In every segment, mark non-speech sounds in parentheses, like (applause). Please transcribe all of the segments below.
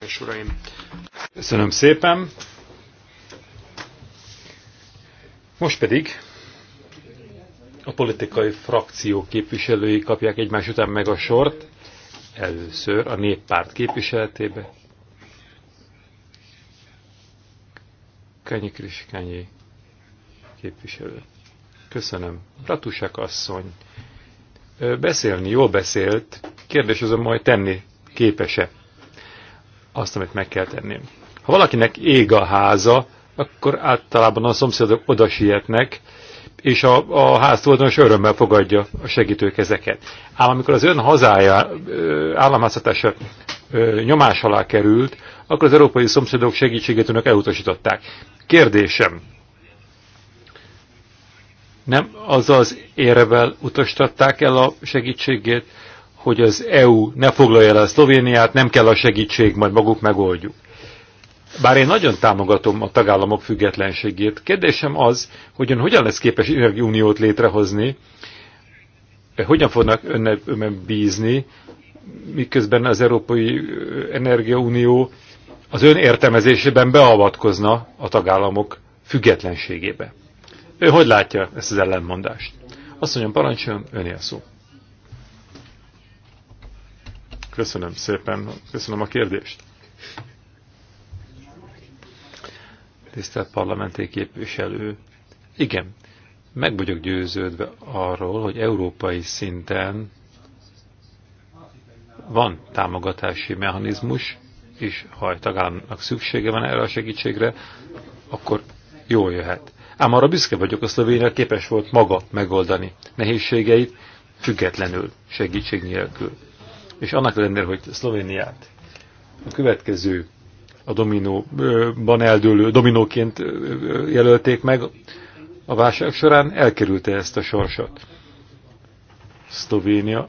és uraim! Köszönöm szépen! Most pedig a politikai frakció képviselői kapják egymás után meg a sort. Először a néppárt képviseletébe. Kanyi Kriskányi képviselő. Köszönöm. Ratusek asszony. Beszélni jól beszélt, kérdés azon majd tenni képes-e azt, amit meg kell tenni. Ha valakinek ég a háza, akkor általában a szomszédok oda sietnek, és a, a ház tulajdonos örömmel fogadja a segítőkezeket. Ám amikor az ön hazája államháztatása nyomás alá került, akkor az európai szomszédok segítségét önök elutasították. Kérdésem, nem az az érvel utasították el a segítségét, hogy az EU ne foglalja el a Szlovéniát, nem kell a segítség, majd maguk megoldjuk. Bár én nagyon támogatom a tagállamok függetlenségét, kérdésem az, hogy ön hogyan lesz képes energiuniót létrehozni, hogyan fognak önnek önben bízni, miközben az Európai Energiaunió az ön értelmezésében beavatkozna a tagállamok függetlenségébe. Ő hogy látja ezt az ellenmondást? Azt mondjam, parancsoljon, öné a szó. Köszönöm szépen, köszönöm a kérdést. Tisztelt parlamenti képviselő, igen, meg vagyok győződve arról, hogy európai szinten van támogatási mechanizmus, és ha egy tagállamnak szüksége van erre a segítségre, akkor jól jöhet. Ám arra büszke vagyok, a Szlovénia képes volt maga megoldani nehézségeit, függetlenül, segítség nélkül és annak ellenére, hogy Szlovéniát a következő a dominóban eldőlő dominóként jelölték meg a válság során, elkerülte ezt a sorsot. Szlovénia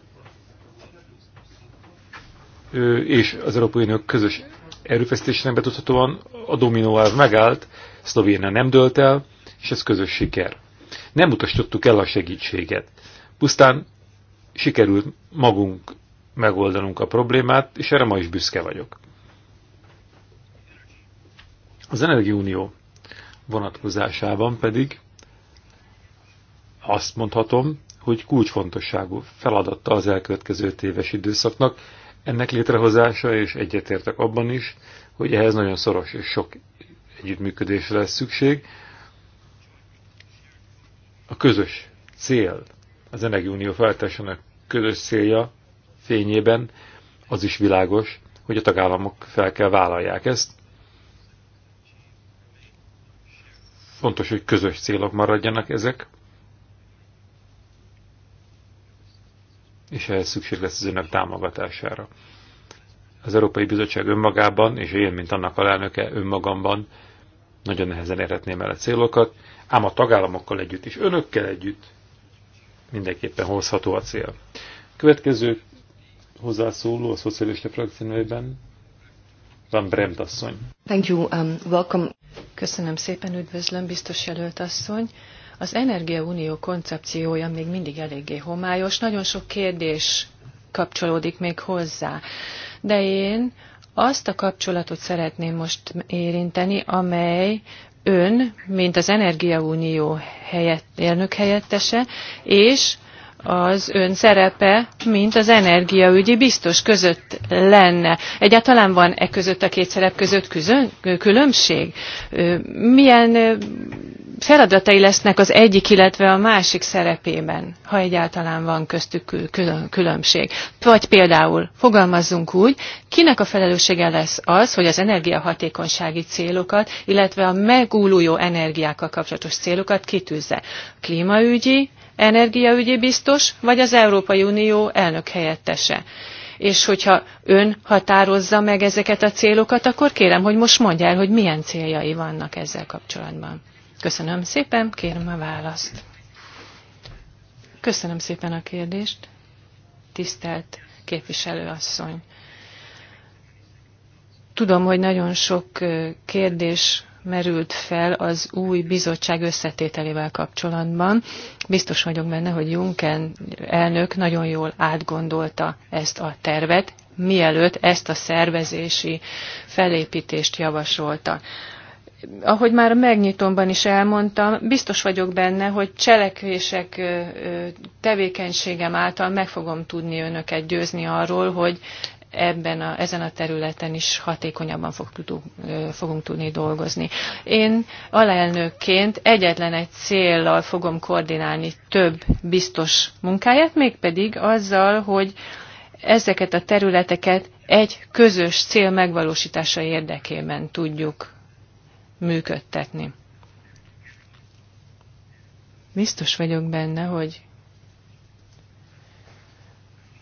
és az Európai Unió közös erőfeszítésének betudhatóan a dominó elv megállt, Szlovénia nem dőlt el, és ez közös siker. Nem utasítottuk el a segítséget. Pusztán sikerült magunk megoldanunk a problémát, és erre ma is büszke vagyok. Az Energiaunió vonatkozásában pedig azt mondhatom, hogy kulcsfontosságú feladata az elkövetkező téves időszaknak, ennek létrehozása, és egyetértek abban is, hogy ehhez nagyon szoros és sok együttműködésre lesz szükség. A közös cél, az Energiunió feltársának közös célja fényében az is világos, hogy a tagállamok fel kell vállalják ezt. Fontos, hogy közös célok maradjanak ezek, és ehhez szükség lesz az önök támogatására. Az Európai Bizottság önmagában, és én, mint annak a lelnöke, önmagamban, nagyon nehezen érhetném el a célokat, ám a tagállamokkal együtt és önökkel együtt mindenképpen hozható a cél. Következő hozzászóló a szocialista frakció Van Bremt asszony. Thank you, um, welcome. Köszönöm szépen, üdvözlöm, biztos jelölt asszony. Az Energiaunió koncepciója még mindig eléggé homályos, nagyon sok kérdés kapcsolódik még hozzá. De én azt a kapcsolatot szeretném most érinteni, amely ön, mint az Energiaunió helyett, elnök helyettese, és az ön szerepe, mint az energiaügyi biztos között lenne. Egyáltalán van e között a két szerep között különbség? Milyen feladatai lesznek az egyik, illetve a másik szerepében, ha egyáltalán van köztük különbség? Vagy például, fogalmazzunk úgy, kinek a felelőssége lesz az, hogy az energiahatékonysági célokat, illetve a megújuló energiákkal kapcsolatos célokat kitűzze? Klímaügyi, energiaügyi biztos, vagy az Európai Unió elnök helyettese. És hogyha ön határozza meg ezeket a célokat, akkor kérem, hogy most mondja el, hogy milyen céljai vannak ezzel kapcsolatban. Köszönöm szépen, kérem a választ. Köszönöm szépen a kérdést, tisztelt képviselőasszony. Tudom, hogy nagyon sok kérdés merült fel az új bizottság összetételével kapcsolatban. Biztos vagyok benne, hogy Juncker elnök nagyon jól átgondolta ezt a tervet, mielőtt ezt a szervezési felépítést javasolta. Ahogy már a megnyitomban is elmondtam, biztos vagyok benne, hogy cselekvések tevékenységem által meg fogom tudni önöket győzni arról, hogy ebben a, ezen a területen is hatékonyabban fog, tudunk, fogunk tudni dolgozni. Én alelnökként egyetlen egy céllal fogom koordinálni több biztos munkáját, mégpedig azzal, hogy ezeket a területeket egy közös cél megvalósítása érdekében tudjuk működtetni. Biztos vagyok benne, hogy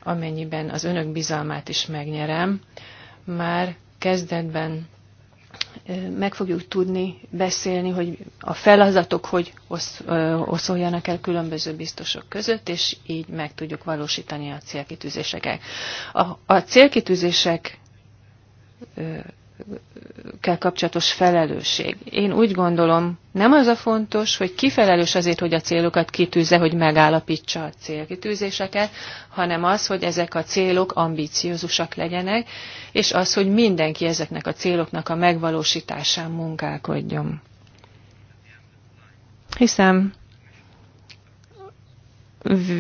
amennyiben az önök bizalmát is megnyerem, már kezdetben meg fogjuk tudni beszélni, hogy a feladatok hogy oszoljanak el különböző biztosok között, és így meg tudjuk valósítani a célkitűzéseket. A, a célkitűzések kell kapcsolatos felelősség. Én úgy gondolom, nem az a fontos, hogy ki felelős azért, hogy a célokat kitűzze, hogy megállapítsa a célkitűzéseket, hanem az, hogy ezek a célok ambíciózusak legyenek, és az, hogy mindenki ezeknek a céloknak a megvalósításán munkálkodjon. Hiszem,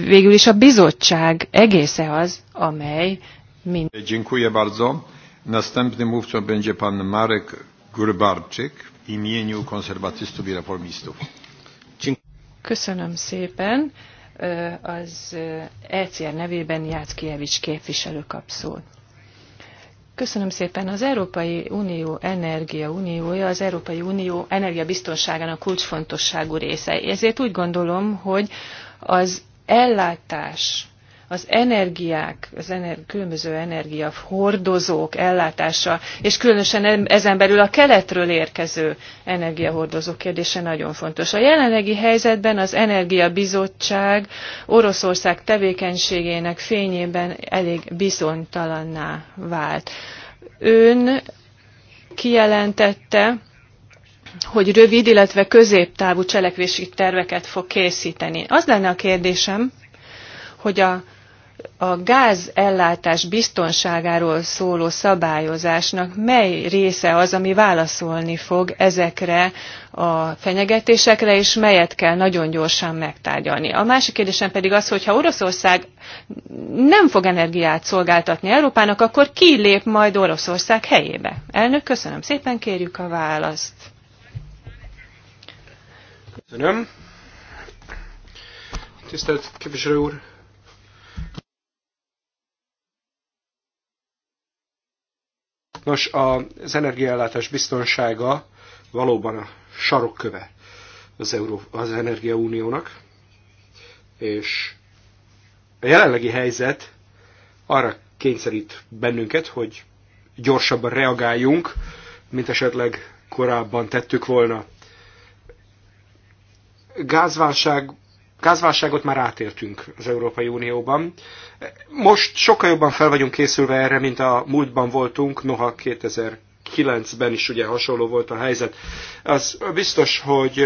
végül is a bizottság egésze az, amely mind... Dziękuję bardzo. Następny mówca będzie pan Marek Grybarczyk w imieniu konserwatystów i reformistów. Köszönöm szépen. Az ECR nevében Jackiewicz képviselő kap szót. Köszönöm szépen. Az Európai Unió Energia Uniója az Európai Unió energiabiztonságának kulcsfontosságú része. Ezért úgy gondolom, hogy az ellátás az energiák, az ener, különböző energiahordozók ellátása, és különösen ezen belül a keletről érkező energiahordozók kérdése nagyon fontos. A jelenlegi helyzetben az Energiabizottság Oroszország tevékenységének fényében elég bizonytalanná vált. Ön kijelentette, hogy rövid, illetve középtávú cselekvési terveket fog készíteni. Az lenne a kérdésem, hogy a a gázellátás biztonságáról szóló szabályozásnak mely része az, ami válaszolni fog ezekre a fenyegetésekre, és melyet kell nagyon gyorsan megtárgyalni. A másik kérdésem pedig az, hogy ha Oroszország nem fog energiát szolgáltatni Európának, akkor ki lép majd Oroszország helyébe? Elnök, köszönöm szépen, kérjük a választ. Köszönöm. Tisztelt képviselő úr, Nos, az energiaellátás biztonsága valóban a sarokköve az, Euró, az Energiauniónak, és a jelenlegi helyzet arra kényszerít bennünket, hogy gyorsabban reagáljunk, mint esetleg korábban tettük volna. Gázválság gázválságot már átértünk az Európai Unióban. Most sokkal jobban fel vagyunk készülve erre, mint a múltban voltunk, noha 2000 2009-ben is ugye hasonló volt a helyzet. Az biztos, hogy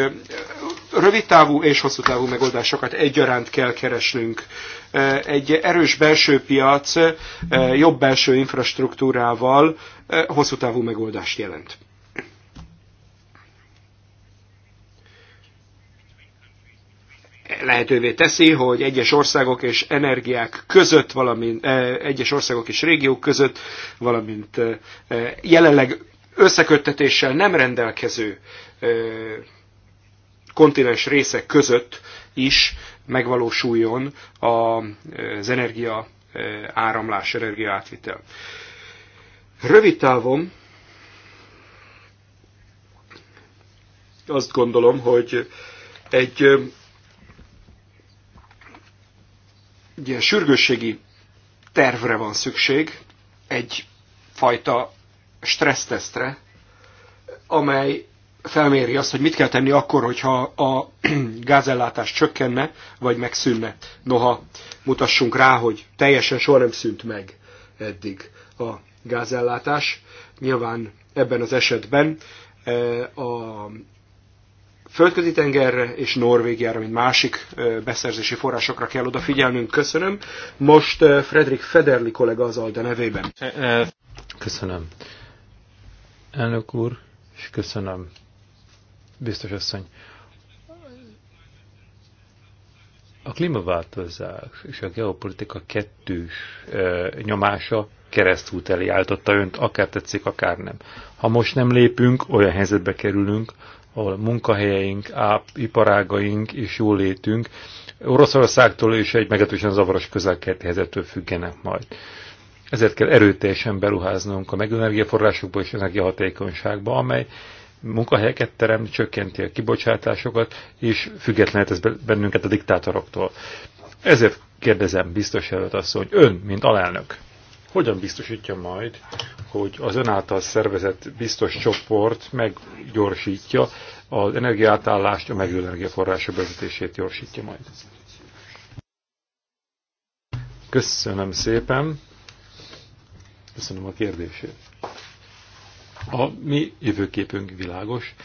rövidtávú és hosszú távú megoldásokat egyaránt kell keresnünk. Egy erős belső piac jobb belső infrastruktúrával hosszú távú megoldást jelent. lehetővé teszi, hogy egyes országok és energiák között, valamint eh, egyes országok és régiók között, valamint eh, eh, jelenleg összeköttetéssel nem rendelkező kontinens részek között is megvalósuljon az energia áramlás, energia átvitel. Rövid távon azt gondolom, hogy egy Ugye sürgősségi tervre van szükség, egy fajta stressztesztre, amely felméri azt, hogy mit kell tenni akkor, hogyha a (clears throat) gázellátás csökkenne, vagy megszűnne. Noha mutassunk rá, hogy teljesen soha nem szűnt meg eddig a gázellátás. Nyilván ebben az esetben eh, a földközi tengerre és Norvégiára, mint másik beszerzési forrásokra kell odafigyelnünk. Köszönöm. Most Fredrik Federli kollega az Alde nevében. Köszönöm. Elnök úr, és köszönöm. Biztos asszony. A klímaváltozás és a geopolitika kettős nyomása keresztút elé álltotta önt, akár tetszik, akár nem. Ha most nem lépünk, olyan helyzetbe kerülünk, ahol a munkahelyeink, áp, iparágaink és jólétünk Oroszországtól és egy meglehetősen zavaros közelkerti helyzettől függenek majd. Ezért kell erőteljesen beruháznunk a megenergiaforrásokba és energiahatékonyságba, amely munkahelyeket teremt, csökkenti a kibocsátásokat, és ez bennünket a diktátoroktól. Ezért kérdezem biztos előtt azt, hogy ön, mint alelnök, hogyan biztosítja majd, hogy az ön által szervezett biztos csoport meggyorsítja az energiátállást, a megújuló energiaforrások bevezetését, gyorsítja majd. Köszönöm szépen. Köszönöm a kérdését. A mi jövőképünk világos,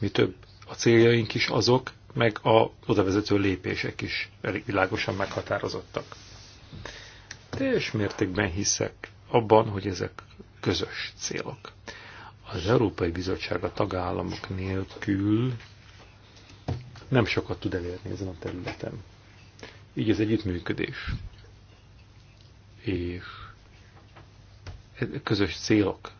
mi több a céljaink is azok, meg a odavezető lépések is világosan meghatározottak. Teljes mértékben hiszek abban, hogy ezek közös célok. Az Európai Bizottság a tagállamok nélkül nem sokat tud elérni ezen a területen. Így az együttműködés és közös célok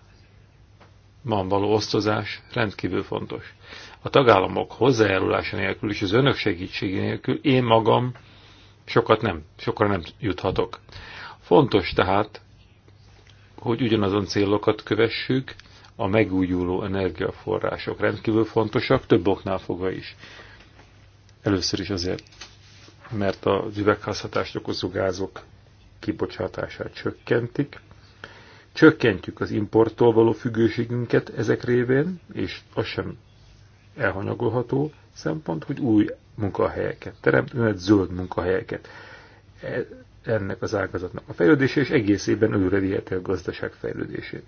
van való osztozás rendkívül fontos. A tagállamok hozzájárulása nélkül és az önök segítsége nélkül én magam sokat nem, sokra nem juthatok. Fontos tehát, hogy ugyanazon célokat kövessük, a megújuló energiaforrások rendkívül fontosak, több oknál fogva is. Először is azért, mert az üvegházhatást okozó gázok kibocsátását csökkentik, csökkentjük az importtól való függőségünket ezek révén, és az sem elhanyagolható szempont, hogy új munkahelyeket teremtünk, zöld munkahelyeket e- ennek az ágazatnak a fejlődése, és egész évben előre viheti a gazdaság fejlődését.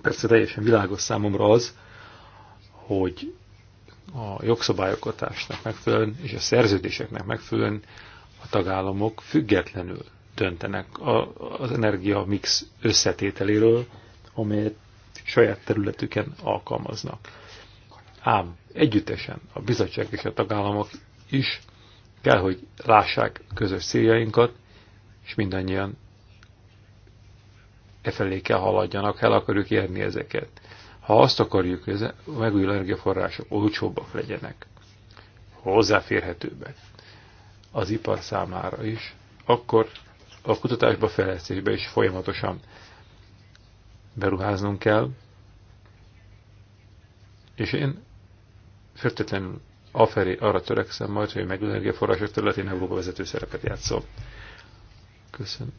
Persze teljesen világos számomra az, hogy a jogszabályokatásnak megfelelően és a szerződéseknek megfelelően a tagállamok függetlenül döntenek az energia mix összetételéről, amelyet saját területüken alkalmaznak. Ám együttesen a bizottság és a tagállamok is Kell, hogy lássák közös céljainkat, és mindannyian e felé kell haladjanak, el akarjuk érni ezeket. Ha azt akarjuk, hogy a megújuló energiaforrások olcsóbbak legyenek, hozzáférhetőbbek az ipar számára is, akkor a kutatásba, fejlesztésbe is folyamatosan beruháznunk kell, és én feltétlenül afelé arra törekszem majd, hogy meg energiaforrások területén Európa vezető szerepet játszom. Köszönöm.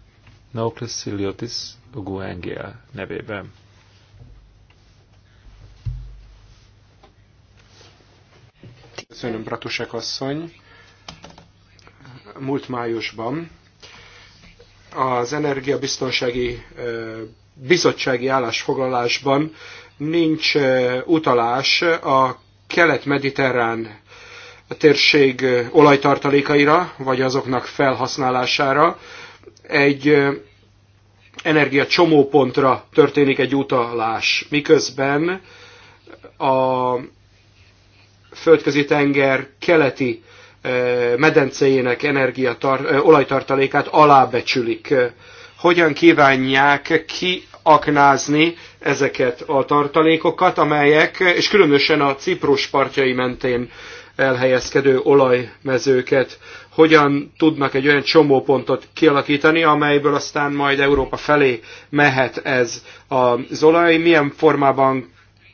Naukles Siliotis Guengiel nevében. Köszönöm, Bratusek asszony. Múlt májusban az energiabiztonsági bizottsági állásfoglalásban nincs utalás a kelet-mediterrán térség olajtartalékaira, vagy azoknak felhasználására. Egy energia csomópontra történik egy utalás, miközben a földközi tenger keleti medencéjének energiatar, olajtartalékát alábecsülik. Hogyan kívánják kiaknázni ezeket a tartalékokat, amelyek, és különösen a Ciprus partjai mentén elhelyezkedő olajmezőket hogyan tudnak egy olyan csomópontot kialakítani, amelyből aztán majd Európa felé mehet ez az olaj, milyen formában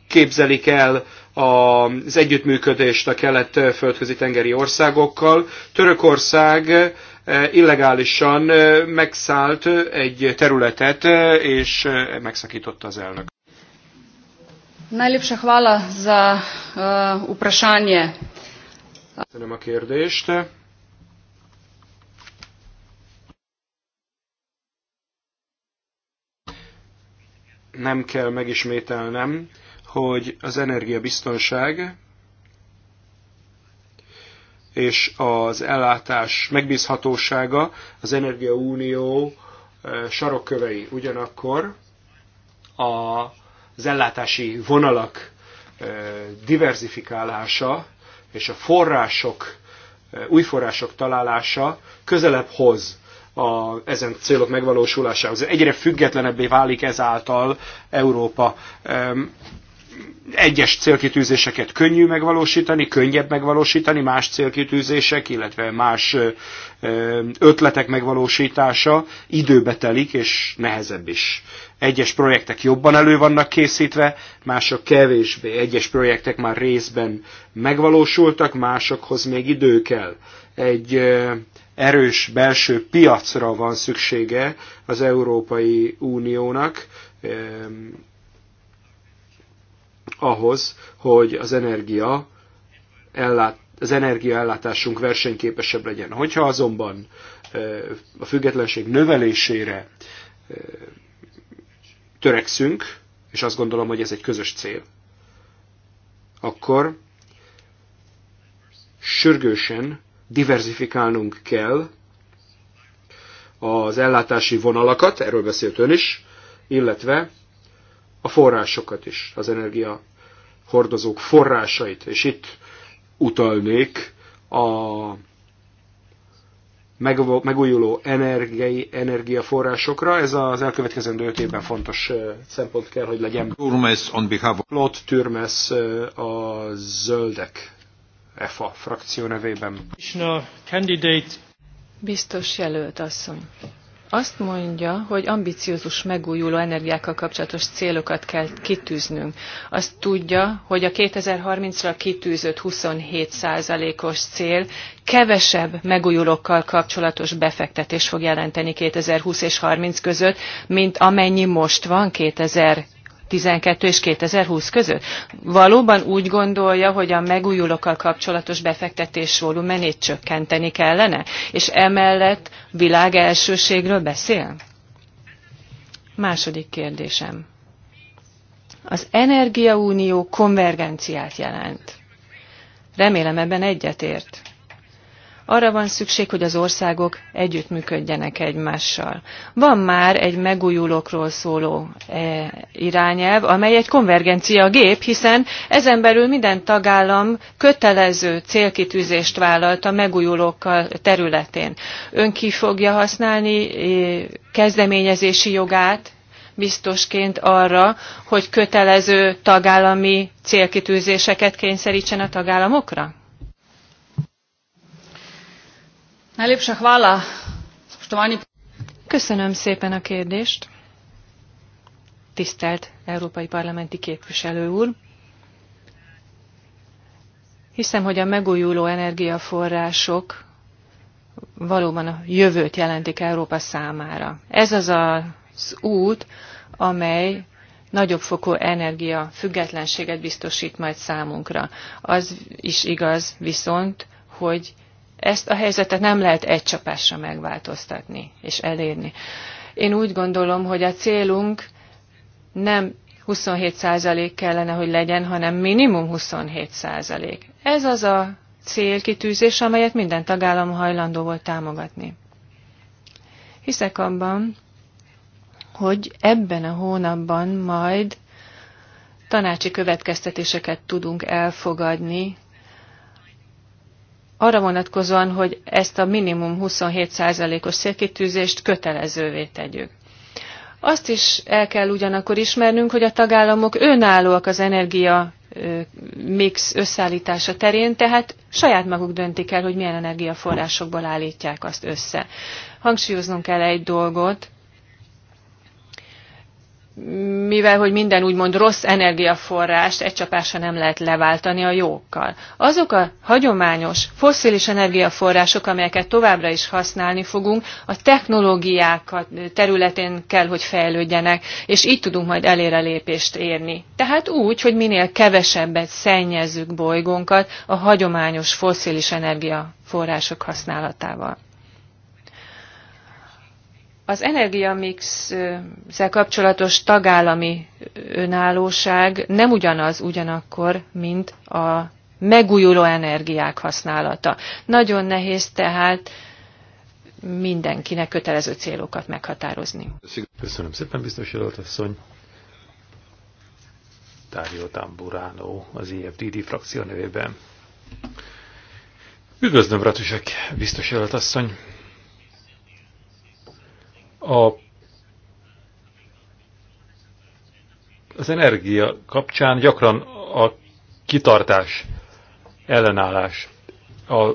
képzelik el az együttműködést a kelet-földközi tengeri országokkal. Törökország illegálisan megszállt egy területet, és megszakította az elnök. Najlepša hvala za uh, Köszönöm a kérdést. Nem kell megismételnem, hogy az energiabiztonság és az ellátás megbízhatósága az Energiaunió sarokkövei. Ugyanakkor az ellátási vonalak diversifikálása és a források, új források találása közelebb hoz a, ezen célok megvalósulásához. Egyre függetlenebbé válik ezáltal Európa egyes célkitűzéseket könnyű megvalósítani, könnyebb megvalósítani, más célkitűzések, illetve más ötletek megvalósítása időbe telik, és nehezebb is. Egyes projektek jobban elő vannak készítve, mások kevésbé. Egyes projektek már részben megvalósultak, másokhoz még idő kell. Egy erős belső piacra van szüksége az Európai Uniónak, ahhoz, hogy az energia ellát, az energiaellátásunk versenyképesebb legyen. Hogyha azonban a függetlenség növelésére törekszünk, és azt gondolom, hogy ez egy közös cél, akkor sürgősen diversifikálnunk kell az ellátási vonalakat, erről beszélt ön is, illetve a forrásokat is, az energia hordozók forrásait. És itt utalnék a megújuló energiai, energiaforrásokra. Ez az elkövetkezendő öt évben fontos szempont kell, hogy legyen. Turmes on behalf of... Claude Turmes a Zöldek EFA frakció nevében. Biztos jelölt asszony azt mondja, hogy ambiciózus megújuló energiákkal kapcsolatos célokat kell kitűznünk. Azt tudja, hogy a 2030-ra kitűzött 27%-os cél kevesebb megújulókkal kapcsolatos befektetés fog jelenteni 2020 és 30 között, mint amennyi most van 2000 2012 és 2020 között? Valóban úgy gondolja, hogy a megújulókkal kapcsolatos befektetés volumenét csökkenteni kellene? És emellett világ elsőségről beszél? Második kérdésem. Az energiaunió konvergenciát jelent. Remélem ebben egyetért. Arra van szükség, hogy az országok együttműködjenek egymással. Van már egy megújulókról szóló e, irányelv, amely egy konvergencia gép, hiszen ezen belül minden tagállam kötelező célkitűzést vállalt a megújulókkal területén. Ön ki fogja használni e, kezdeményezési jogát, biztosként arra, hogy kötelező tagállami célkitűzéseket kényszerítsen a tagállamokra? Najlepša hvala, spoštovani. Köszönöm szépen a kérdést. Tisztelt Európai Parlamenti képviselő úr! Hiszem, hogy a megújuló energiaforrások valóban a jövőt jelentik Európa számára. Ez az az út, amely nagyobb fokú energia függetlenséget biztosít majd számunkra. Az is igaz viszont, hogy ezt a helyzetet nem lehet egy csapásra megváltoztatni és elérni. Én úgy gondolom, hogy a célunk nem 27% kellene, hogy legyen, hanem minimum 27%. Ez az a célkitűzés, amelyet minden tagállam hajlandó volt támogatni. Hiszek abban, hogy ebben a hónapban majd tanácsi következtetéseket tudunk elfogadni arra vonatkozóan, hogy ezt a minimum 27%-os szélkitűzést kötelezővé tegyük. Azt is el kell ugyanakkor ismernünk, hogy a tagállamok önállóak az energia mix összeállítása terén, tehát saját maguk döntik el, hogy milyen energiaforrásokból állítják azt össze. Hangsúlyoznunk kell egy dolgot, mivel hogy minden úgymond rossz energiaforrást egy csapásra nem lehet leváltani a jókkal. Azok a hagyományos fosszilis energiaforrások, amelyeket továbbra is használni fogunk, a technológiák területén kell, hogy fejlődjenek, és így tudunk majd elére lépést érni. Tehát úgy, hogy minél kevesebbet szennyezzük bolygónkat a hagyományos fosszilis energiaforrások használatával. Az energiamixszel kapcsolatos tagállami önállóság nem ugyanaz ugyanakkor, mint a megújuló energiák használata. Nagyon nehéz tehát mindenkinek kötelező célokat meghatározni. Köszönöm szépen, biztos asszony. Dario Tamburano az IFDD e frakció nevében. Üdvözlöm, Ratusek, biztos asszony. A, az energia kapcsán gyakran a kitartás, ellenállás a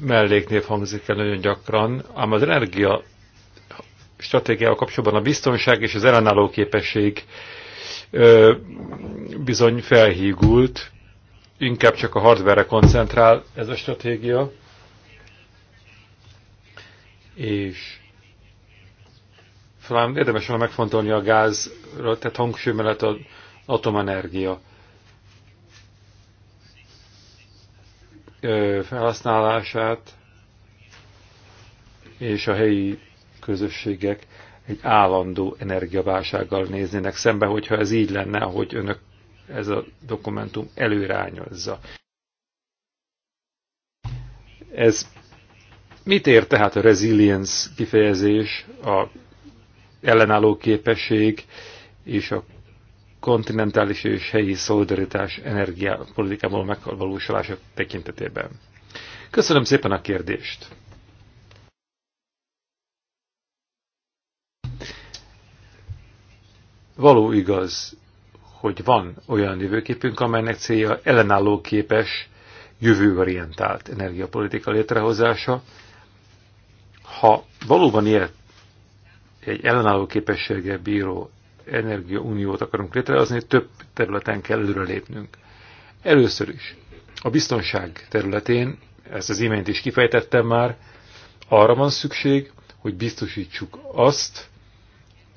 melléknév hangzik el nagyon gyakran, ám az energia stratégiával kapcsolatban a biztonság és az ellenálló képesség ö, bizony felhígult, inkább csak a hardware koncentrál ez a stratégia, és talán érdemes volna megfontolni a gázra, tehát hangsúly mellett az atomenergia felhasználását és a helyi közösségek egy állandó energiaválsággal néznének szembe, hogyha ez így lenne, ahogy önök ez a dokumentum előrányozza. Ez mit ér tehát a resilience kifejezés, a ellenálló képesség és a kontinentális és helyi szolidaritás energiapolitikából megvalósulása tekintetében. Köszönöm szépen a kérdést! Való igaz, hogy van olyan jövőképünk, amelynek célja ellenálló képes, jövőorientált energiapolitika létrehozása. Ha valóban ilyet egy ellenálló képességgel bíró energiauniót akarunk létrehozni, több területen kell előrelépnünk. Először is a biztonság területén, ezt az imént is kifejtettem már, arra van szükség, hogy biztosítsuk azt,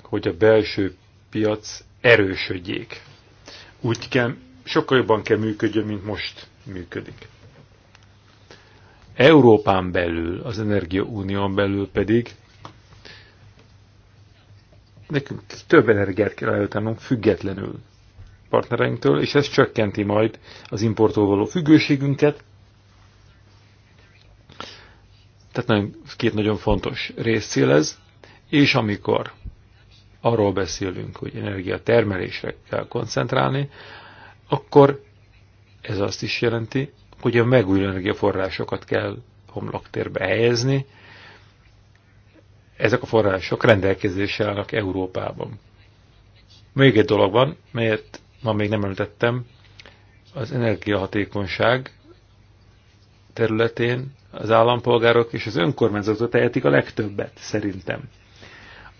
hogy a belső piac erősödjék. Úgy kell, sokkal jobban kell működjön, mint most működik. Európán belül, az Unión belül pedig Nekünk több energiát kell eljutatnunk függetlenül partnereinktől, és ez csökkenti majd az importól való függőségünket. Tehát nagyon, két nagyon fontos részcél ez, és amikor arról beszélünk, hogy energiatermelésre kell koncentrálni, akkor ez azt is jelenti, hogy a megújuló energiaforrásokat kell homloktérbe helyezni, ezek a források rendelkezésre állnak Európában. Még egy dolog van, melyet ma még nem említettem, az energiahatékonyság területén az állampolgárok és az önkormányzatok tehetik a legtöbbet, szerintem.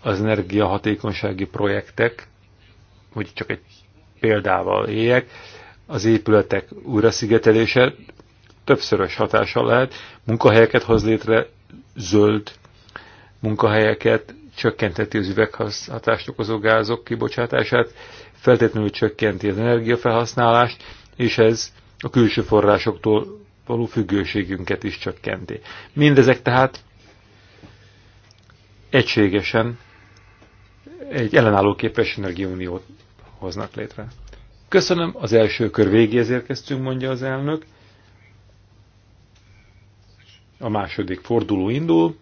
Az energiahatékonysági projektek, hogy csak egy példával éljek, az épületek újraszigetelése többszörös hatása lehet, munkahelyeket hoz létre, zöld munkahelyeket, csökkenteti az üveghatást okozó gázok kibocsátását, feltétlenül csökkenti az energiafelhasználást, és ez a külső forrásoktól való függőségünket is csökkenti. Mindezek tehát egységesen egy ellenálló képes energiauniót hoznak létre. Köszönöm, az első kör végéhez érkeztünk, mondja az elnök. A második forduló indul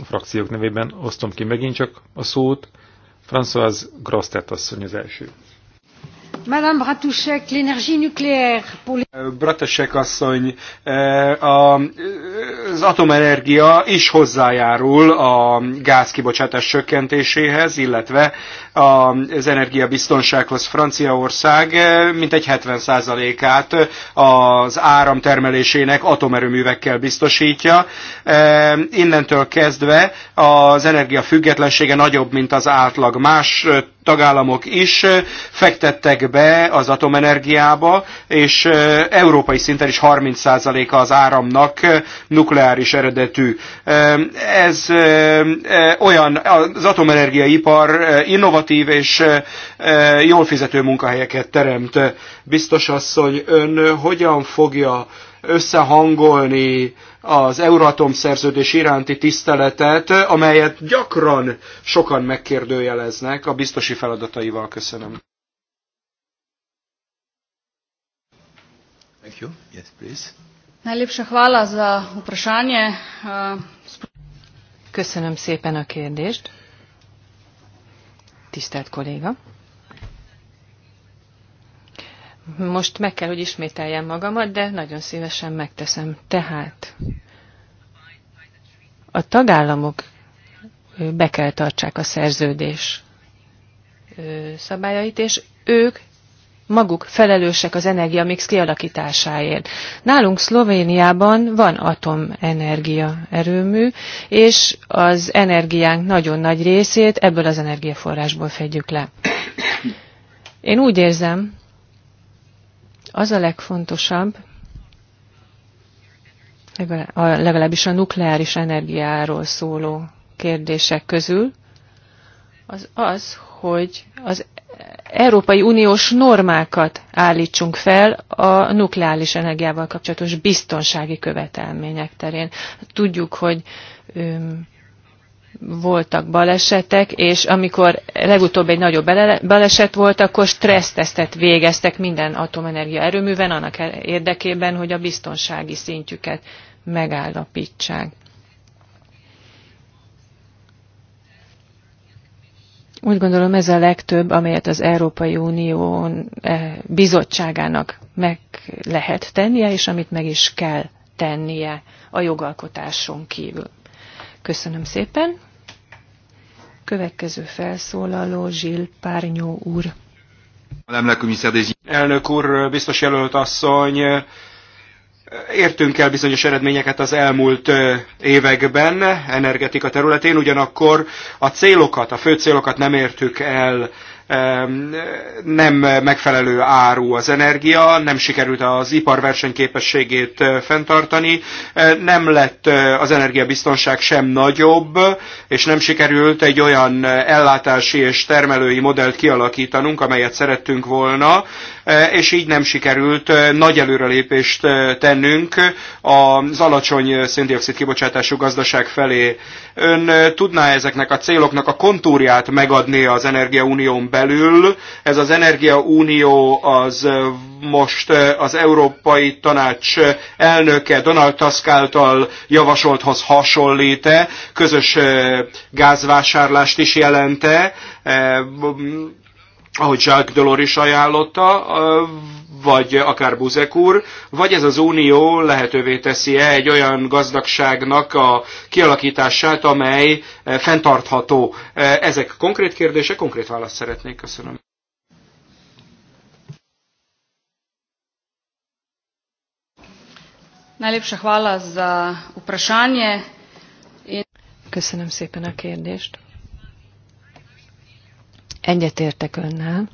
a frakciók nevében osztom ki megint csak a szót. François Grostet asszony az első. Madame Bratusek, l'énergie nucléaire. Pour... Bratusek asszony, eh, a az atomenergia is hozzájárul a gázkibocsátás csökkentéséhez, illetve az energiabiztonsághoz Franciaország mintegy 70%-át az áramtermelésének atomerőművekkel biztosítja. E, innentől kezdve az energia függetlensége nagyobb, mint az átlag. Más tagállamok is fektettek be az atomenergiába, és európai szinten is 30%-a az áramnak nukleáris eredetű. Ez olyan, az atomenergiaipar innovatív és jól fizető munkahelyeket teremt. Biztos asszony, ön hogyan fogja összehangolni az Euratom szerződés iránti tiszteletet, amelyet gyakran sokan megkérdőjeleznek a biztosi feladataival. Köszönöm. Thank you. Yes, please. Najlepša hvala za vprašanje. Eh, Köszönöm szépen a kérdést. Tisztelt kolléga! Most meg kell, hogy ismételjem magamat, de nagyon szívesen megteszem. Tehát a tagállamok be kell tartsák a szerződés szabályait, és ők maguk felelősek az energiamix kialakításáért. Nálunk Szlovéniában van atomenergia erőmű, és az energiánk nagyon nagy részét ebből az energiaforrásból fedjük le. Én úgy érzem, az a legfontosabb, legalábbis a nukleáris energiáról szóló kérdések közül, az az, hogy az Európai Uniós normákat állítsunk fel a nukleális energiával kapcsolatos biztonsági követelmények terén. Tudjuk, hogy öm, voltak balesetek, és amikor legutóbb egy nagyobb baleset volt, akkor stressztesztet végeztek minden atomenergia erőműven, annak érdekében, hogy a biztonsági szintjüket megállapítsák. Úgy gondolom ez a legtöbb, amelyet az Európai Unió eh, bizottságának meg lehet tennie, és amit meg is kell tennie a jogalkotáson kívül. Köszönöm szépen! Következő felszólaló Zsil Párnyó úr. Elnök úr, biztos jelölt asszony, értünk el bizonyos eredményeket az elmúlt években energetika területén, ugyanakkor a célokat, a fő célokat nem értük el nem megfelelő áru az energia, nem sikerült az ipar versenyképességét fenntartani, nem lett az energiabiztonság sem nagyobb, és nem sikerült egy olyan ellátási és termelői modellt kialakítanunk, amelyet szerettünk volna, E, és így nem sikerült e, nagy előrelépést e, tennünk az alacsony széndiokszid kibocsátású gazdaság felé. Ön tudná ezeknek a céloknak a kontúrját megadni az Energiaunión belül? Ez az Energiaunió az most az Európai Tanács elnöke Donald Tusk által javasolthoz hasonlíte, közös gázvásárlást is jelente, ahogy Jacques Delors is ajánlotta, vagy akár Buzek úr, vagy ez az unió lehetővé teszi-e egy olyan gazdagságnak a kialakítását, amely fenntartható. Ezek konkrét kérdések, konkrét választ szeretnék. Köszönöm. Najlepša hvala za vprašanje. Köszönöm szépen a kérdést értek önnel.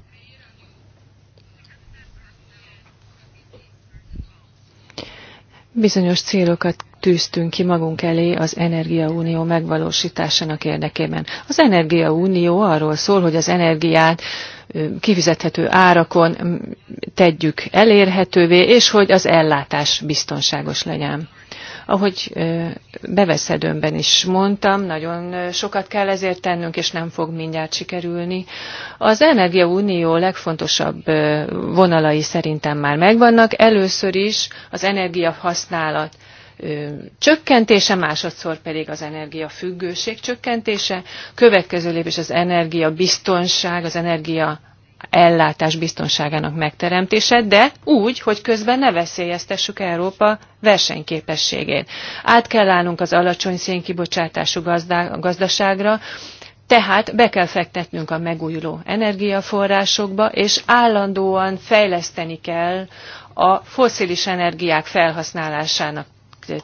Bizonyos célokat tűztünk ki magunk elé az Energiaunió megvalósításának érdekében. Az Energiaunió arról szól, hogy az energiát kifizethető árakon tegyük elérhetővé, és hogy az ellátás biztonságos legyen. Ahogy beveszedőmben is mondtam, nagyon sokat kell ezért tennünk, és nem fog mindjárt sikerülni. Az Energiaunió legfontosabb vonalai szerintem már megvannak. Először is az energiahasználat csökkentése, másodszor pedig az energiafüggőség csökkentése, következő lépés az energiabiztonság, az energia ellátás biztonságának megteremtése, de úgy, hogy közben ne veszélyeztessük Európa versenyképességét. Át kell állnunk az alacsony szénkibocsátású gazdá, gazdaságra, tehát be kell fektetnünk a megújuló energiaforrásokba, és állandóan fejleszteni kell a foszilis energiák felhasználásának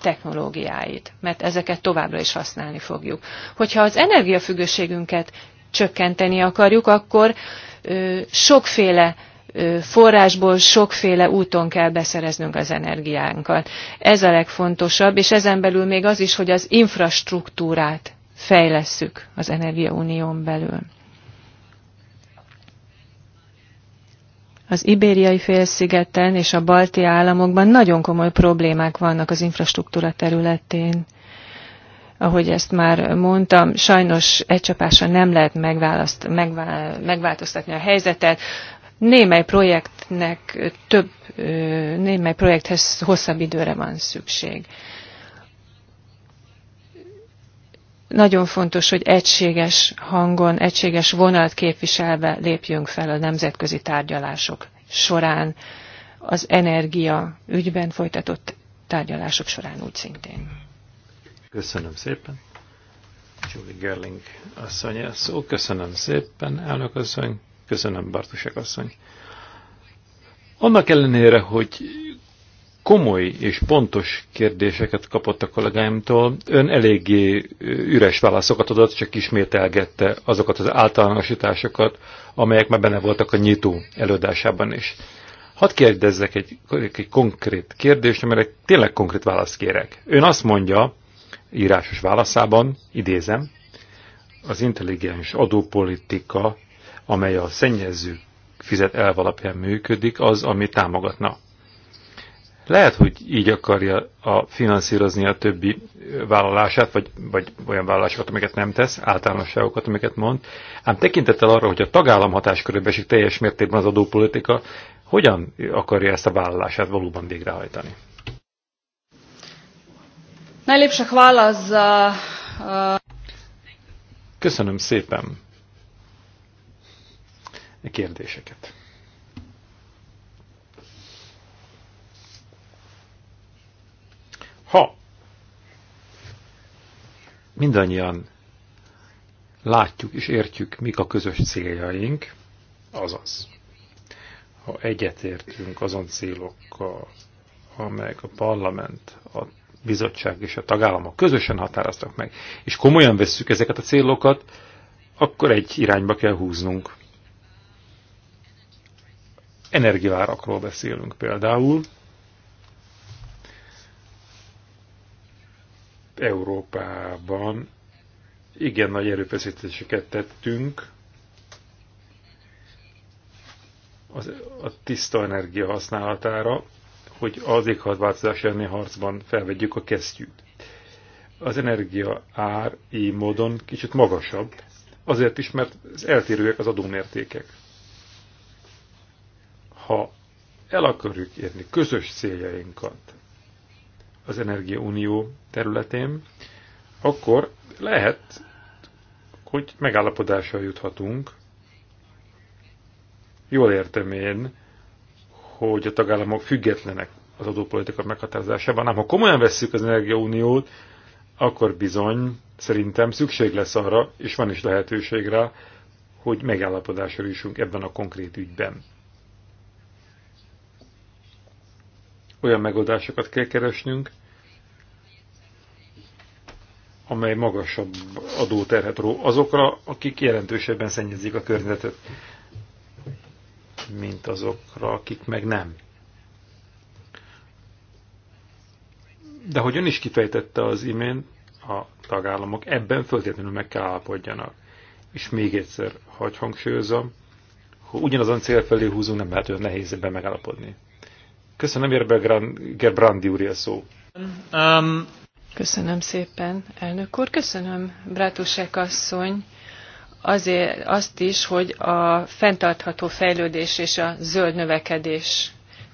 technológiáit, mert ezeket továbbra is használni fogjuk. Hogyha az energiafüggőségünket csökkenteni akarjuk, akkor sokféle forrásból sokféle úton kell beszereznünk az energiánkat. Ez a legfontosabb, és ezen belül még az is, hogy az infrastruktúrát fejlesszük az Energiaunión belül. Az ibériai félszigeten és a balti államokban nagyon komoly problémák vannak az infrastruktúra területén ahogy ezt már mondtam, sajnos egy csapásra nem lehet megválaszt, megvá, megváltoztatni a helyzetet. Némely projektnek több, némely projekthez hosszabb időre van szükség. Nagyon fontos, hogy egységes hangon, egységes vonalat képviselve lépjünk fel a nemzetközi tárgyalások során, az energia ügyben folytatott tárgyalások során úgy szintén. Köszönöm szépen. Julie Gerling asszony, szó. Köszönöm szépen, elnök asszony. Köszönöm, Bartusek asszony. Annak ellenére, hogy komoly és pontos kérdéseket kapott a kollégáimtól, ön eléggé üres válaszokat adott, csak ismételgette azokat az általánosításokat, amelyek már benne voltak a nyitó előadásában is. Hadd kérdezzek egy, egy konkrét kérdést, amire tényleg konkrét választ kérek. Ön azt mondja, írásos válaszában, idézem, az intelligens adópolitika, amely a szennyező fizet elv alapján működik, az, ami támogatna. Lehet, hogy így akarja a finanszírozni a többi vállalását, vagy, vagy olyan vállalásokat, amiket nem tesz, általánosságokat, amiket mond, ám tekintettel arra, hogy a tagállam hatáskörébe esik teljes mértékben az adópolitika, hogyan akarja ezt a vállalását valóban végrehajtani? Najlepša hvala za... Eh, Köszönöm szépen a e kérdéseket. Ha mindannyian látjuk és értjük, mik a közös céljaink, azaz, ha egyetértünk azon célokkal, amelyek a parlament, a bizottság és a tagállamok közösen határoztak meg, és komolyan vesszük ezeket a célokat, akkor egy irányba kell húznunk. Energiárakról beszélünk például. Európában igen nagy erőfeszítéseket tettünk az, a tiszta energia használatára, hogy az éghajlatváltozás elleni harcban felvegyük a kesztyűt. Az energia ár így módon kicsit magasabb, azért is, mert eltérőek az adómértékek. Ha el akarjuk érni közös céljainkat az Energiaunió területén, akkor lehet, hogy megállapodással juthatunk. Jól értem én, hogy a tagállamok függetlenek az adópolitika meghatározásában. Ám ha komolyan vesszük az energiauniót, akkor bizony szerintem szükség lesz arra, és van is lehetőség rá, hogy megállapodásra jussunk ebben a konkrét ügyben. Olyan megoldásokat kell keresnünk, amely magasabb adóterhet ró azokra, akik jelentősebben szennyezik a környezetet, mint azokra, akik meg nem. De hogy ön is kifejtette az imént, a tagállamok ebben föltétlenül meg kell állapodjanak. És még egyszer, hagy hangsúlyozom, hogy ugyanazon cél felé húzunk, nem lehet olyan nehéz ebben megállapodni. Köszönöm, Érbe Gerbrandi úr a szó. Um... Köszönöm szépen, elnök úr. Köszönöm, Brátusek asszony azért azt is, hogy a fenntartható fejlődés és a zöld növekedés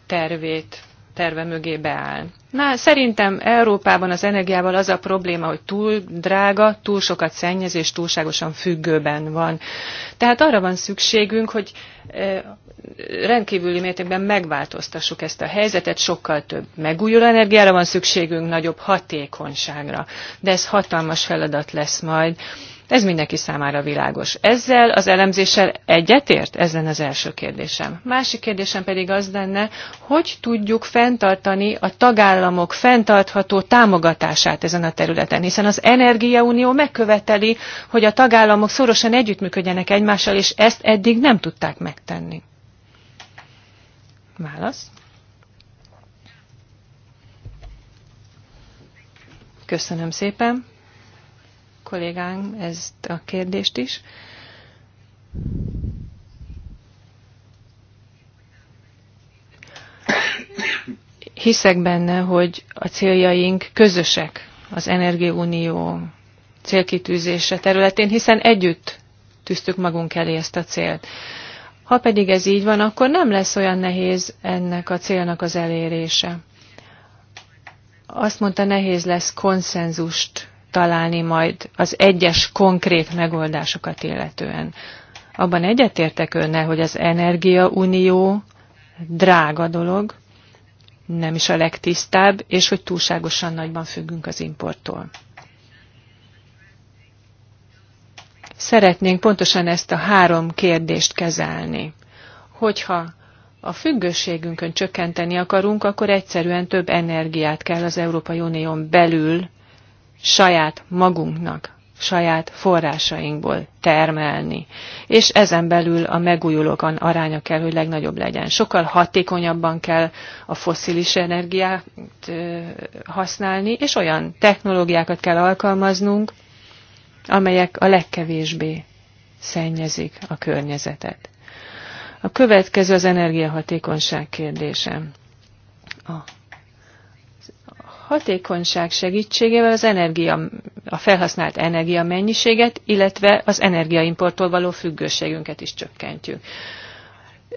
tervét terve mögé beáll. Na, szerintem Európában az energiával az a probléma, hogy túl drága, túl sokat szennyez és túlságosan függőben van. Tehát arra van szükségünk, hogy e, rendkívüli mértékben megváltoztassuk ezt a helyzetet, sokkal több megújuló energiára van szükségünk, nagyobb hatékonyságra. De ez hatalmas feladat lesz majd ez mindenki számára világos. Ezzel az elemzéssel egyetért? Ez lenne az első kérdésem. Másik kérdésem pedig az lenne, hogy tudjuk fenntartani a tagállamok fenntartható támogatását ezen a területen, hiszen az Energiaunió megköveteli, hogy a tagállamok szorosan együttműködjenek egymással, és ezt eddig nem tudták megtenni. Válasz? Köszönöm szépen kollégám ezt a kérdést is. Hiszek benne, hogy a céljaink közösek az Energiaunió célkitűzése területén, hiszen együtt tűztük magunk elé ezt a célt. Ha pedig ez így van, akkor nem lesz olyan nehéz ennek a célnak az elérése. Azt mondta, nehéz lesz konszenzust találni majd az egyes konkrét megoldásokat illetően. Abban egyetértek önnel, hogy az energiaunió drága dolog, nem is a legtisztább, és hogy túlságosan nagyban függünk az importtól. Szeretnénk pontosan ezt a három kérdést kezelni. Hogyha a függőségünkön csökkenteni akarunk, akkor egyszerűen több energiát kell az Európai Unión belül saját magunknak, saját forrásainkból termelni. És ezen belül a megújulókan aránya kell, hogy legnagyobb legyen. Sokkal hatékonyabban kell a foszilis energiát használni, és olyan technológiákat kell alkalmaznunk, amelyek a legkevésbé szennyezik a környezetet. A következő az energiahatékonyság kérdése. A hatékonyság segítségével az energia, a felhasznált energia mennyiséget, illetve az energiaimporttól való függőségünket is csökkentjük.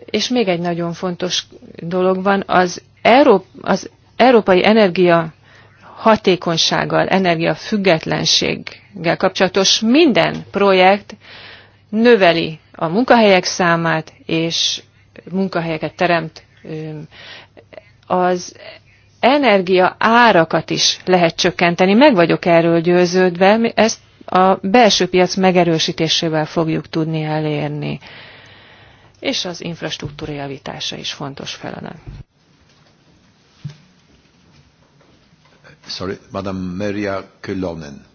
És még egy nagyon fontos dolog van, az, Európ, az európai energia hatékonysággal, energiafüggetlenséggel kapcsolatos minden projekt növeli a munkahelyek számát, és munkahelyeket teremt az energia árakat is lehet csökkenteni. Meg vagyok erről győződve, mi ezt a belső piac megerősítésével fogjuk tudni elérni. És az infrastruktúra javítása is fontos feladat. Sorry, Madame Maria Kölönen.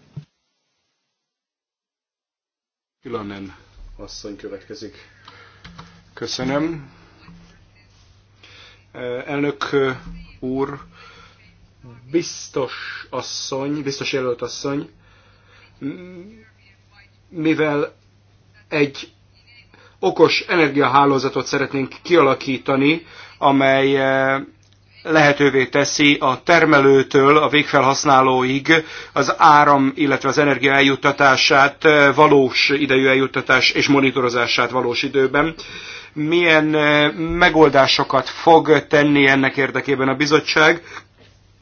Kölönen asszony következik. Köszönöm. Elnök úr, biztos asszony, biztos jelölt asszony, mivel egy okos energiahálózatot szeretnénk kialakítani, amely eh, lehetővé teszi a termelőtől a végfelhasználóig az áram, illetve az energia eljuttatását, eh, valós idejű eljuttatás és monitorozását valós időben. Milyen eh, megoldásokat fog tenni ennek érdekében a bizottság,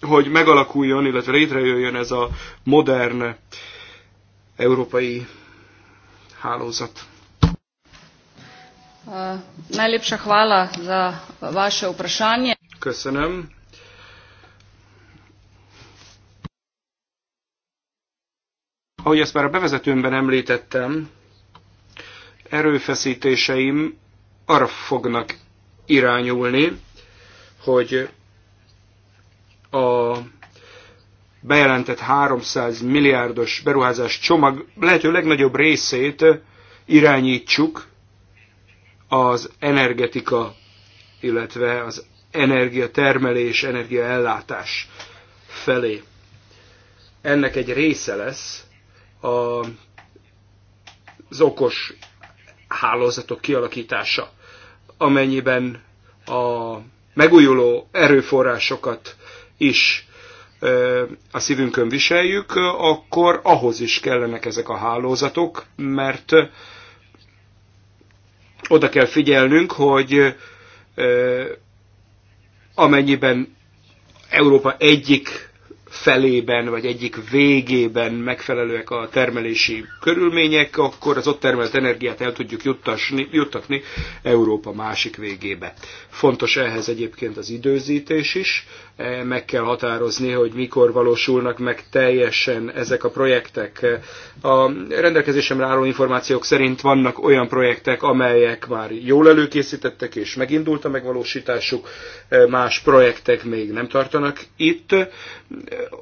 hogy megalakuljon, illetve létrejöjjön ez a modern európai hálózat. Uh, najlepša hvala za vaše vprašanje. Köszönöm. Ahogy ezt már a bevezetőmben említettem, erőfeszítéseim arra fognak irányulni, hogy a bejelentett 300 milliárdos beruházás csomag lehető legnagyobb részét irányítsuk az energetika, illetve az energiatermelés, energiaellátás felé. Ennek egy része lesz a, az okos hálózatok kialakítása, amennyiben a megújuló erőforrásokat is a szívünkön viseljük, akkor ahhoz is kellenek ezek a hálózatok, mert oda kell figyelnünk, hogy amennyiben Európa egyik felében, vagy egyik végében megfelelőek a termelési körülmények, akkor az ott termelt energiát el tudjuk juttasni, juttatni Európa másik végébe. Fontos ehhez egyébként az időzítés is, meg kell határozni, hogy mikor valósulnak meg teljesen ezek a projektek. A rendelkezésemre álló információk szerint vannak olyan projektek, amelyek már jól előkészítettek és megindult a megvalósításuk, más projektek még nem tartanak itt.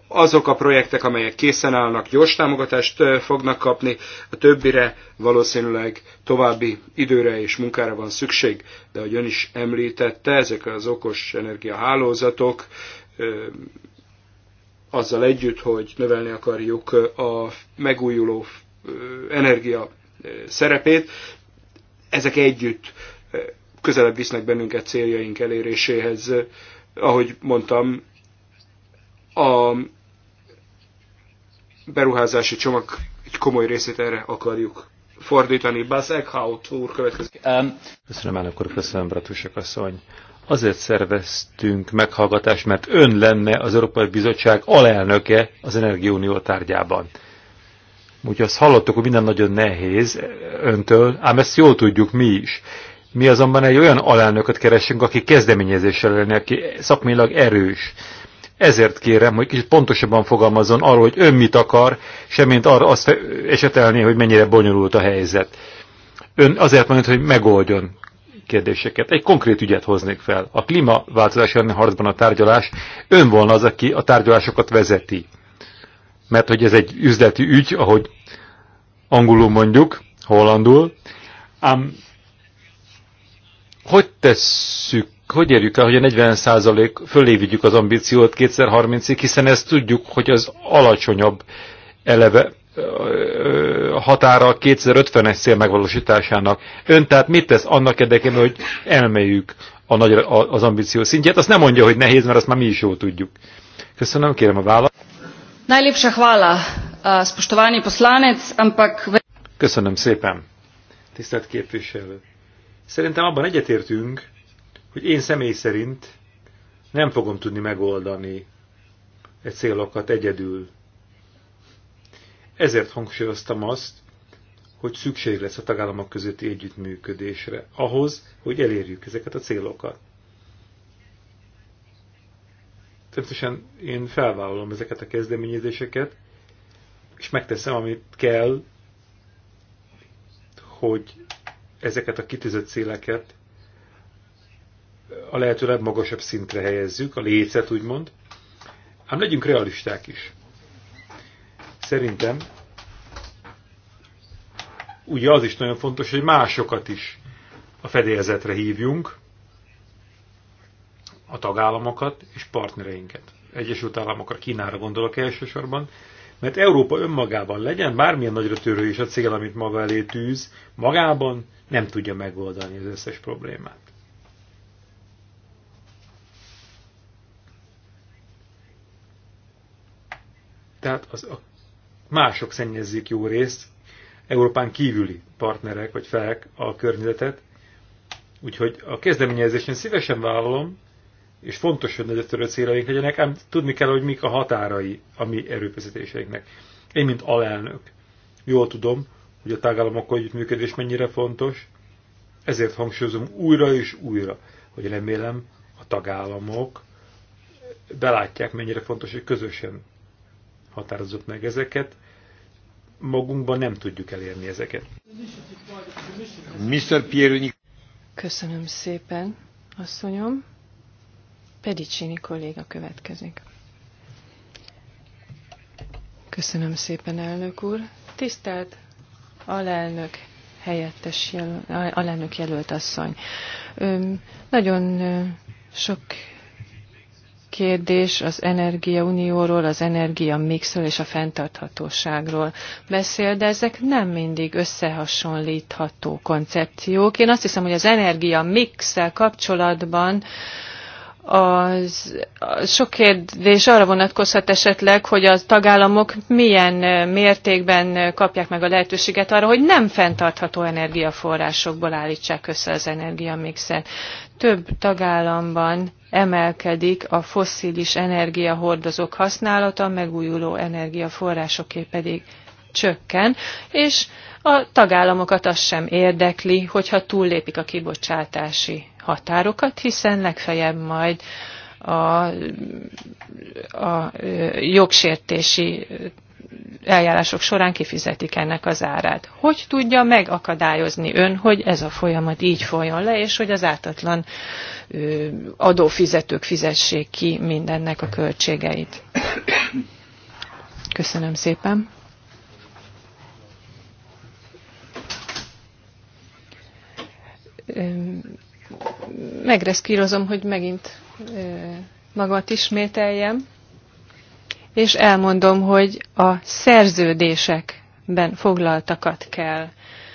Azok a projektek, amelyek készen állnak, gyors támogatást fognak kapni, a többire valószínűleg további időre és munkára van szükség de ahogy ön is említette, ezek az okos energiahálózatok azzal együtt, hogy növelni akarjuk a megújuló energia szerepét, ezek együtt közelebb visznek bennünket céljaink eléréséhez. Ahogy mondtam, a beruházási csomag egy komoly részét erre akarjuk fordítani. Buzz Eckhout úr következik. Um, köszönöm, elnök úr, köszönöm, Bratusek asszony. Azért szerveztünk meghallgatást, mert ön lenne az Európai Bizottság alelnöke az Energiaunió tárgyában. Úgyhogy azt hallottuk, hogy minden nagyon nehéz öntől, ám ezt jól tudjuk mi is. Mi azonban egy olyan alelnököt keresünk, aki kezdeményezéssel lenne, aki szakmilag erős, ezért kérem, hogy kicsit pontosabban fogalmazzon arról, hogy ön mit akar, semmint arra azt esetelni, hogy mennyire bonyolult a helyzet. Ön azért mondja, hogy megoldjon kérdéseket. Egy konkrét ügyet hoznék fel. A klímaváltozás elleni harcban a tárgyalás ön volna az, aki a tárgyalásokat vezeti. Mert hogy ez egy üzleti ügy, ahogy angolul mondjuk, hollandul, ám hogy tesszük hogy érjük el, hogy a 40% fölé vigyük az ambíciót 2030-ig, hiszen ezt tudjuk, hogy az alacsonyabb eleve határa a 2050-es cél megvalósításának. Ön tehát mit tesz annak érdekében, hogy elmeljük a nagy, a, az ambíció szintjét? Azt nem mondja, hogy nehéz, mert azt már mi is jól tudjuk. Köszönöm, kérem a választ. Najlepša hvala, spoštovani poslanec, ampak... Köszönöm szépen, tisztelt képviselő. Szerintem abban egyetértünk, hogy én személy szerint nem fogom tudni megoldani e célokat egyedül. Ezért hangsúlyoztam azt, hogy szükség lesz a tagállamok közötti együttműködésre, ahhoz, hogy elérjük ezeket a célokat. Természetesen én felvállalom ezeket a kezdeményezéseket, és megteszem, amit kell, hogy ezeket a kitűzött céleket a lehető legmagasabb szintre helyezzük, a lécet úgymond, ám legyünk realisták is. Szerintem ugye az is nagyon fontos, hogy másokat is a fedélzetre hívjunk, a tagállamokat és partnereinket. Egyesült Államokra, Kínára gondolok elsősorban, mert Európa önmagában legyen, bármilyen nagyra törő is a cél, amit maga elé tűz, magában nem tudja megoldani az összes problémát. Tehát az, a mások szennyezzék jó részt, Európán kívüli partnerek vagy felek a környezetet. Úgyhogy a kezdeményezésen szívesen vállalom, és fontos, hogy törő céljaink legyenek, ám tudni kell, hogy mik a határai a mi erőfeszítéseinknek. Én, mint alelnök, jól tudom, hogy a tagállamok együttműködés mennyire fontos, ezért hangsúlyozom újra és újra, hogy remélem a tagállamok belátják, mennyire fontos, hogy közösen határozzuk meg ezeket, magunkban nem tudjuk elérni ezeket. Mr. Pierre Köszönöm szépen, asszonyom. Pedicini kolléga következik. Köszönöm szépen, elnök úr. Tisztelt alelnök helyettes jelölt, alelnök jelölt asszony. Öm, nagyon sok kérdés az energiaunióról, az energia mixről és a fenntarthatóságról beszél, de ezek nem mindig összehasonlítható koncepciók. Én azt hiszem, hogy az energia mixel kapcsolatban az, sok kérdés arra vonatkozhat esetleg, hogy a tagállamok milyen mértékben kapják meg a lehetőséget arra, hogy nem fenntartható energiaforrásokból állítsák össze az energiamixet. Több tagállamban emelkedik a fosszilis energiahordozók használata, megújuló energiaforrásoké pedig csökken, és a tagállamokat az sem érdekli, hogyha túllépik a kibocsátási határokat, hiszen legfeljebb majd a, a jogsértési eljárások során kifizetik ennek az árát. Hogy tudja megakadályozni ön, hogy ez a folyamat így folyjon le, és hogy az ártatlan adófizetők fizessék ki mindennek a költségeit? Köszönöm szépen megreszkírozom, hogy megint magamat ismételjem, és elmondom, hogy a szerződésekben foglaltakat kell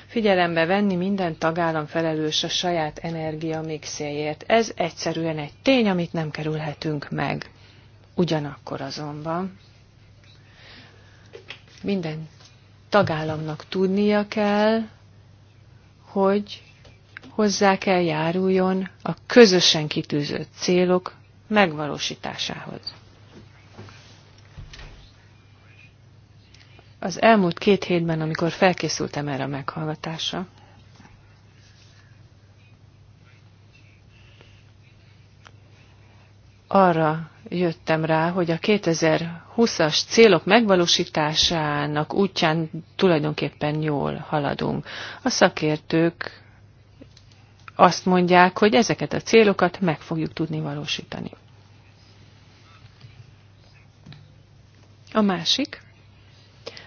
figyelembe venni, minden tagállam felelős a saját energia mixéért. Ez egyszerűen egy tény, amit nem kerülhetünk meg. Ugyanakkor azonban minden tagállamnak tudnia kell, hogy hozzá kell járuljon a közösen kitűzött célok megvalósításához. Az elmúlt két hétben, amikor felkészültem erre a meghallgatásra, arra jöttem rá, hogy a 2020-as célok megvalósításának útján tulajdonképpen jól haladunk. A szakértők azt mondják, hogy ezeket a célokat meg fogjuk tudni valósítani. A másik,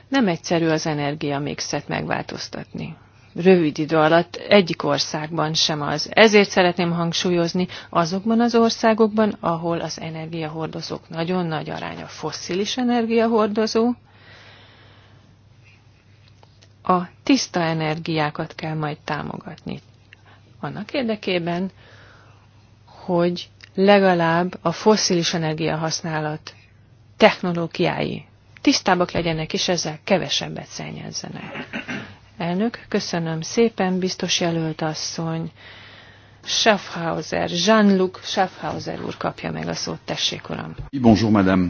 nem egyszerű az mixet megváltoztatni. Rövid idő alatt egyik országban sem az. Ezért szeretném hangsúlyozni azokban az országokban, ahol az energiahordozók nagyon nagy aránya fosszilis energiahordozó, a tiszta energiákat kell majd támogatni annak érdekében, hogy legalább a foszilis energiahasználat technológiái tisztábbak legyenek, és ezzel kevesebbet szennyezzenek. Elnök, köszönöm szépen, biztos jelölt asszony. Schaffhauser, Jean-Luc Schaffhauser úr kapja meg a szót, tessék uram. Bonjour, madame.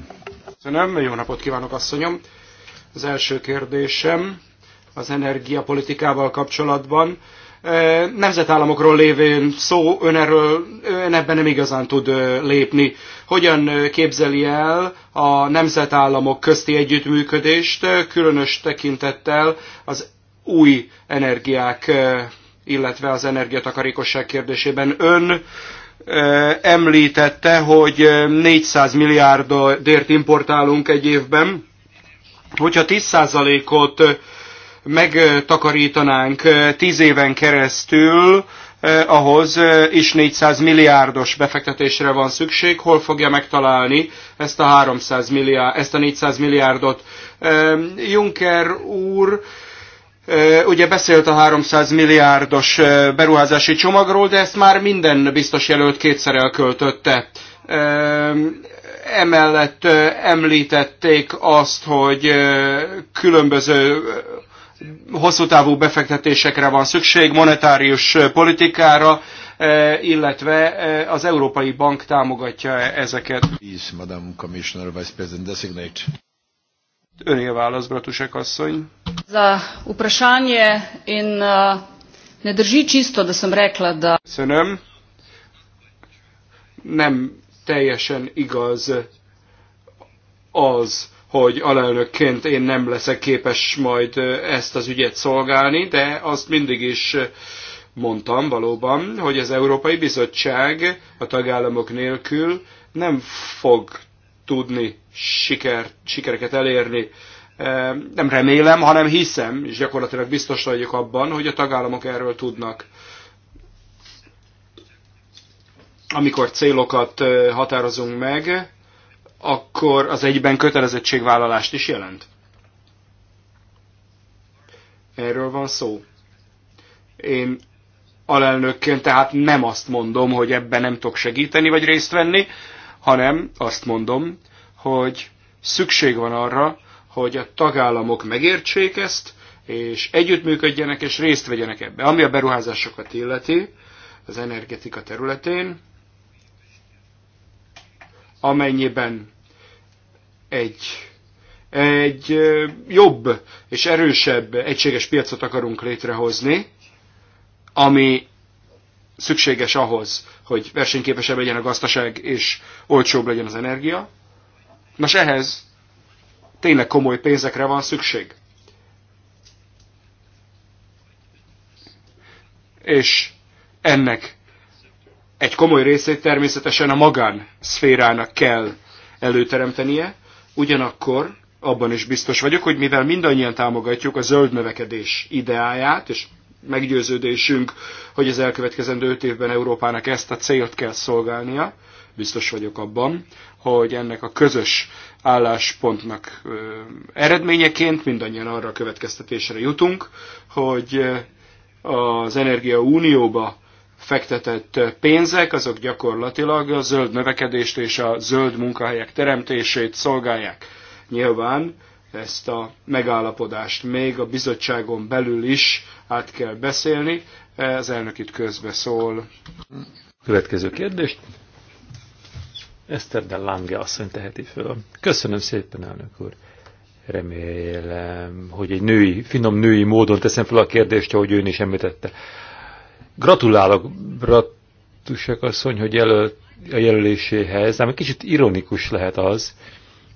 Köszönöm, jó napot kívánok, asszonyom. Az első kérdésem az energiapolitikával kapcsolatban nemzetállamokról lévén szó, ön, erről, ön ebben nem igazán tud lépni. Hogyan képzeli el a nemzetállamok közti együttműködést, különös tekintettel az új energiák, illetve az energiatakarékosság kérdésében? Ön említette, hogy 400 milliárd dért importálunk egy évben, hogyha 10%-ot megtakarítanánk 10 éven keresztül, ahhoz is 400 milliárdos befektetésre van szükség. Hol fogja megtalálni ezt a, 300 milliárd, ezt a 400 milliárdot? Juncker úr ugye beszélt a 300 milliárdos beruházási csomagról, de ezt már minden biztos jelölt kétszer elköltötte emellett említették azt, hogy különböző hosszú távú befektetésekre van szükség, monetárius politikára, illetve az Európai Bank támogatja ezeket. Please, Madam Commissioner Vice President Designate. Öné a válasz, Bratusek asszony. Za vprašanje in ne drži čisto, da sem rekla, da... Köszönöm. Nem teljesen igaz az, hogy alelnökként én nem leszek képes majd ezt az ügyet szolgálni, de azt mindig is mondtam valóban, hogy az Európai Bizottság a tagállamok nélkül nem fog tudni siker, sikereket elérni. Nem remélem, hanem hiszem, és gyakorlatilag biztos vagyok abban, hogy a tagállamok erről tudnak. Amikor célokat határozunk meg, akkor az egyben kötelezettségvállalást is jelent. Erről van szó. Én alelnökként tehát nem azt mondom, hogy ebben nem tudok segíteni vagy részt venni, hanem azt mondom, hogy szükség van arra, hogy a tagállamok megértsék ezt, és együttműködjenek és részt vegyenek ebbe. Ami a beruházásokat illeti, az energetika területén, amennyiben egy, egy jobb és erősebb egységes piacot akarunk létrehozni, ami szükséges ahhoz, hogy versenyképesebb legyen a gazdaság és olcsóbb legyen az energia. Nos, ehhez tényleg komoly pénzekre van szükség. És ennek egy komoly részét természetesen a magán szférának kell előteremtenie, ugyanakkor abban is biztos vagyok, hogy mivel mindannyian támogatjuk a zöld növekedés ideáját, és meggyőződésünk, hogy az elkövetkezendő öt évben Európának ezt a célt kell szolgálnia, biztos vagyok abban, hogy ennek a közös álláspontnak eredményeként mindannyian arra a következtetésre jutunk, hogy az Energia Unióba fektetett pénzek, azok gyakorlatilag a zöld növekedést és a zöld munkahelyek teremtését szolgálják. Nyilván ezt a megállapodást még a bizottságon belül is át kell beszélni. Az elnök itt közbe szól. Következő kérdést. Eszter de Lange asszony teheti föl. Köszönöm szépen, elnök úr. Remélem, hogy egy női, finom női módon teszem fel a kérdést, ahogy ön is említette Gratulálok Bratusek asszony, hogy jelöl, a jelöléséhez, ám egy kicsit ironikus lehet az,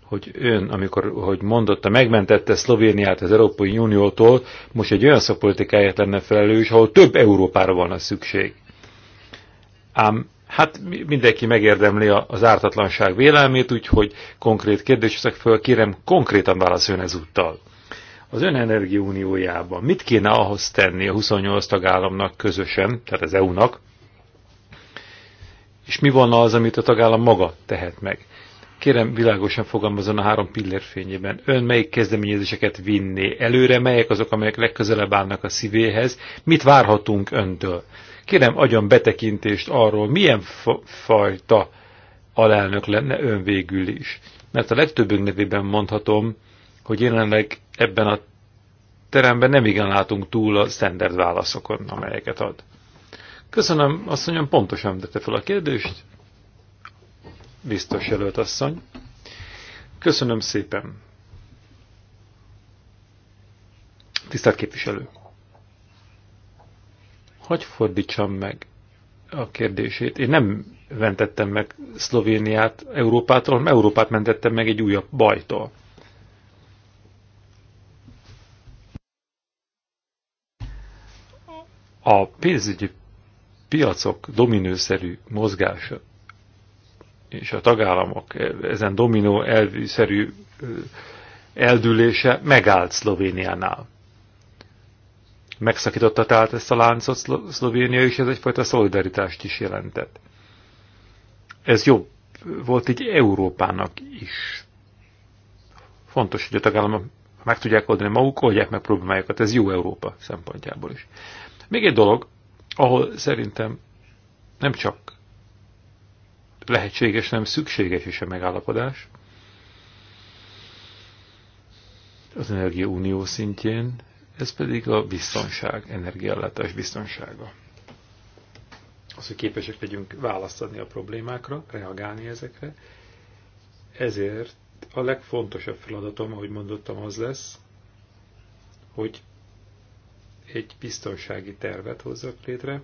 hogy ön, amikor hogy mondotta, megmentette Szlovéniát az Európai Uniótól, most egy olyan szakpolitikáját lenne felelős, ahol több Európára van a szükség. Ám hát mindenki megérdemli az ártatlanság vélelmét, úgyhogy konkrét kérdések föl kérem, konkrétan válaszoljon ezúttal az ön energiauniójában mit kéne ahhoz tenni a 28 tagállamnak közösen, tehát az EU-nak, és mi volna az, amit a tagállam maga tehet meg? Kérem, világosan fogalmazon a három pillér fényében. Ön melyik kezdeményezéseket vinné előre, melyek azok, amelyek legközelebb állnak a szívéhez, mit várhatunk öntől? Kérem, adjon betekintést arról, milyen fa fajta alelnök lenne ön végül is. Mert a legtöbbünk nevében mondhatom, hogy jelenleg ebben a teremben nem igen látunk túl a standard válaszokon, amelyeket ad. Köszönöm, asszonyom, pontosan tette fel a kérdést. Biztos jelölt asszony. Köszönöm szépen. Tisztelt képviselő! Hogy fordítsam meg a kérdését? Én nem mentettem meg Szlovéniát Európától, hanem Európát mentettem meg egy újabb bajtól. a pénzügyi piacok dominőszerű mozgása és a tagállamok ezen dominó elvűszerű eldülése megállt Szlovéniánál. Megszakította tehát ezt a láncot Szlovénia, és ez egyfajta szolidaritást is jelentett. Ez jobb volt így Európának is. Fontos, hogy a tagállamok meg tudják oldani maguk, oldják meg problémájukat. Ez jó Európa szempontjából is. Még egy dolog, ahol szerintem nem csak lehetséges, nem szükséges is a megállapodás, az Energia Unió szintjén, ez pedig a biztonság, energiállátás biztonsága. Az, hogy képesek legyünk választ adni a problémákra, reagálni ezekre, ezért a legfontosabb feladatom, ahogy mondottam, az lesz, hogy egy biztonsági tervet hozzak létre,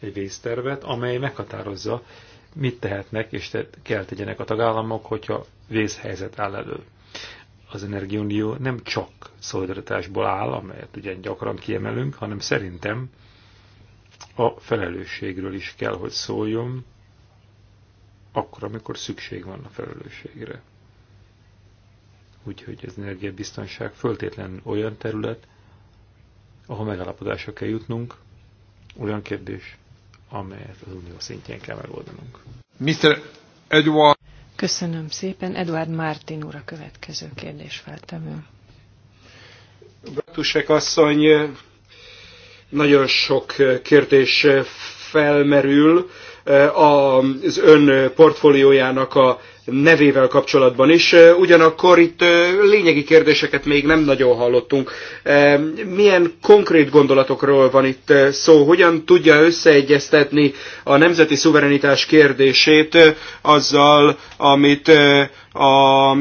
egy vésztervet, amely meghatározza, mit tehetnek és te kell tegyenek a tagállamok, hogyha vészhelyzet áll elő. Az Energiaunió nem csak szolidaritásból áll, amelyet ugye gyakran kiemelünk, hanem szerintem a felelősségről is kell, hogy szóljon, akkor, amikor szükség van a felelősségre. Úgyhogy az energiabiztonság föltétlen olyan terület, ahol megalapodásra kell jutnunk, olyan kérdés, amelyet az unió szintjén kell megoldanunk. Mr. Edward. Köszönöm szépen. Eduard Mártin úr a következő kérdés feltevő. Bratusek asszony, nagyon sok kérdés felmerül az ön portfóliójának a nevével kapcsolatban is. Ugyanakkor itt lényegi kérdéseket még nem nagyon hallottunk. Milyen konkrét gondolatokról van itt szó? Hogyan tudja összeegyeztetni a nemzeti szuverenitás kérdését azzal, amit a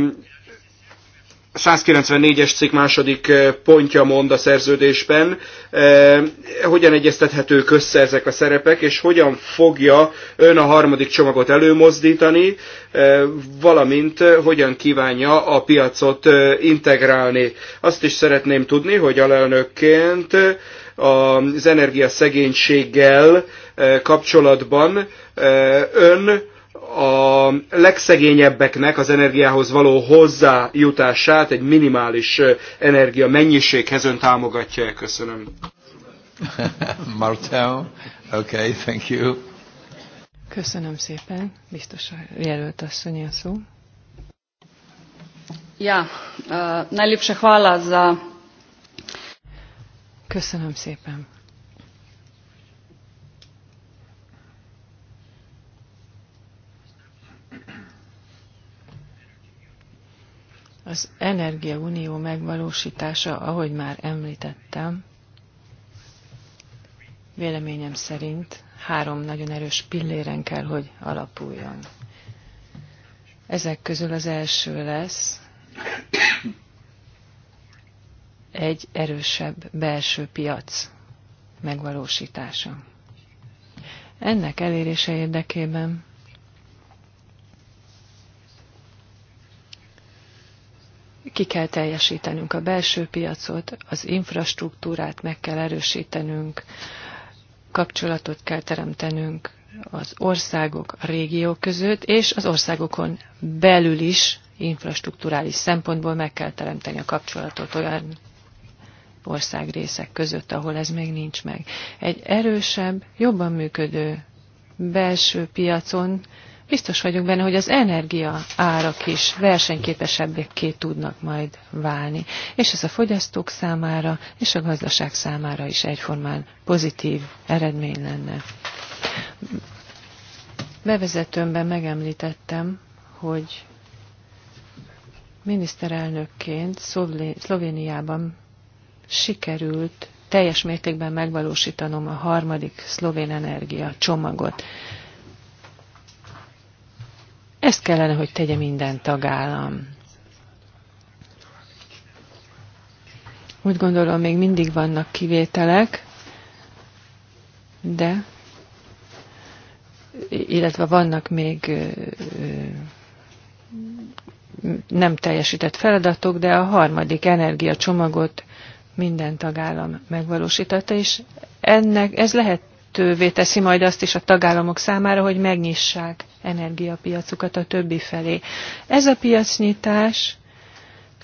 194-es cikk második eh, pontja mond a szerződésben, eh, hogyan egyeztethetők össze ezek a szerepek, és hogyan fogja ön a harmadik csomagot előmozdítani, eh, valamint hogyan kívánja a piacot integrálni. Azt is szeretném tudni, hogy alelnökként az energiaszegénységgel kapcsolatban ön a legszegényebbeknek az energiához való hozzájutását egy minimális energia mennyiséghez ön támogatja. Köszönöm. (laughs) Martel, okay, thank you. Köszönöm szépen, biztos a jelölt asszony a szó. Ja, uh, najlepše hvala za... Köszönöm szépen. Az energiaunió megvalósítása, ahogy már említettem, véleményem szerint három nagyon erős pilléren kell, hogy alapuljon. Ezek közül az első lesz egy erősebb belső piac megvalósítása. Ennek elérése érdekében ki kell teljesítenünk a belső piacot, az infrastruktúrát meg kell erősítenünk, kapcsolatot kell teremtenünk az országok, a régiók között, és az országokon belül is infrastruktúrális szempontból meg kell teremteni a kapcsolatot olyan országrészek között, ahol ez még nincs meg. Egy erősebb, jobban működő belső piacon Biztos vagyok benne, hogy az energia árak is versenyképesebbé tudnak majd válni, és ez a fogyasztók számára és a gazdaság számára is egyformán pozitív eredmény lenne. Bevezetőmben megemlítettem, hogy miniszterelnökként Szlovéniában sikerült teljes mértékben megvalósítanom a harmadik szlovén energia csomagot. Ezt kellene, hogy tegye minden tagállam. Úgy gondolom, még mindig vannak kivételek, de illetve vannak még nem teljesített feladatok, de a harmadik energiacsomagot minden tagállam megvalósította, és ennek ez lehet lehetővé teszi majd azt is a tagállamok számára, hogy megnyissák energiapiacukat a többi felé. Ez a piacnyitás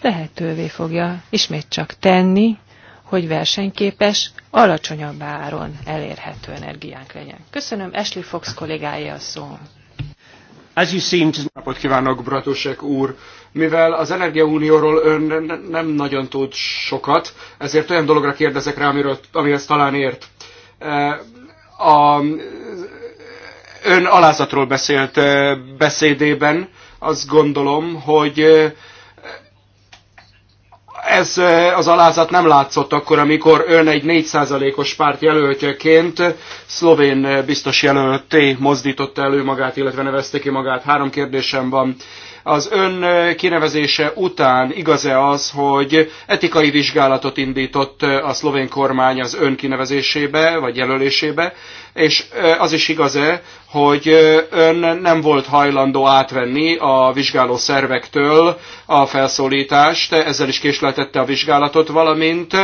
lehetővé fogja ismét csak tenni, hogy versenyképes, alacsonyabb áron elérhető energiánk legyen. Köszönöm, Ashley Fox kollégája a szó. As you seem to... Napot kívánok, Bratusek úr! Mivel az Energiaunióról ön nem nagyon tud sokat, ezért olyan dologra kérdezek rá, amiről, amihez talán ért. Eh, a, ön alázatról beszélt beszédében, azt gondolom, hogy ez az alázat nem látszott akkor, amikor ön egy 4%-os párt jelöltjeként szlovén biztos jelölté mozdította elő magát, illetve nevezte ki magát. Három kérdésem van. Az ön kinevezése után igaz-e az, hogy etikai vizsgálatot indított a szlovén kormány az ön kinevezésébe, vagy jelölésébe, és az is igaz-e, hogy ön nem volt hajlandó átvenni a vizsgáló szervektől a felszólítást, ezzel is késletette a vizsgálatot, valamint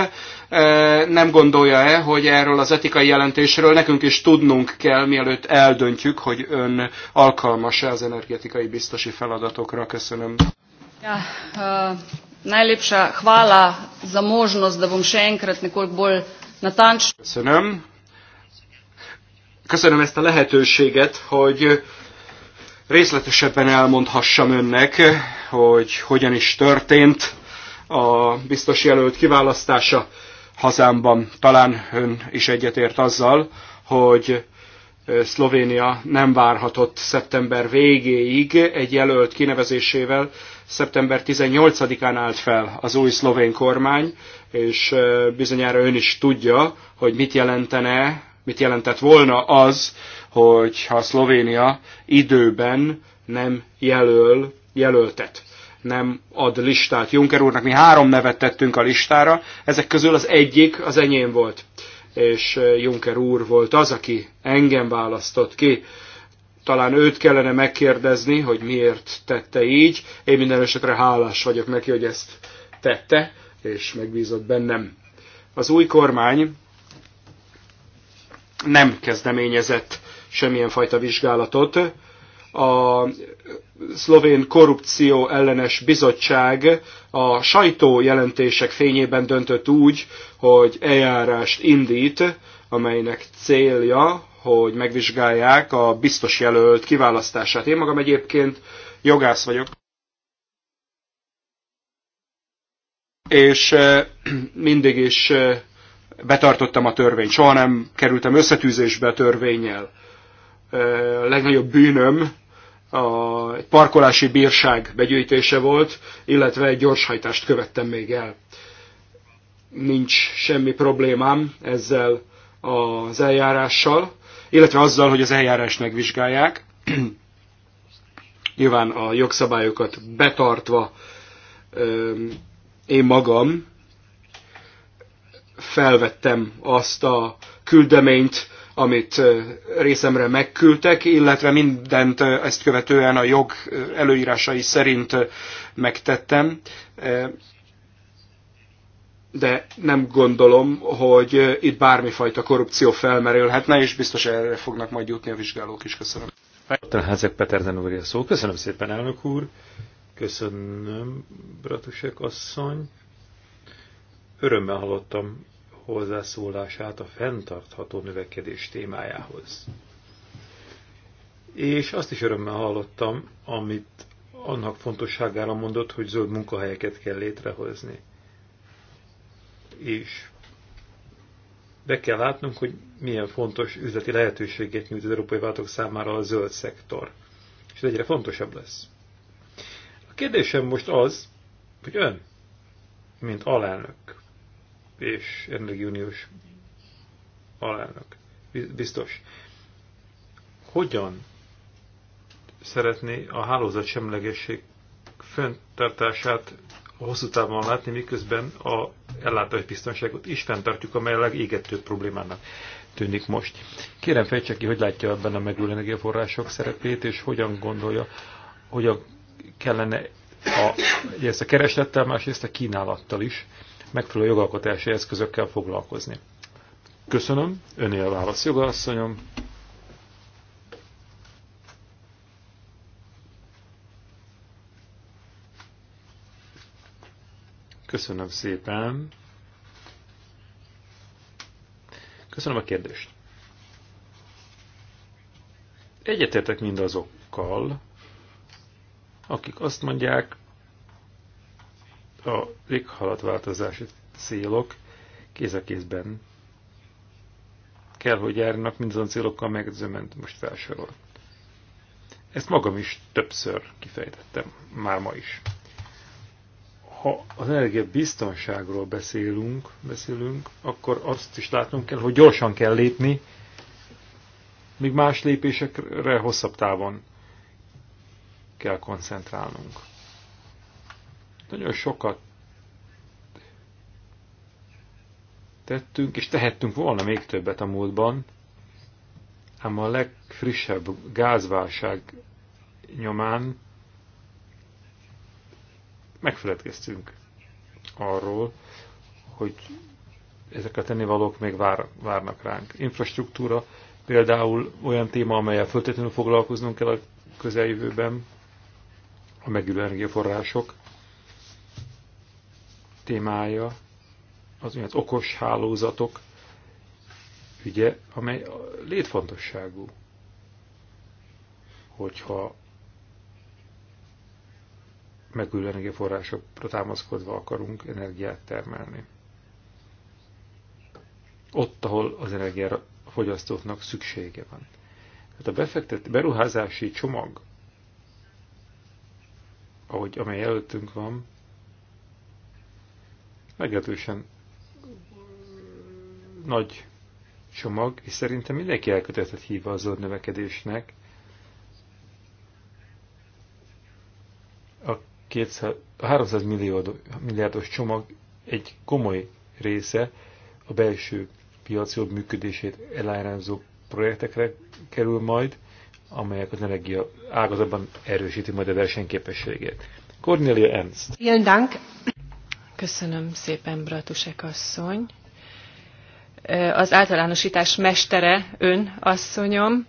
nem gondolja-e, hogy erről az etikai jelentésről nekünk is tudnunk kell, mielőtt eldöntjük, hogy ön alkalmas-e az energetikai biztosi feladatokra? Köszönöm. Ja, uh, najlepša hvala za možnost, da bom še enkrat nekoliko bolj Köszönöm Köszönöm ezt a lehetőséget, hogy részletesebben elmondhassam önnek, hogy hogyan is történt a biztos jelölt kiválasztása hazámban. Talán ön is egyetért azzal, hogy Szlovénia nem várhatott szeptember végéig egy jelölt kinevezésével. Szeptember 18-án állt fel az új szlovén kormány, és bizonyára ön is tudja, hogy mit jelentene mit jelentett volna az, hogyha Szlovénia időben nem jelöl jelöltet nem ad listát Juncker úrnak. Mi három nevet tettünk a listára, ezek közül az egyik az enyém volt. És Juncker úr volt az, aki engem választott ki. Talán őt kellene megkérdezni, hogy miért tette így. Én minden esetre hálás vagyok neki, hogy ezt tette, és megbízott bennem. Az új kormány nem kezdeményezett semmilyen fajta vizsgálatot. A szlovén korrupció ellenes bizottság a sajtó jelentések fényében döntött úgy, hogy eljárást indít, amelynek célja, hogy megvizsgálják a biztos jelölt kiválasztását. Én magam egyébként jogász vagyok. És eh, mindig is eh, betartottam a törvényt, soha nem kerültem összetűzésbe a törvényel. A legnagyobb bűnöm a, parkolási bírság begyűjtése volt, illetve egy gyorshajtást követtem még el. Nincs semmi problémám ezzel az eljárással, illetve azzal, hogy az eljárást megvizsgálják. (clears throat) Nyilván a jogszabályokat betartva én magam felvettem azt a küldeményt, amit részemre megküldtek, illetve mindent ezt követően a jog előírásai szerint megtettem. De nem gondolom, hogy itt bármifajta korrupció felmerülhetne, és biztos erre fognak majd jutni a vizsgálók is. Köszönöm. Házek Peterzen úr szó. Köszönöm szépen, elnök úr. Köszönöm, Bratusek asszony. Örömmel hallottam hozzászólását a fenntartható növekedés témájához. És azt is örömmel hallottam, amit annak fontosságára mondott, hogy zöld munkahelyeket kell létrehozni. És be kell látnunk, hogy milyen fontos üzleti lehetőséget nyújt az európai váltók számára a zöld szektor. És ez egyre fontosabb lesz. A kérdésem most az, hogy ön, mint alelnök, és energiuniós alelnök. Biztos. Hogyan szeretné a hálózat semlegesség fenntartását hosszú távon látni, miközben a ellátási biztonságot is fenntartjuk, amely a legégetőbb problémának tűnik most. Kérem fejtse ki, hogy látja ebben a megújuló energiaforrások szerepét, és hogyan gondolja, hogyan kellene a, ezt a kereslettel, másrészt a kínálattal is megfelelő jogalkotási eszközökkel foglalkozni. Köszönöm, öné a válasz jogalasszonyom. Köszönöm szépen. Köszönöm a kérdést. Egyetértek mindazokkal, akik azt mondják, a éghalatváltozási célok kéz a kézben kell, hogy járnak mindazon célokkal, amelyeket zöment most felsorol. Ezt magam is többször kifejtettem, már ma is. Ha az energia biztonságról beszélünk, beszélünk, akkor azt is látnunk kell, hogy gyorsan kell lépni, míg más lépésekre hosszabb távon kell koncentrálnunk. Nagyon sokat tettünk, és tehettünk volna még többet a múltban, ám a legfrissebb gázválság nyomán megfeledkeztünk arról, hogy ezek a tennivalók még vár, várnak ránk. Infrastruktúra például olyan téma, amelyel föltétlenül foglalkoznunk kell a közeljövőben, a megülő energiaforrások, témája az olyan okos hálózatok ugye, amely létfontosságú, hogyha megülő energiaforrásokra támaszkodva akarunk energiát termelni. Ott, ahol az energiára fogyasztóknak szüksége van. Tehát a befektet, beruházási csomag, ahogy amely előttünk van, meglehetősen nagy csomag, és szerintem mindenki elkötelezett hívva a zöld növekedésnek. A, 200, a 300 milliárd, milliárdos csomag egy komoly része a belső piac jobb működését elárázó projektekre kerül majd, amelyek az energia ágazatban erősíti majd a versenyképességét. Cornelia Ernst. Vielen Dank. Köszönöm szépen, Bratusek asszony. Az általánosítás mestere ön, asszonyom,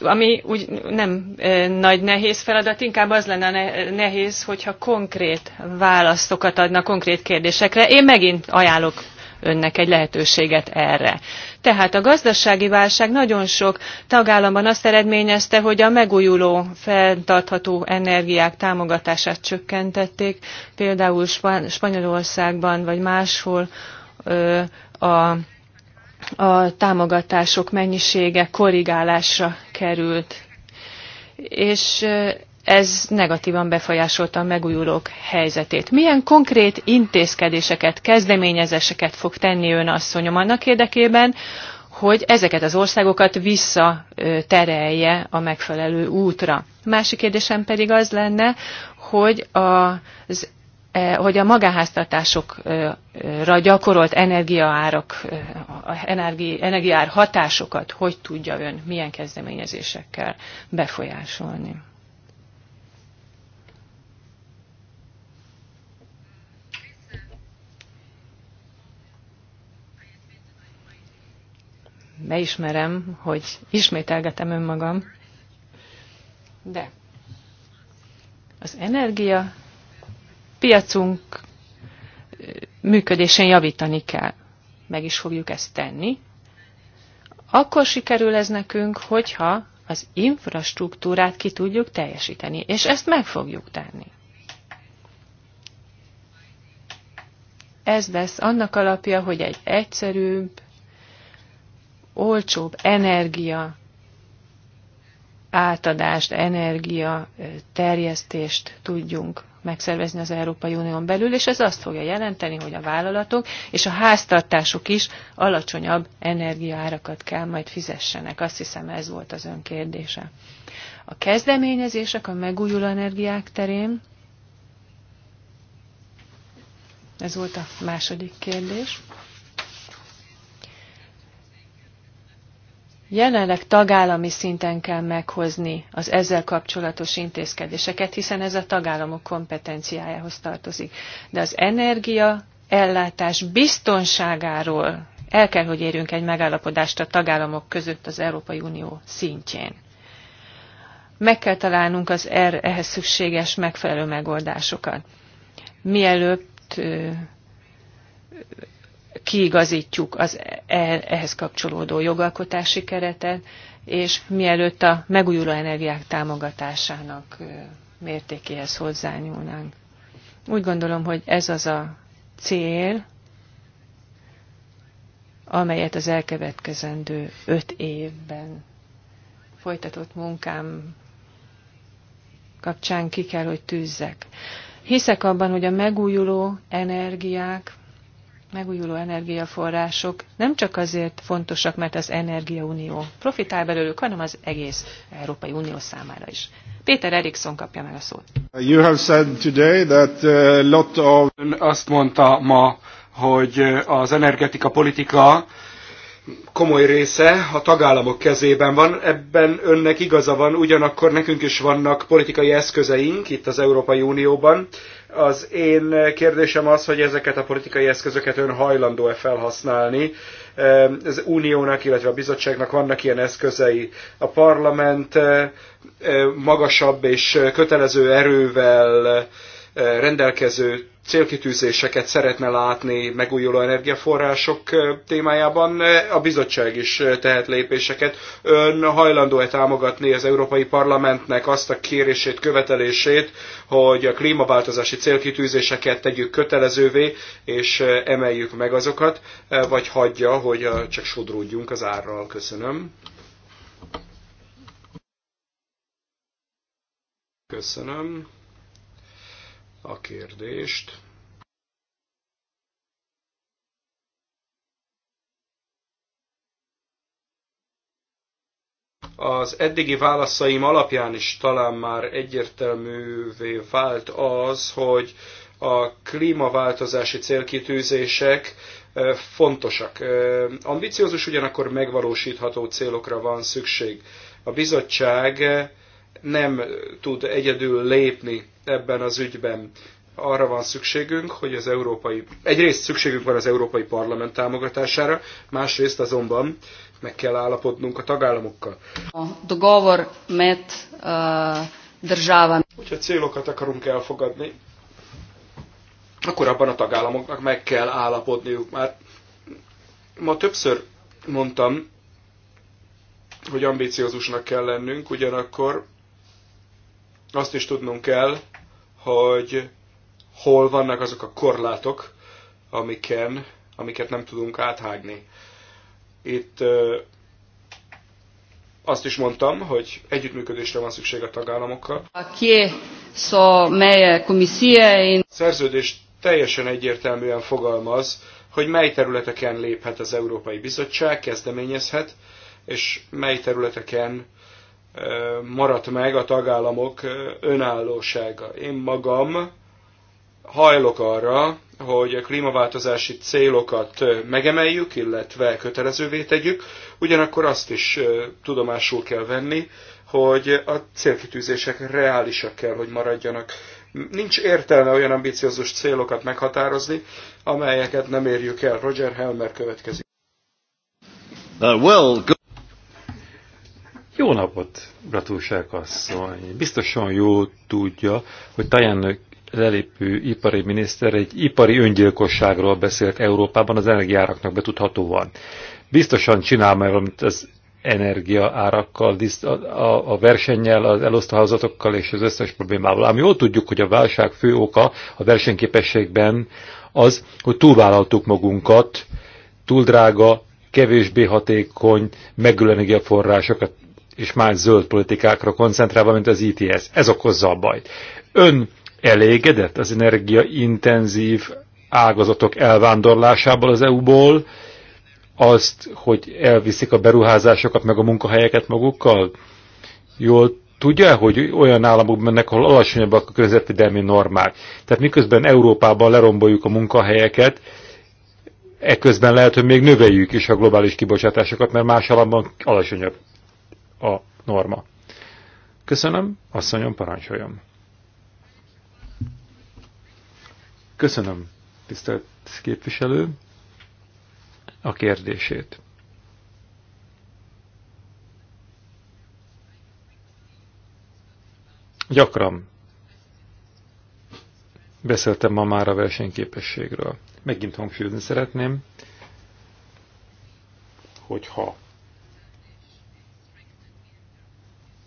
ami úgy nem nagy nehéz feladat, inkább az lenne nehéz, hogyha konkrét válaszokat adna konkrét kérdésekre. Én megint ajánlok önnek egy lehetőséget erre. Tehát a gazdasági válság nagyon sok tagállamban azt eredményezte, hogy a megújuló fenntartható energiák támogatását csökkentették, például Spany Spanyolországban vagy máshol ö, a a támogatások mennyisége korrigálásra került. És ez negatívan befolyásolta a megújulók helyzetét. Milyen konkrét intézkedéseket, kezdeményezéseket fog tenni ön asszonyom annak érdekében, hogy ezeket az országokat visszaterelje a megfelelő útra. Másik kérdésem pedig az lenne, hogy az e, hogy a magáháztartásokra gyakorolt energiaárak, eh, energiaár hatásokat hogy tudja ön milyen kezdeményezésekkel befolyásolni. beismerem, hogy ismételgetem önmagam, de az energia piacunk működésén javítani kell. Meg is fogjuk ezt tenni. Akkor sikerül ez nekünk, hogyha az infrastruktúrát ki tudjuk teljesíteni, és ezt meg fogjuk tenni. Ez lesz annak alapja, hogy egy egyszerűbb, olcsóbb energia átadást, energia terjesztést tudjunk megszervezni az Európai Unión belül, és ez azt fogja jelenteni, hogy a vállalatok és a háztartások is alacsonyabb energiaárakat kell majd fizessenek. Azt hiszem ez volt az ön kérdése. A kezdeményezések a megújuló energiák terén, ez volt a második kérdés. Jelenleg tagállami szinten kell meghozni az ezzel kapcsolatos intézkedéseket, hiszen ez a tagállamok kompetenciájához tartozik. De az energia ellátás biztonságáról el kell, hogy érjünk egy megállapodást a tagállamok között az Európai Unió szintjén. Meg kell találnunk az er ehhez szükséges megfelelő megoldásokat. Mielőtt kiigazítjuk az e, ehhez kapcsolódó jogalkotási keretet, és mielőtt a megújuló energiák támogatásának mértékéhez hozzányúlnánk. Úgy gondolom, hogy ez az a cél, amelyet az elkövetkezendő öt évben folytatott munkám kapcsán ki kell, hogy tűzzek. Hiszek abban, hogy a megújuló energiák megújuló energiaforrások nem csak azért fontosak, mert az Energiaunió profitál belőlük, hanem az egész Európai Unió számára is. Péter Eriksson kapja meg a szót. You have said today that a uh, lot of... Ön azt mondta ma, hogy uh, az energetika politika komoly része a tagállamok kezében van, ebben önnek igaza van, ugyanakkor nekünk is vannak politikai eszközeink itt az Európai Unióban. Az én kérdésem az, hogy ezeket a politikai eszközöket ön hajlandó-e felhasználni. Az uniónak, illetve a bizottságnak vannak ilyen eszközei. A parlament eh, eh, magasabb és kötelező erővel eh, rendelkező célkitűzéseket szeretne látni megújuló energiaforrások témájában, a bizottság is tehet lépéseket. Ön hajlandó-e támogatni az Európai Parlamentnek azt a kérését, követelését, hogy a klímaváltozási célkitűzéseket tegyük kötelezővé, és emeljük meg azokat, vagy hagyja, hogy csak sodródjunk az árral. Köszönöm. Köszönöm a kérdést. Az eddigi válaszaim alapján is talán már egyértelművé vált az, hogy a klímaváltozási célkitűzések fontosak. Ambiciózus, ugyanakkor megvalósítható célokra van szükség. A bizottság nem tud egyedül lépni ebben az ügyben. Arra van szükségünk, hogy az európai, egyrészt szükségünk van az európai parlament támogatására, másrészt azonban meg kell állapodnunk a tagállamokkal. A dogovor met državan. Hogyha célokat akarunk elfogadni, akkor abban a tagállamoknak meg kell állapodniuk. Már ma többször mondtam, hogy ambíciózusnak kell lennünk, ugyanakkor azt is tudnunk kell, hogy hol vannak azok a korlátok, amiken, amiket nem tudunk áthágni. Itt azt is mondtam, hogy együttműködésre van szükség a tagállamokkal. A kie szó melye szerződés teljesen egyértelműen fogalmaz, hogy mely területeken léphet az Európai Bizottság, kezdeményezhet, és mely területeken maradt meg a tagállamok önállósága. Én magam hajlok arra, hogy a klímaváltozási célokat megemeljük, illetve kötelezővé tegyük, ugyanakkor azt is tudomásul kell venni, hogy a célkitűzések reálisak kell, hogy maradjanak. Nincs értelme olyan ambiciózus célokat meghatározni, amelyeket nem érjük el. Roger Helmer következik. Uh, well, jó napot, Bratúság asszony! Biztosan jó tudja, hogy Tajánök lelépő ipari miniszter egy ipari öngyilkosságról beszélt Európában az energiáraknak betudhatóan. Biztosan csinál meg valamit az energia a, a versennyel, az elosztóházatokkal és az összes problémával. Ám jól tudjuk, hogy a válság fő oka a versenyképességben az, hogy túlvállaltuk magunkat, túl drága, kevésbé hatékony, megülő energiaforrásokat és más zöld politikákra koncentrálva, mint az ITS. E Ez okozza a bajt. Ön elégedett az energiaintenzív ágazatok elvándorlásából az EU-ból, azt, hogy elviszik a beruházásokat, meg a munkahelyeket magukkal? Jól tudja, hogy olyan államok mennek, ahol alacsonyabbak a közvetvédelmi normák. Tehát miközben Európában leromboljuk a munkahelyeket, ekközben lehet, hogy még növeljük is a globális kibocsátásokat, mert más államban alacsonyabb a norma. Köszönöm, asszonyom, parancsoljon. Köszönöm, tisztelt képviselő, a kérdését. Gyakran beszéltem ma már a versenyképességről. Megint hangsúlyozni szeretném, hogyha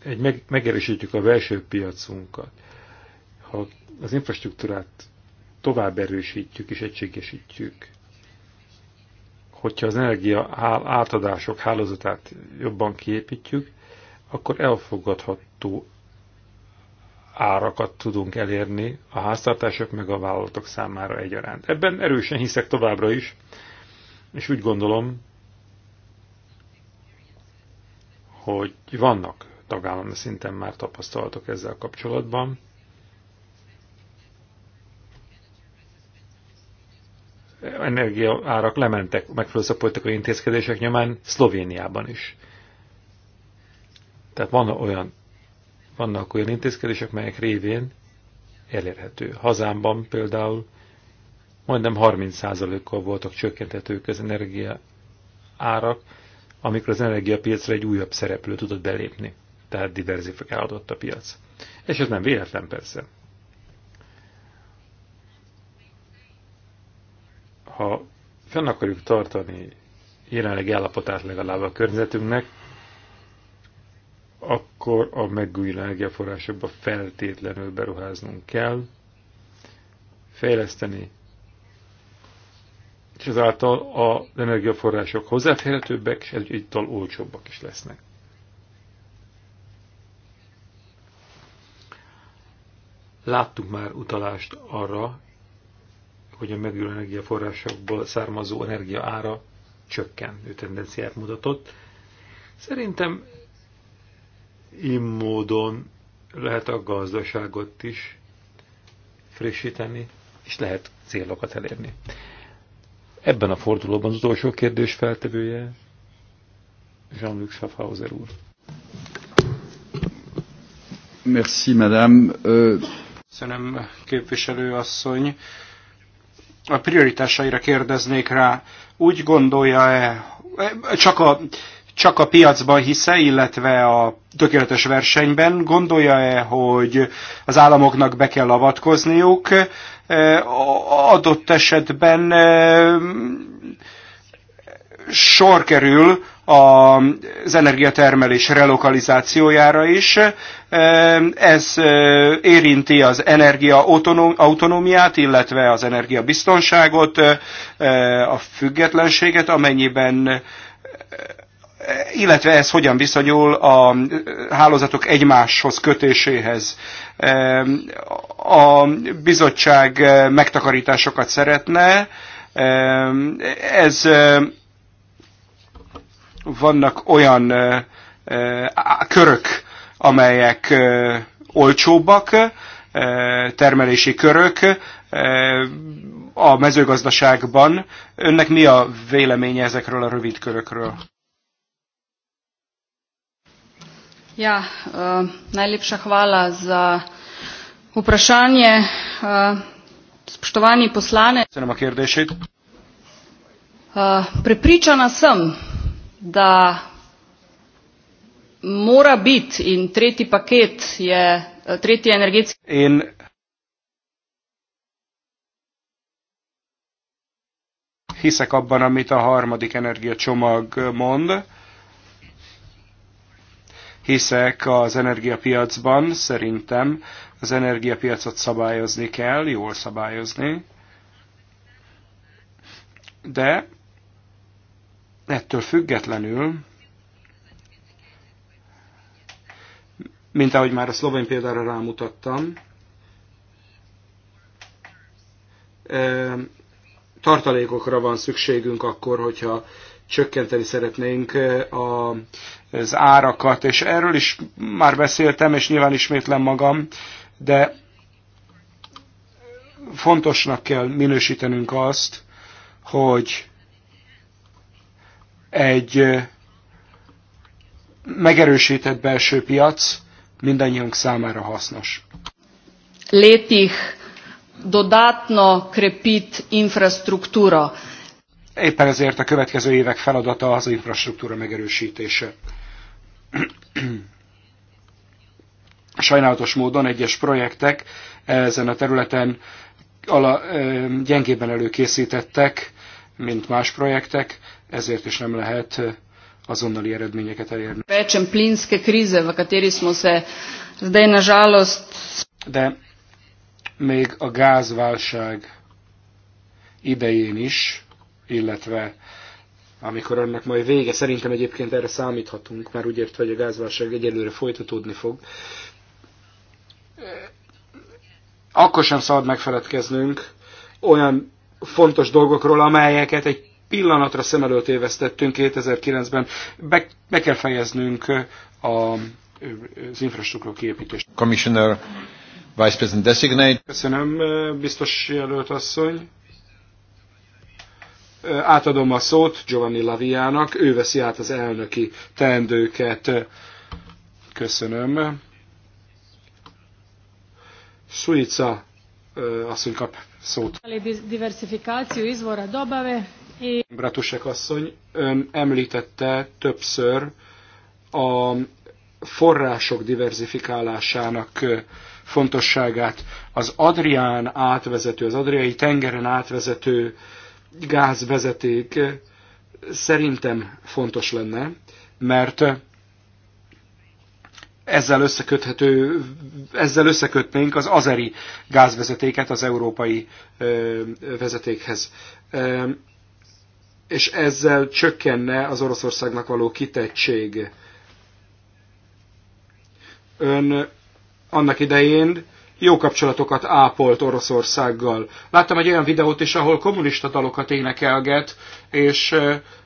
egy meg, megerősítjük a belső piacunkat, ha az infrastruktúrát tovább erősítjük és egységesítjük, hogyha az energia átadások hálózatát jobban kiépítjük, akkor elfogadható árakat tudunk elérni a háztartások meg a vállalatok számára egyaránt. Ebben erősen hiszek továbbra is, és úgy gondolom, hogy vannak tagállami szinten már tapasztaltok ezzel kapcsolatban. Energiaárak lementek megfelelő a intézkedések nyomán Szlovéniában is. Tehát van olyan, vannak olyan intézkedések, melyek révén elérhető. Hazámban például majdnem 30%-kal voltak csökkentetők az energia árak, amikor az energiapiacra egy újabb szereplő tudott belépni tehát diverzifikálódott a piac. És ez nem véletlen persze. Ha fenn akarjuk tartani jelenlegi állapotát legalább a környezetünknek, akkor a megújuló energiaforrásokba feltétlenül beruháznunk kell, fejleszteni, és ezáltal az energiaforrások hozzáférhetőbbek, és egyúttal olcsóbbak is lesznek. Láttuk már utalást arra, hogy a megújuló energiaforrásokból származó energia ára ő tendenciát mutatott. Szerintem így módon lehet a gazdaságot is frissíteni, és lehet célokat elérni. Ebben a fordulóban az utolsó kérdés feltevője Jean-Luc Schaffhauser úr. Merci, madame. Euh, Köszönöm, képviselő asszony. A prioritásaira kérdeznék rá. Úgy gondolja-e, csak a, csak a piacban hisze, illetve a tökéletes versenyben gondolja-e, hogy az államoknak be kell avatkozniuk, e, adott esetben e, sor kerül az energiatermelés relokalizációjára is. Ez érinti az energia autonómiát, illetve az energiabiztonságot, a függetlenséget, amennyiben illetve ez hogyan viszonyul a hálózatok egymáshoz kötéséhez. A bizottság megtakarításokat szeretne, ez vannak olyan körök, amelyek olcsóbbak, termelési körök a mezőgazdaságban. Önnek mi a véleménye ezekről a rövid körökről? Ja, uh, najlepša hvala za vprašanje. Uh, spoštovani poslanec. Prepričana sem, da mora biti in tretji paket je, eh, tretji energetski. In hiszek abban, amit a harmadik energiacsomag mond. Hiszek az energiapiacban, szerintem az energiapiacot szabályozni kell, jól szabályozni. De Ettől függetlenül, mint ahogy már a szlovén példára rámutattam, tartalékokra van szükségünk akkor, hogyha csökkenteni szeretnénk a, az árakat, és erről is már beszéltem, és nyilván ismétlem magam, de fontosnak kell minősítenünk azt, hogy egy megerősített belső piac mindannyiunk számára hasznos. Létig dodatno krepít infrastruktúra. Éppen ezért a következő évek feladata az infrastruktúra megerősítése. (clears throat) Sajnálatos módon egyes projektek ezen a területen ala, gyengében előkészítettek, mint más projektek, ezért is nem lehet eh, azonnali eredményeket elérni. Pécsen plinske krize, v kateri smo se zdaj na žalost... De még a gázválság idején is, illetve amikor annak majd vége, szerintem egyébként erre számíthatunk, mert úgy értve hogy a gázválság egyelőre folytatódni fog, eh, akkor sem szabad megfeledkeznünk olyan fontos dolgokról, amelyeket egy pillanatra szem előtt évesztettünk 2009-ben. Be, be kell fejeznünk a, az infrastruktúra kiépítést. Commissioner, Vice President Designate. Köszönöm, biztos jelölt asszony. Átadom a szót Giovanni Laviának, ő veszi át az elnöki teendőket. Köszönöm. Suica asszony kap szót. Diversifikáció izvora dobave, Bratusek asszony, ön említette többször a források diverzifikálásának fontosságát. Az Adrián átvezető, az Adriai tengeren átvezető gázvezeték szerintem fontos lenne, mert ezzel, összeköthető, ezzel összekötnénk az azeri gázvezetéket az európai vezetékhez és ezzel csökkenne az Oroszországnak való kitettség. Ön annak idején jó kapcsolatokat ápolt Oroszországgal. Láttam egy olyan videót is, ahol kommunista dalokat énekelget, és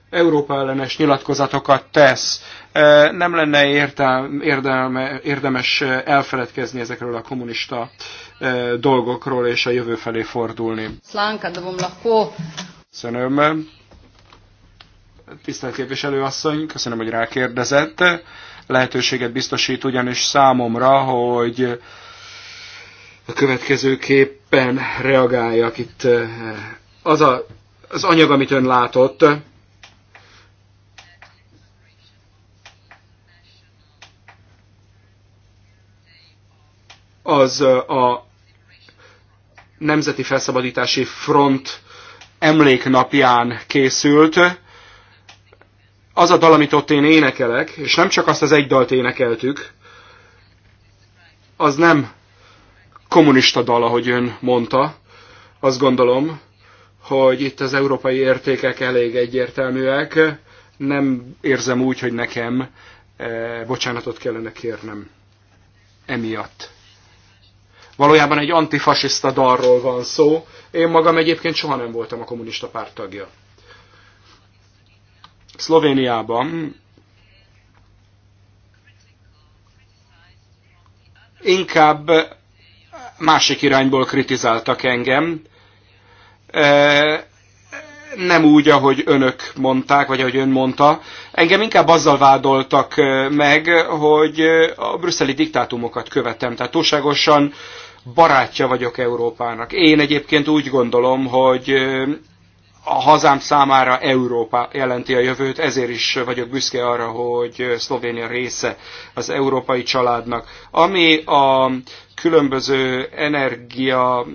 Európa ellenes nyilatkozatokat tesz. Nem lenne értelme, érdemes elfeledkezni ezekről a kommunista dolgokról, és a jövő felé fordulni. Szlánka, de vom lakó. Köszönöm tisztelt asszony, köszönöm, hogy rákérdezett. Lehetőséget biztosít ugyanis számomra, hogy a következőképpen reagáljak itt. Az a, az anyag, amit ön látott, az a Nemzeti Felszabadítási Front emléknapján készült az a dal, amit ott én énekelek, és nem csak azt az egy dalt énekeltük, az nem kommunista dal, ahogy ön mondta. Azt gondolom, hogy itt az európai értékek elég egyértelműek. Nem érzem úgy, hogy nekem e, bocsánatot kellene kérnem emiatt. Valójában egy antifasiszta dalról van szó. Én magam egyébként soha nem voltam a kommunista párt tagja. Szlovéniában inkább másik irányból kritizáltak engem. Nem úgy, ahogy önök mondták, vagy ahogy ön mondta. Engem inkább azzal vádoltak meg, hogy a brüsszeli diktátumokat követem. Tehát túlságosan barátja vagyok Európának. Én egyébként úgy gondolom, hogy a hazám számára Európa jelenti a jövőt, ezért is vagyok büszke arra, hogy Szlovénia része az európai családnak. Ami a különböző energia eh,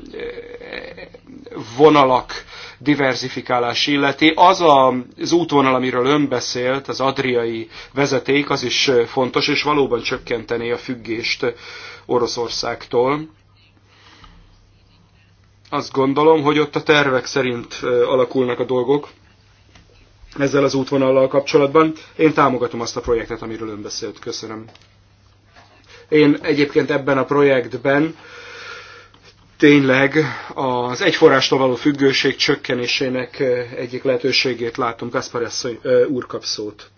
vonalak diverzifikálás illeti. Az az útvonal, amiről ön beszélt, az adriai vezeték, az is fontos, és valóban csökkenteni a függést Oroszországtól. Azt gondolom, hogy ott a tervek szerint alakulnak a dolgok ezzel az útvonallal kapcsolatban. Én támogatom azt a projektet, amiről ön beszélt. Köszönöm. Én egyébként ebben a projektben tényleg az egyforrástól való függőség csökkenésének egyik lehetőségét látom. Gaspar úr kap szót.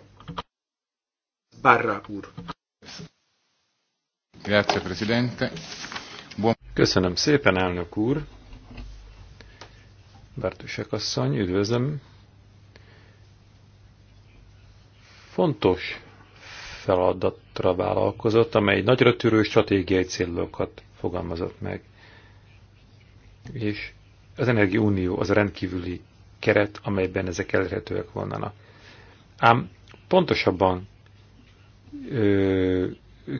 Barra úr. Grazie, Presidente. Köszönöm szépen, elnök úr. Bertusek asszony, üdvözlöm. Fontos feladatra vállalkozott, amely nagyra tűrő stratégiai célokat fogalmazott meg. És az Energia Unió az a rendkívüli keret, amelyben ezek elérhetőek volnának. Ám pontosabban ö,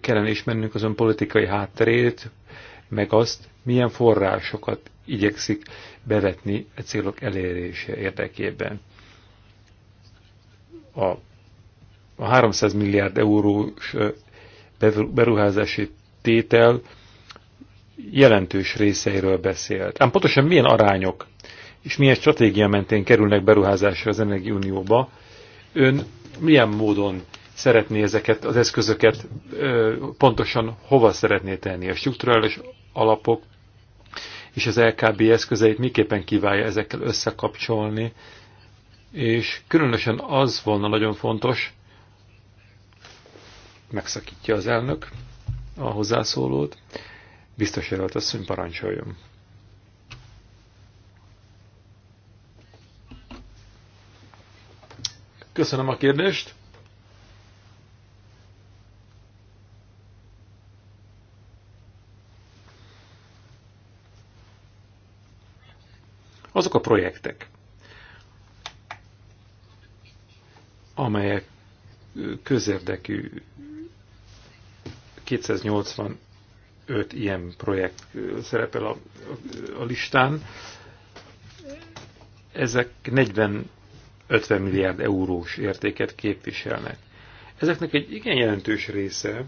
kellene ismernünk az ön politikai hátterét, meg azt, milyen forrásokat igyekszik bevetni a célok elérése érdekében. A, a 300 milliárd eurós beruházási tétel jelentős részeiről beszélt. Ám pontosan milyen arányok és milyen stratégia mentén kerülnek beruházásra az unióba? ön milyen módon szeretné ezeket az eszközöket pontosan hova szeretné tenni? A strukturális alapok és az LKB eszközeit miképpen kívánja ezekkel összekapcsolni, és különösen az volna nagyon fontos, megszakítja az elnök a hozzászólót, biztos jelölt asszony parancsoljon. Köszönöm a kérdést. azok a projektek, amelyek közérdekű 285 ilyen projekt szerepel a, a listán. Ezek 40-50 milliárd eurós értéket képviselnek. Ezeknek egy igen jelentős része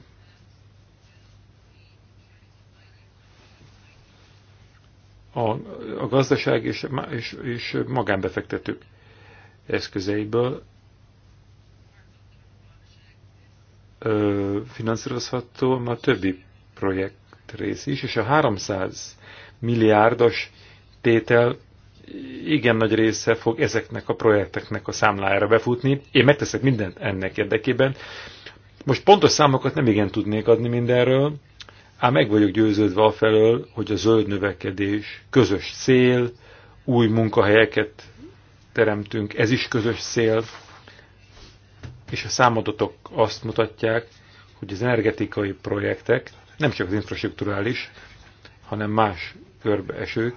a, a gazdaság és, és, és magánbefektetők eszközeiből ö, finanszírozható a többi projekt rész is, és a 300 milliárdos tétel igen nagy része fog ezeknek a projekteknek a számlájára befutni. Én megteszek mindent ennek érdekében. Most pontos számokat nem igen tudnék adni mindenről, Ám meg vagyok győződve afelől, hogy a zöld növekedés közös cél, új munkahelyeket teremtünk, ez is közös cél, és a számadatok azt mutatják, hogy az energetikai projektek, nem csak az infrastruktúrális, hanem más körbeesők,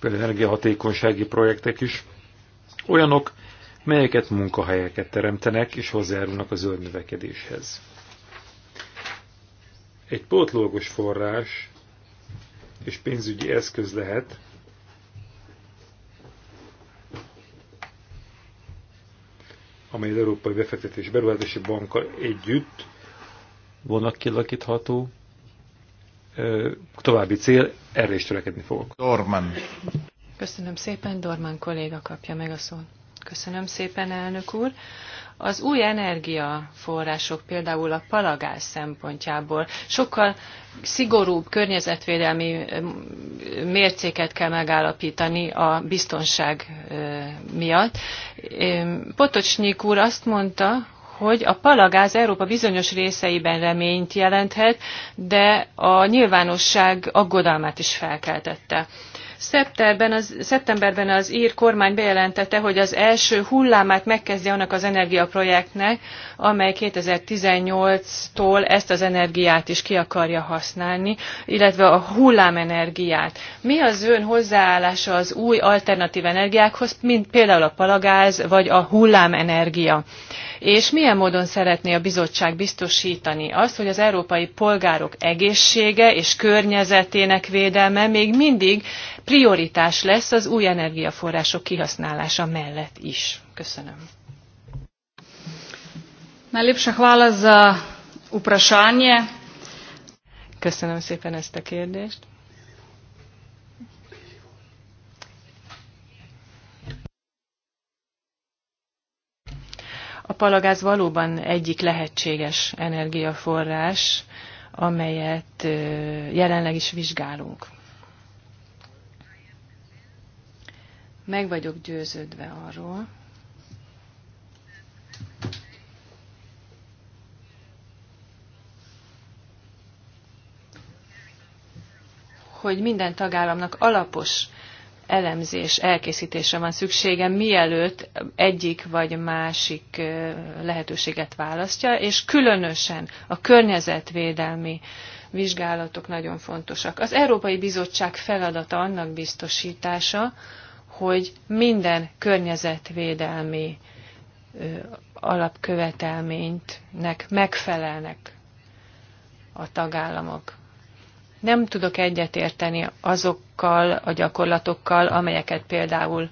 például energiahatékonysági projektek is, olyanok, melyeket munkahelyeket teremtenek és hozzájárulnak a zöld növekedéshez egy pótlógos forrás és pénzügyi eszköz lehet, amely az Európai Befektetés Beruházási Bankkal együtt vannak kilakítható. További cél, erre is törekedni fogok. Dorman. Köszönöm szépen, Dorman kolléga kapja meg a szót. Köszönöm szépen, elnök úr. Az új energiaforrások például a palagás szempontjából sokkal szigorúbb környezetvédelmi eh, mércéket kell megállapítani a biztonság eh, miatt. Potocsnyik úr azt mondta, hogy a palagáz Európa bizonyos részeiben reményt jelenthet, de a nyilvánosság aggodalmát is felkeltette. Szeptemberben az, szeptemberben az ír kormány bejelentette, hogy az első hullámát megkezdi annak az energiaprojektnek, amely 2018-tól ezt az energiát is ki akarja használni, illetve a hullámenergiát. Mi az ön hozzáállása az új alternatív energiákhoz, mint például a palagáz vagy a hullámenergia? és milyen módon szeretné a bizottság biztosítani azt, hogy az európai polgárok egészsége és környezetének védelme még mindig prioritás lesz az új energiaforrások kihasználása mellett is. Köszönöm. Najlepša hvala za vprašanje. Köszönöm szépen ezt a kérdést. A palagáz valóban egyik lehetséges energiaforrás, amelyet jelenleg is vizsgálunk. Meg vagyok győződve arról, hogy minden tagállamnak alapos elemzés elkészítése van szüksége, mielőtt egyik vagy másik lehetőséget választja, és különösen a környezetvédelmi vizsgálatok nagyon fontosak. Az Európai Bizottság feladata annak biztosítása, hogy minden környezetvédelmi alapkövetelménynek megfelelnek a tagállamok. Nem tudok egyetérteni azokkal a gyakorlatokkal, amelyeket például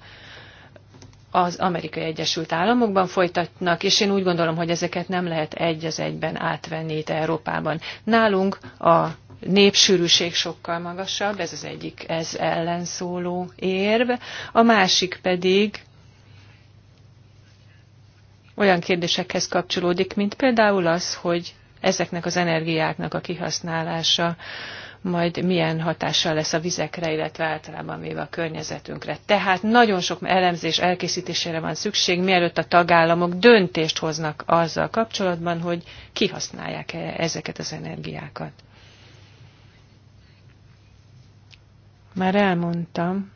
az Amerikai Egyesült Államokban folytatnak, és én úgy gondolom, hogy ezeket nem lehet egy az egyben átvenni itt Európában. Nálunk a népsűrűség sokkal magasabb, ez az egyik ez ellenszóló érv, a másik pedig olyan kérdésekhez kapcsolódik, mint például az, hogy ezeknek az energiáknak a kihasználása majd milyen hatással lesz a vizekre, illetve általában véve a környezetünkre. Tehát nagyon sok elemzés elkészítésére van szükség, mielőtt a tagállamok döntést hoznak azzal kapcsolatban, hogy kihasználják -e ezeket az energiákat. Már elmondtam,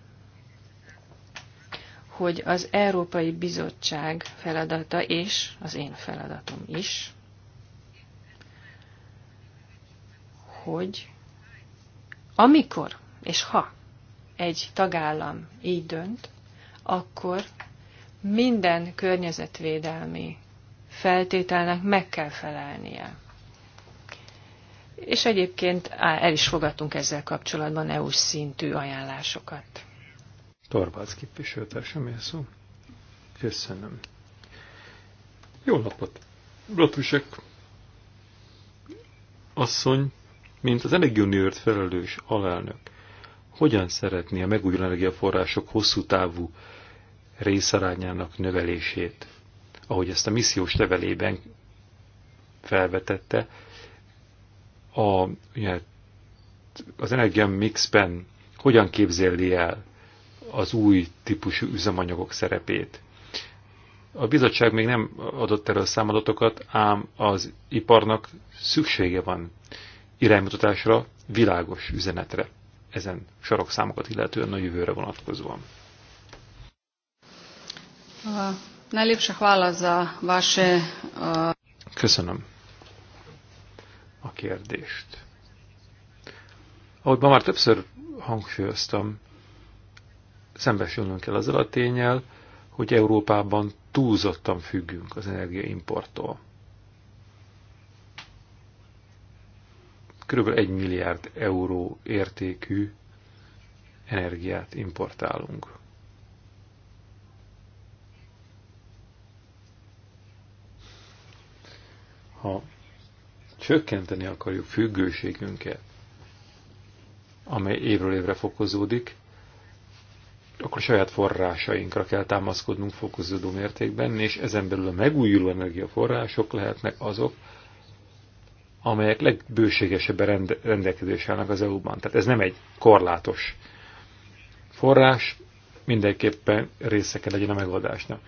hogy az Európai Bizottság feladata és az én feladatom is, hogy amikor és ha egy tagállam így dönt, akkor minden környezetvédelmi feltételnek meg kell felelnie és egyébként el is fogadtunk ezzel kapcsolatban eu szintű ajánlásokat. Torvalds képviselőtársam, szó. Köszönöm. Jó napot! Bratusek asszony, mint az Energiunióért felelős alelnök, hogyan szeretné a megújuló energiaforrások hosszú távú részarányának növelését, ahogy ezt a missziós levelében felvetette, a, az energia mixben hogyan képzeli el az új típusú üzemanyagok szerepét. A bizottság még nem adott erről számadatokat, ám az iparnak szüksége van iránymutatásra, világos üzenetre ezen sarokszámokat illetően a jövőre vonatkozóan. Najlepša hvala za vaše... Köszönöm a kérdést. Ahogy ma már többször hangsúlyoztam, szembesülnünk kell azzal a tényel, hogy Európában túlzottan függünk az energiaimporttól. Körülbelül egy milliárd euró értékű energiát importálunk. Ha csökkenteni akarjuk függőségünket, amely évről évre fokozódik, akkor saját forrásainkra kell támaszkodnunk fokozódó mértékben, és ezen belül a megújuló energiaforrások lehetnek azok, amelyek legbőségesebben rende, rendelkezés állnak az EU-ban. Tehát ez nem egy korlátos forrás, mindenképpen része kell legyen a megoldásnak.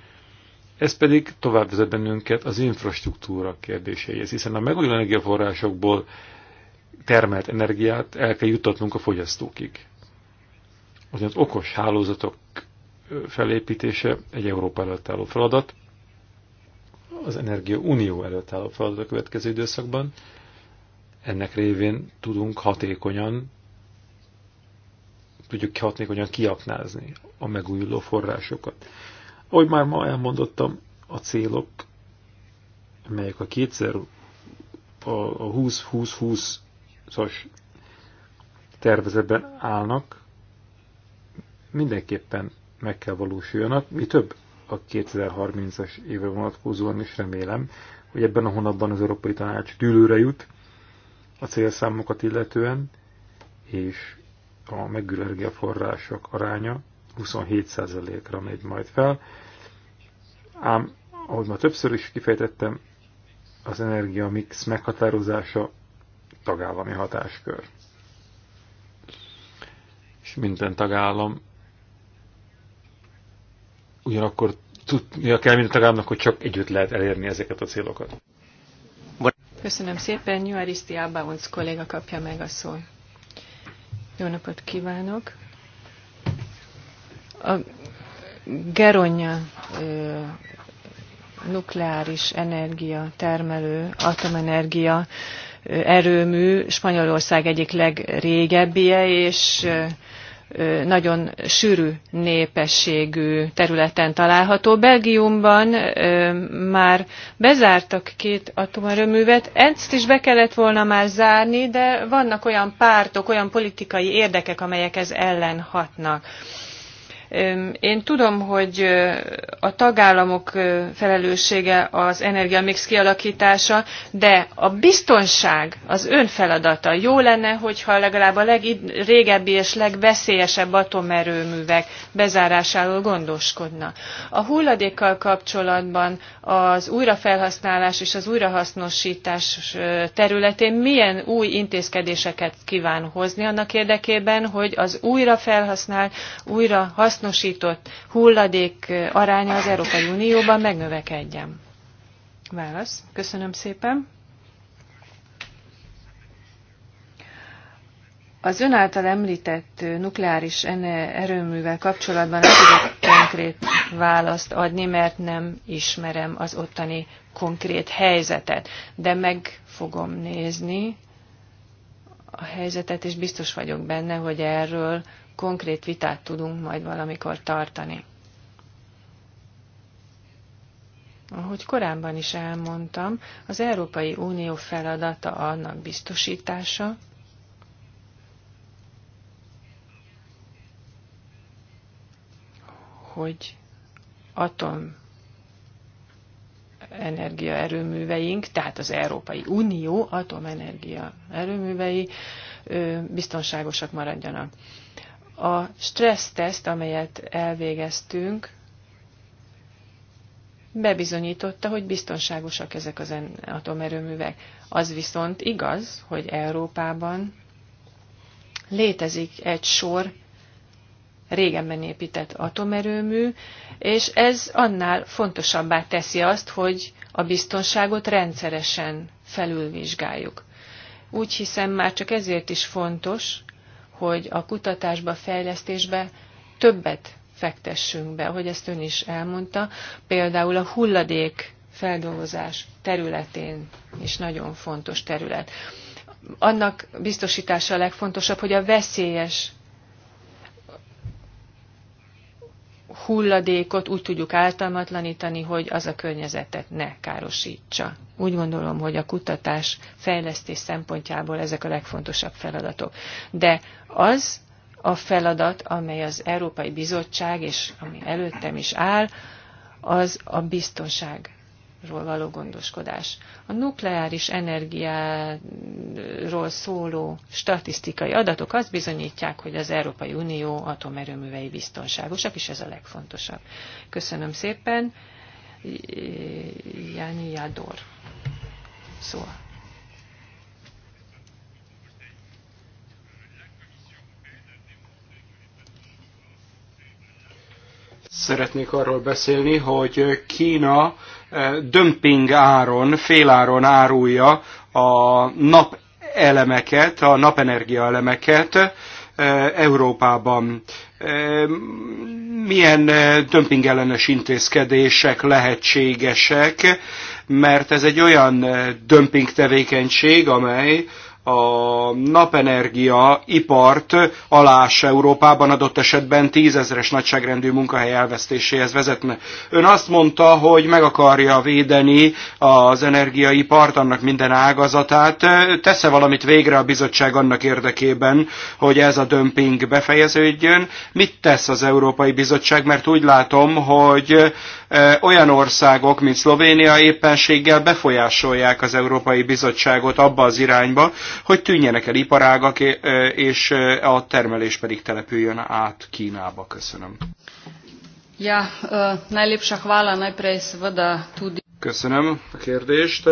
Ez pedig tovább vezet bennünket az infrastruktúra kérdéséhez, hiszen a megújuló energiaforrásokból termelt energiát el kell juttatnunk a fogyasztókig. Az okos hálózatok felépítése egy Európa előtt álló feladat, az Energia Unió előtt álló feladat a következő időszakban. Ennek révén tudunk hatékonyan, tudjuk hatékonyan kiaknázni a megújuló forrásokat. Ahogy már ma elmondottam, a célok, melyek a kétszer a 20-20-20-as tervezetben állnak, mindenképpen meg kell valósuljanak. Mi több a 2030-as évre vonatkozóan is remélem, hogy ebben a hónapban az Európai Tanács dűlőre jut a célszámokat illetően, és a megülergia források aránya 27%-ra megy majd fel. Ám, ahogy ma többször is kifejtettem, az energia mix meghatározása tagállami hatáskör. És minden tagállam ugyanakkor tudnia kell minden tagállamnak, hogy csak együtt lehet elérni ezeket a célokat. Köszönöm szépen, Nyuariszti Ábáonc kolléga kapja meg a szót. Jó napot kívánok! A Geronya nukleáris energia termelő, atomenergia erőmű Spanyolország egyik legrégebbie, és nagyon sűrű népességű területen található. Belgiumban már bezártak két atomerőművet, ezt is be kellett volna már zárni, de vannak olyan pártok, olyan politikai érdekek, amelyek ez ellen hatnak. Én tudom, hogy a tagállamok felelőssége az energiamix kialakítása, de a biztonság az ön feladata. Jó lenne, hogyha legalább a legrégebbi és legveszélyesebb atomerőművek bezárásáról gondoskodna. A hulladékkal kapcsolatban az újrafelhasználás és az újrahasznosítás területén milyen új intézkedéseket kíván hozni annak érdekében, hogy az újrafelhasznál, újrahasznosítás hasznosított hulladék aránya az Európai Unióban megnövekedjen? Válasz. Köszönöm szépen. Az ön által említett nukleáris erőművel kapcsolatban nem tudok konkrét választ adni, mert nem ismerem az ottani konkrét helyzetet. De meg fogom nézni a helyzetet, és biztos vagyok benne, hogy erről konkrét vitát tudunk majd valamikor tartani. Ahogy korábban is elmondtam, az Európai Unió feladata annak biztosítása, hogy atom energia erőműveink, tehát az Európai Unió atomenergia erőművei biztonságosak maradjanak. A stresszteszt, amelyet elvégeztünk, bebizonyította, hogy biztonságosak ezek az atomerőművek. Az viszont igaz, hogy Európában létezik egy sor régenben épített atomerőmű, és ez annál fontosabbá teszi azt, hogy a biztonságot rendszeresen felülvizsgáljuk. Úgy hiszem már csak ezért is fontos, hogy a kutatásba, fejlesztésbe többet fektessünk be, hogy ezt ön is elmondta. Például a hulladék feldolgozás területén is nagyon fontos terület. Annak biztosítása a legfontosabb, hogy a veszélyes hulladékot úgy tudjuk ártalmatlanítani, hogy az a környezetet ne károsítsa. Úgy gondolom, hogy a kutatás fejlesztés szempontjából ezek a legfontosabb feladatok. De az a feladat, amely az Európai Bizottság, és ami előttem is áll, az a biztonság energiáról való gondoskodás. A nukleáris energiáról szóló statisztikai adatok azt bizonyítják, hogy az Európai Unió atomerőművei biztonságosak, és ez a legfontosabb. Köszönöm szépen. Jani Jador szól. Szeretnék arról beszélni, hogy Kína dömping áron, féláron árulja a napelemeket, a napenergia elemeket Európában. Milyen dömpingellenes intézkedések lehetségesek, mert ez egy olyan dömping tevékenység, amely a napenergia ipart alás Európában adott esetben tízezres nagyságrendű munkahely elvesztéséhez vezetne. Ön azt mondta, hogy meg akarja védeni az energiaipart, annak minden ágazatát. Tesz-e valamit végre a bizottság annak érdekében, hogy ez a dömping befejeződjön? Mit tesz az Európai Bizottság? Mert úgy látom, hogy olyan országok, mint Szlovénia éppenséggel befolyásolják az Európai Bizottságot abba az irányba, hogy tűnjenek el iparágak, és a termelés pedig települjön át Kínába. Köszönöm. Ja, najlepša hvala najprej seveda tudi. Köszönöm a kérdést.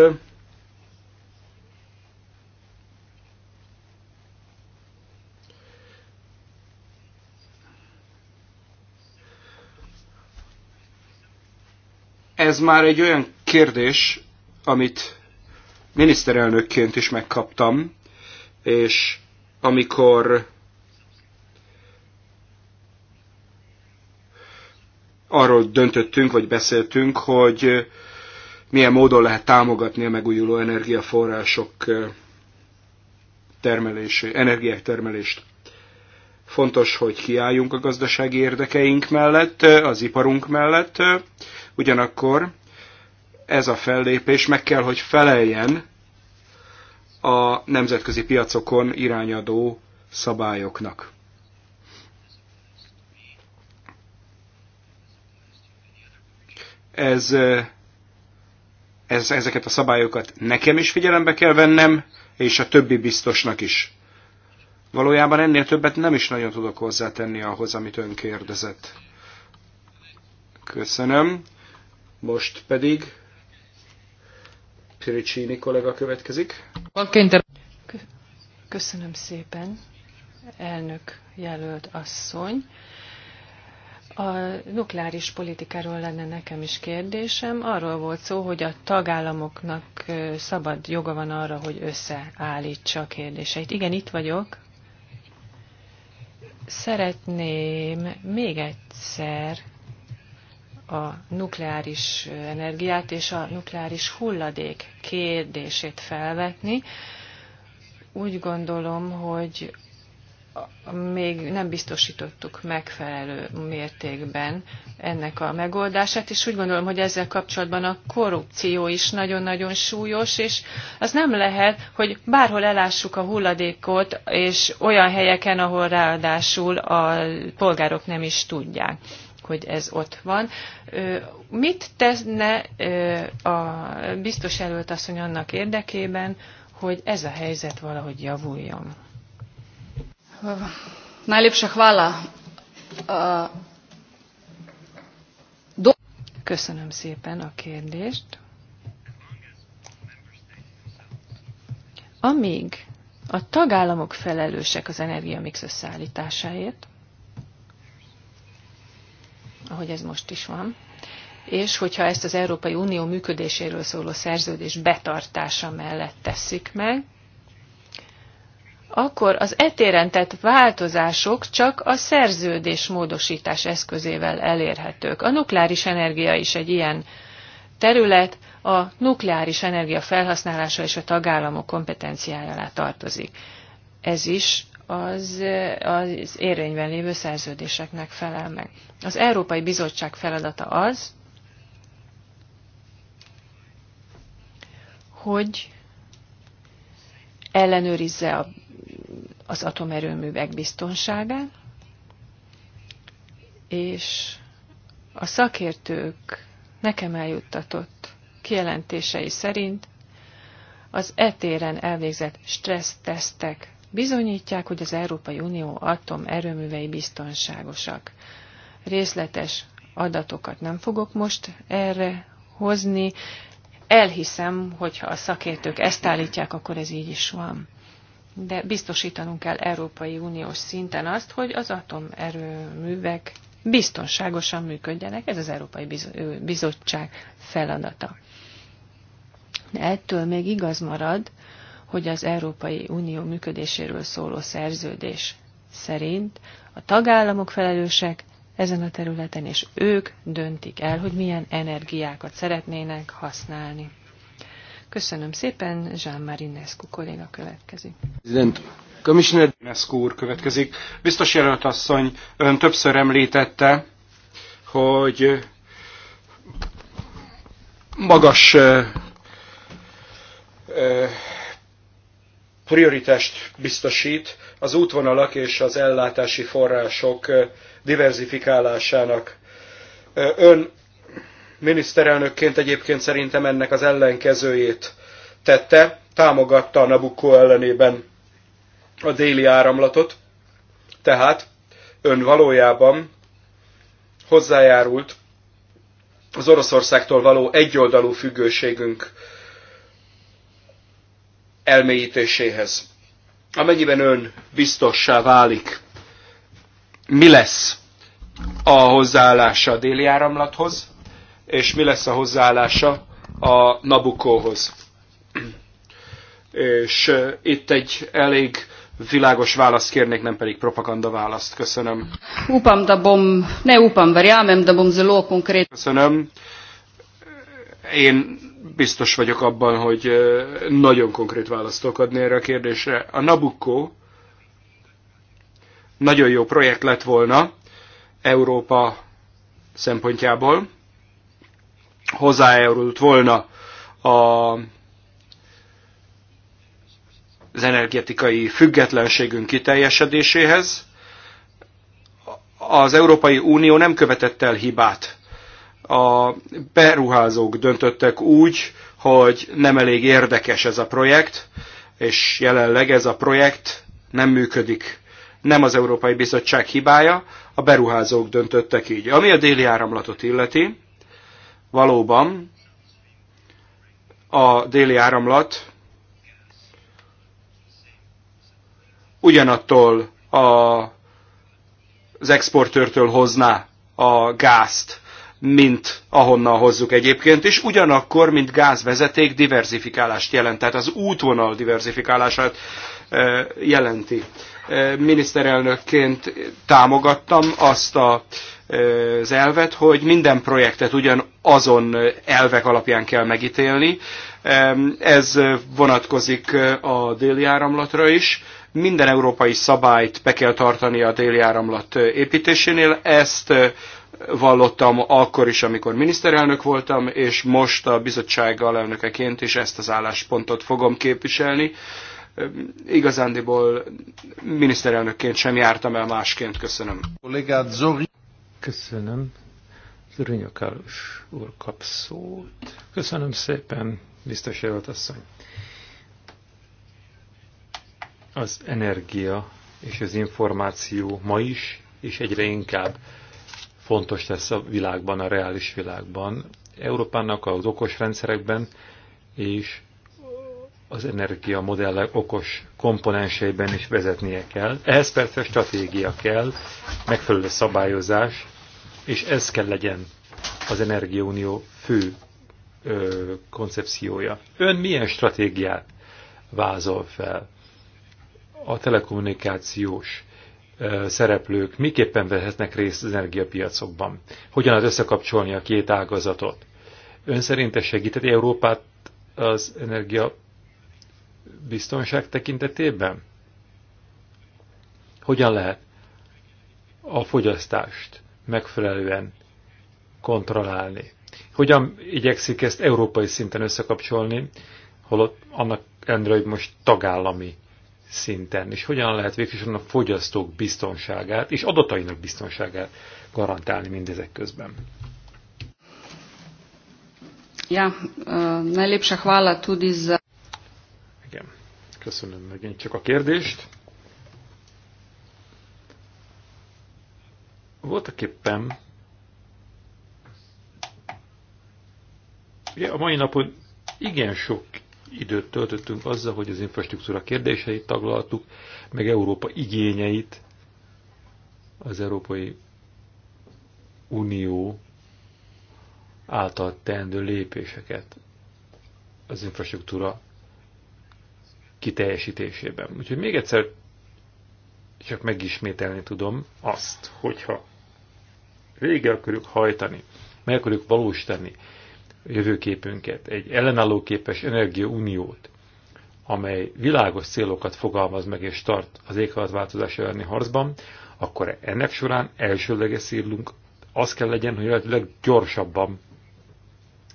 Ez már egy olyan kérdés, amit miniszterelnökként is megkaptam, és amikor arról döntöttünk, vagy beszéltünk, hogy milyen módon lehet támogatni a megújuló energiaforrások termelését, energiák termelést. Fontos, hogy kiálljunk a gazdasági érdekeink mellett, az iparunk mellett, Ugyanakkor ez a fellépés meg kell, hogy feleljen a nemzetközi piacokon irányadó szabályoknak. Ez, ez, ezeket a szabályokat nekem is figyelembe kell vennem, és a többi biztosnak is. Valójában ennél többet nem is nagyon tudok hozzátenni ahhoz, amit ön kérdezett. Köszönöm. Most pedig Piricini kollega következik. Köszönöm szépen, elnök jelölt asszony. A nukleáris politikáról lenne nekem is kérdésem. Arról volt szó, hogy a tagállamoknak szabad joga van arra, hogy összeállítsa a kérdéseit. Igen, itt vagyok. Szeretném még egyszer a nukleáris energiát és a nukleáris hulladék kérdését felvetni. Úgy gondolom, hogy még nem biztosítottuk megfelelő mértékben ennek a megoldását, és úgy gondolom, hogy ezzel kapcsolatban a korrupció is nagyon-nagyon súlyos, és az nem lehet, hogy bárhol elássuk a hulladékot, és olyan helyeken, ahol ráadásul a polgárok nem is tudják hogy ez ott van. Mit tenne a biztos előtt asszony annak érdekében, hogy ez a helyzet valahogy javuljon? Najlépse hvala. Köszönöm szépen a kérdést. Amíg a tagállamok felelősek az energiamix összeállításáért, ahogy ez most is van, és hogyha ezt az Európai Unió működéséről szóló szerződés betartása mellett teszik meg, akkor az etérentett változások csak a szerződés módosítás eszközével elérhetők. A nukleáris energia is egy ilyen terület, a nukleáris energia felhasználása és a tagállamok kompetenciájára tartozik. Ez is az, az érvényben lévő szerződéseknek felel meg. Az Európai Bizottság feladata az, hogy ellenőrizze a, az atomerőművek biztonságát, és a szakértők nekem eljuttatott kijelentései szerint az etéren elvégzett stressztesztek bizonyítják, hogy az Európai Unió atomerőművei biztonságosak. Részletes adatokat nem fogok most erre hozni. Elhiszem, hogyha a szakértők ezt állítják, akkor ez így is van. De biztosítanunk kell Európai Uniós szinten azt, hogy az atomerőművek biztonságosan működjenek. Ez az Európai Bizottság feladata. De ettől még igaz marad, hogy az Európai Unió működéséről szóló szerződés szerint a tagállamok felelősek ezen a területen, és ők döntik el, hogy milyen energiákat szeretnének használni. Köszönöm szépen, Jean-Marie Nescu kolléga következik. Commissioner Nescu úr következik. Biztos jelölt asszony, ön többször említette, hogy magas eh, eh, prioritást biztosít az útvonalak és az ellátási források diverzifikálásának. Ön miniszterelnökként egyébként szerintem ennek az ellenkezőjét tette, támogatta a Nabucco ellenében a déli áramlatot, tehát ön valójában hozzájárult az Oroszországtól való egyoldalú függőségünk elmélyítéséhez. Amennyiben ön biztossá válik, mi lesz a hozzáállása a déli áramlathoz, és mi lesz a hozzáállása a Nabukóhoz. És itt egy elég világos választ kérnék, nem pedig propaganda választ. Köszönöm. Upam, da bom, ne upam, verjamem, da bom zelo konkrét. Köszönöm. Én biztos vagyok abban, hogy nagyon konkrét választ tudok adni erre a kérdésre. A Nabucco nagyon jó projekt lett volna Európa szempontjából. Hozzájárult volna a az energetikai függetlenségünk kiteljesedéséhez, az Európai Unió nem követett el hibát a beruházók döntöttek úgy, hogy nem elég érdekes ez a projekt, és jelenleg ez a projekt nem működik. Nem az Európai Bizottság hibája, a beruházók döntöttek így. Ami a déli áramlatot illeti, valóban a déli áramlat ugyanattól a, az exportőrtől hozná a gázt, mint ahonnan hozzuk egyébként is, ugyanakkor, mint gázvezeték diversifikálást jelent, tehát az útvonal diversifikálását eh, jelenti. Eh, miniszterelnökként támogattam azt a, eh, az elvet, hogy minden projektet ugyan azon elvek alapján kell megítélni. Ez vonatkozik a déli áramlatra is. Minden európai szabályt be kell tartani a déli áramlat építésénél. Ezt vallottam akkor is, amikor miniszterelnök voltam, és most a bizottság alelnökeként is ezt az álláspontot fogom képviselni. Igazándiból miniszterelnökként sem jártam el másként. Köszönöm. Köszönöm. Zorinyok Kálus úr kap szót. Köszönöm szépen, biztos jelölt asszony. Az energia és az információ ma is, és egyre inkább fontos lesz a világban, a reális világban. Európának az okos rendszerekben és az energia modellek okos komponenseiben is vezetnie kell. Ehhez persze stratégia kell, megfelelő szabályozás, és ez kell legyen az Energiaunió fő ö, koncepciója. Ön milyen stratégiát vázol fel a telekommunikációs szereplők miképpen vehetnek részt az energiapiacokban? Hogyan az összekapcsolni a két ágazatot? Ön szerint ez segíteti Európát az energia biztonság tekintetében? Hogyan lehet a fogyasztást megfelelően kontrollálni? Hogyan igyekszik ezt európai szinten összekapcsolni, holott annak ellenére, hogy most tagállami szinten, és hogyan lehet végsősorban a fogyasztók biztonságát és adatainak biztonságát garantálni mindezek közben. Ja, uh, najlepša hvala tudi za... Igen, köszönöm megint csak a kérdést. Voltak éppen... a mai napon igen sok időt töltöttünk azzal, hogy az infrastruktúra kérdéseit taglaltuk, meg Európa igényeit, az Európai Unió által teendő lépéseket az infrastruktúra kiteljesítésében. Úgyhogy még egyszer csak megismételni tudom azt, hogyha végig akarjuk hajtani, meg akarjuk valósítani jövőképünket, egy ellenállóképes energiauniót, amely világos célokat fogalmaz meg és tart az éghajlatváltozás elleni harcban, akkor ennek során elsőleges célunk az kell legyen, hogy lehetőleg gyorsabban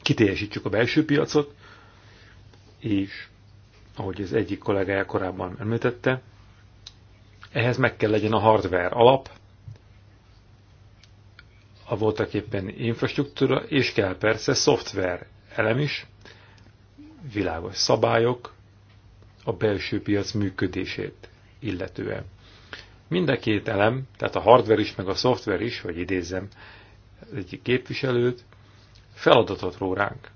kitejesítsük a belső piacot, és ahogy az egyik kollégája korábban említette, ehhez meg kell legyen a hardware alap, a voltak éppen infrastruktúra, és kell persze szoftver elem is, világos szabályok a belső piac működését illetően. Mind a két elem, tehát a hardware is, meg a szoftver is, hogy idézem egy képviselőt, feladatot ró ránk.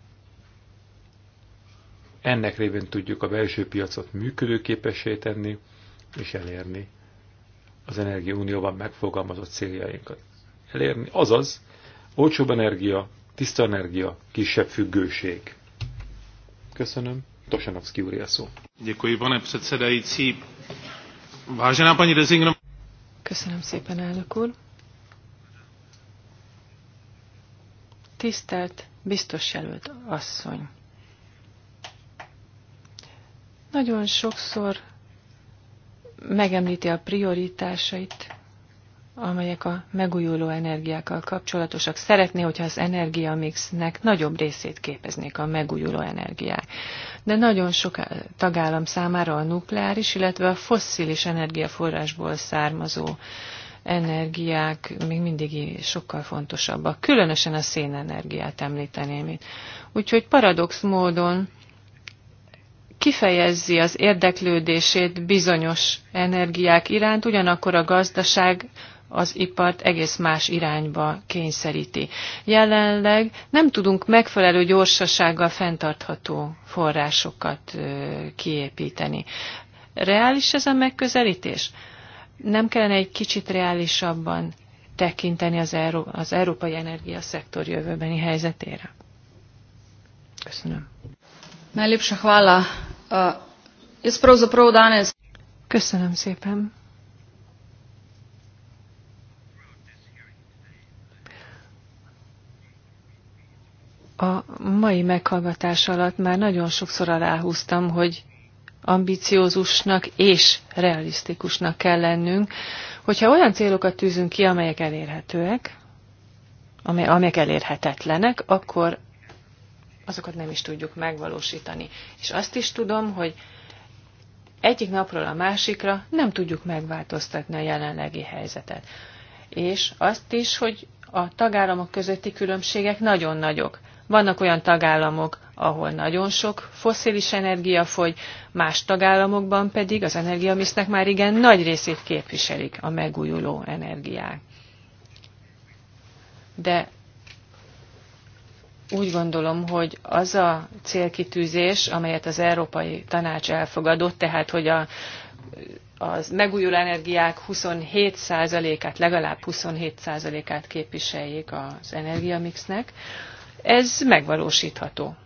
Ennek révén tudjuk a belső piacot működőképessé tenni és elérni az Energiaunióban megfogalmazott céljainkat elérni, azaz olcsóbb energia, tiszta energia, kisebb függőség. Köszönöm. Tosanovszki úr szó. Děkuji, pane předsedající. Vážená paní Köszönöm szépen, elnök úr. Tisztelt biztos jelölt asszony. Nagyon sokszor megemlíti a prioritásait, amelyek a megújuló energiákkal kapcsolatosak. Szeretné, hogyha az energiamixnek nagyobb részét képeznék a megújuló energiák. De nagyon sok tagállam számára a nukleáris, illetve a fosszilis energiaforrásból származó energiák még mindig sokkal fontosabbak. Különösen a szénenergiát említeném itt. Úgyhogy paradox módon kifejezzi az érdeklődését bizonyos energiák iránt, ugyanakkor a gazdaság az ipart egész más irányba kényszeríti. Jelenleg nem tudunk megfelelő gyorsasággal fenntartható forrásokat kiépíteni. Reális ez a megközelítés? Nem kellene egy kicsit reálisabban tekinteni az, Euró- az európai energiaszektor jövőbeni helyzetére? Köszönöm. Najlepša hvala. Uh, jaz pravzaprav danes. Köszönöm szépen. A mai meghallgatás alatt már nagyon sokszor aláhúztam, hogy ambiciózusnak és realisztikusnak kell lennünk, hogyha olyan célokat tűzünk ki, amelyek elérhetőek, amely, amelyek elérhetetlenek, akkor azokat nem is tudjuk megvalósítani. És azt is tudom, hogy egyik napról a másikra nem tudjuk megváltoztatni a jelenlegi helyzetet. És azt is, hogy a tagállamok közötti különbségek nagyon nagyok. Vannak olyan tagállamok, ahol nagyon sok foszilis energia fogy, más tagállamokban pedig az energiamisznek már igen nagy részét képviselik a megújuló energiák. De úgy gondolom, hogy az a célkitűzés, amelyet az Európai Tanács elfogadott, tehát hogy a, az megújuló energiák 27%-át, legalább 27%-át képviseljék az energiamixnek, ez megvalósítható.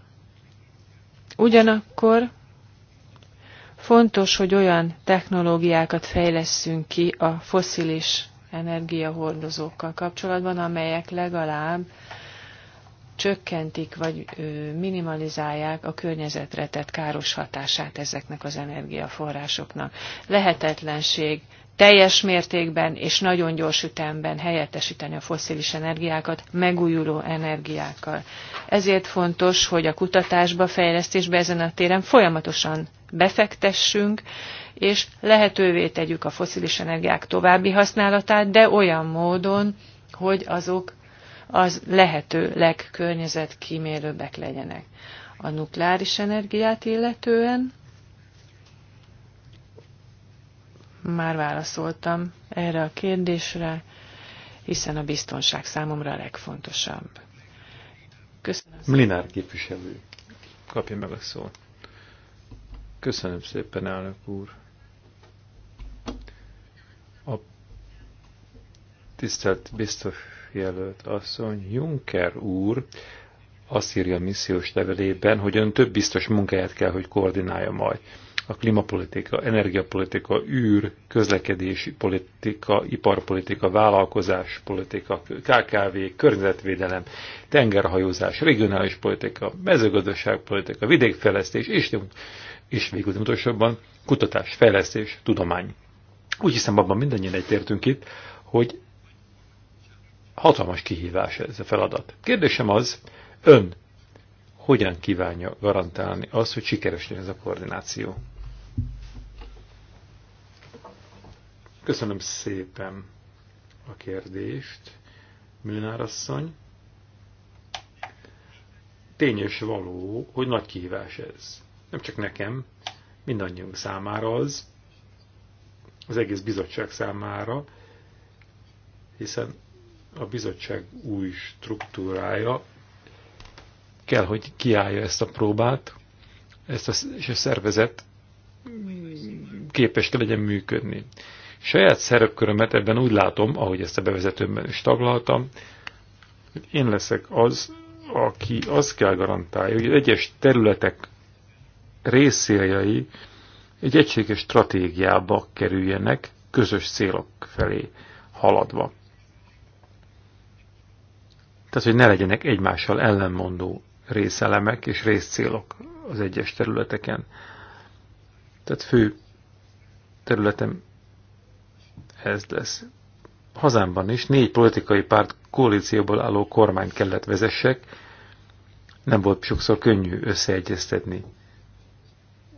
Ugyanakkor fontos, hogy olyan technológiákat fejlesszünk ki a foszilis energiahordozókkal kapcsolatban, amelyek legalább csökkentik vagy minimalizálják a környezetre tett káros hatását ezeknek az energiaforrásoknak. Lehetetlenség teljes mértékben és nagyon gyors ütemben helyettesíteni a fosszilis energiákat megújuló energiákkal. Ezért fontos, hogy a kutatásba, fejlesztésbe ezen a téren folyamatosan befektessünk, és lehetővé tegyük a fosszilis energiák további használatát, de olyan módon, hogy azok az lehető legkörnyezetkímélőbbek legyenek. A nukleáris energiát illetően már válaszoltam erre a kérdésre, hiszen a biztonság számomra a legfontosabb. Köszönöm szépen. Mlinár képviselő. Kapja meg a szót. Köszönöm szépen, elnök úr. A tisztelt biztos jelölt asszony Juncker úr azt írja a missziós levelében, hogy ön több biztos munkáját kell, hogy koordinálja majd a klimapolitika, energiapolitika, űr, közlekedési politika, iparpolitika, vállalkozáspolitika, KKV, környezetvédelem, tengerhajózás, regionális politika, mezőgazdaságpolitika, vidékfejlesztés, és, és végül utolsóban kutatás, fejlesztés, tudomány. Úgy hiszem, abban mindannyian egytértünk itt, hogy hatalmas kihívás ez a feladat. Kérdésem az, ön hogyan kívánja garantálni azt, hogy sikeres legyen ez a koordináció? Köszönöm szépen a kérdést, Műnár asszony. Tény és való, hogy nagy kihívás ez. Nem csak nekem, mindannyiunk számára az, az egész bizottság számára, hiszen a bizottság új struktúrája kell, hogy kiállja ezt a próbát, ezt a, és a szervezet képes kell legyen működni. Saját szerepkörömet ebben úgy látom, ahogy ezt a bevezetőmben is taglaltam, hogy én leszek az, aki azt kell garantálja, hogy az egyes területek részéljai egy egységes stratégiába kerüljenek, közös célok felé haladva. Tehát, hogy ne legyenek egymással ellenmondó részelemek és részcélok az egyes területeken. Tehát fő területem ez lesz. Hazámban is négy politikai párt koalícióból álló kormány kellett vezessek, nem volt sokszor könnyű összeegyeztetni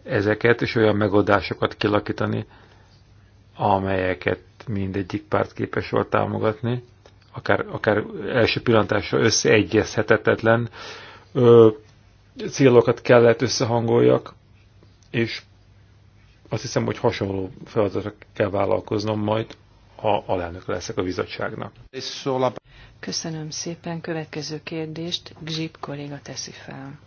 ezeket, és olyan megoldásokat kilakítani, amelyeket mindegyik párt képes volt támogatni, akár, akár első pillantásra összeegyezhetetlen ö, célokat kellett összehangoljak, és azt hiszem, hogy hasonló feladatra kell vállalkoznom majd, ha alelnök leszek a bizottságnak. Köszönöm szépen. Következő kérdést Gzsip kolléga teszi fel.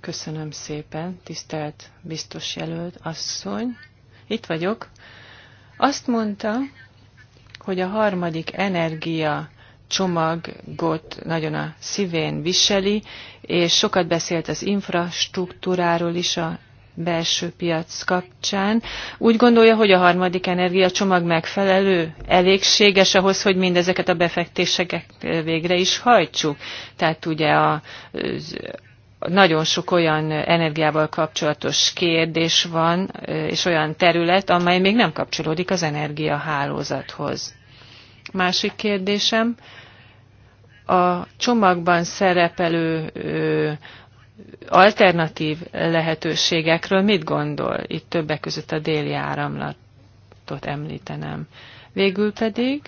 Köszönöm szépen, tisztelt biztos jelölt asszony. Itt vagyok. Azt mondta, hogy a harmadik energia csomagot nagyon a szívén viseli, és sokat beszélt az infrastruktúráról is a belső piac kapcsán. Úgy gondolja, hogy a harmadik energiacsomag megfelelő, elégséges ahhoz, hogy mindezeket a befektéseket végre is hajtsuk. Tehát ugye a, nagyon sok olyan energiával kapcsolatos kérdés van, és olyan terület, amely még nem kapcsolódik az energiahálózathoz. Másik kérdésem, a csomagban szerepelő ö, alternatív lehetőségekről mit gondol? Itt többek között a déli áramlatot említenem. Végül pedig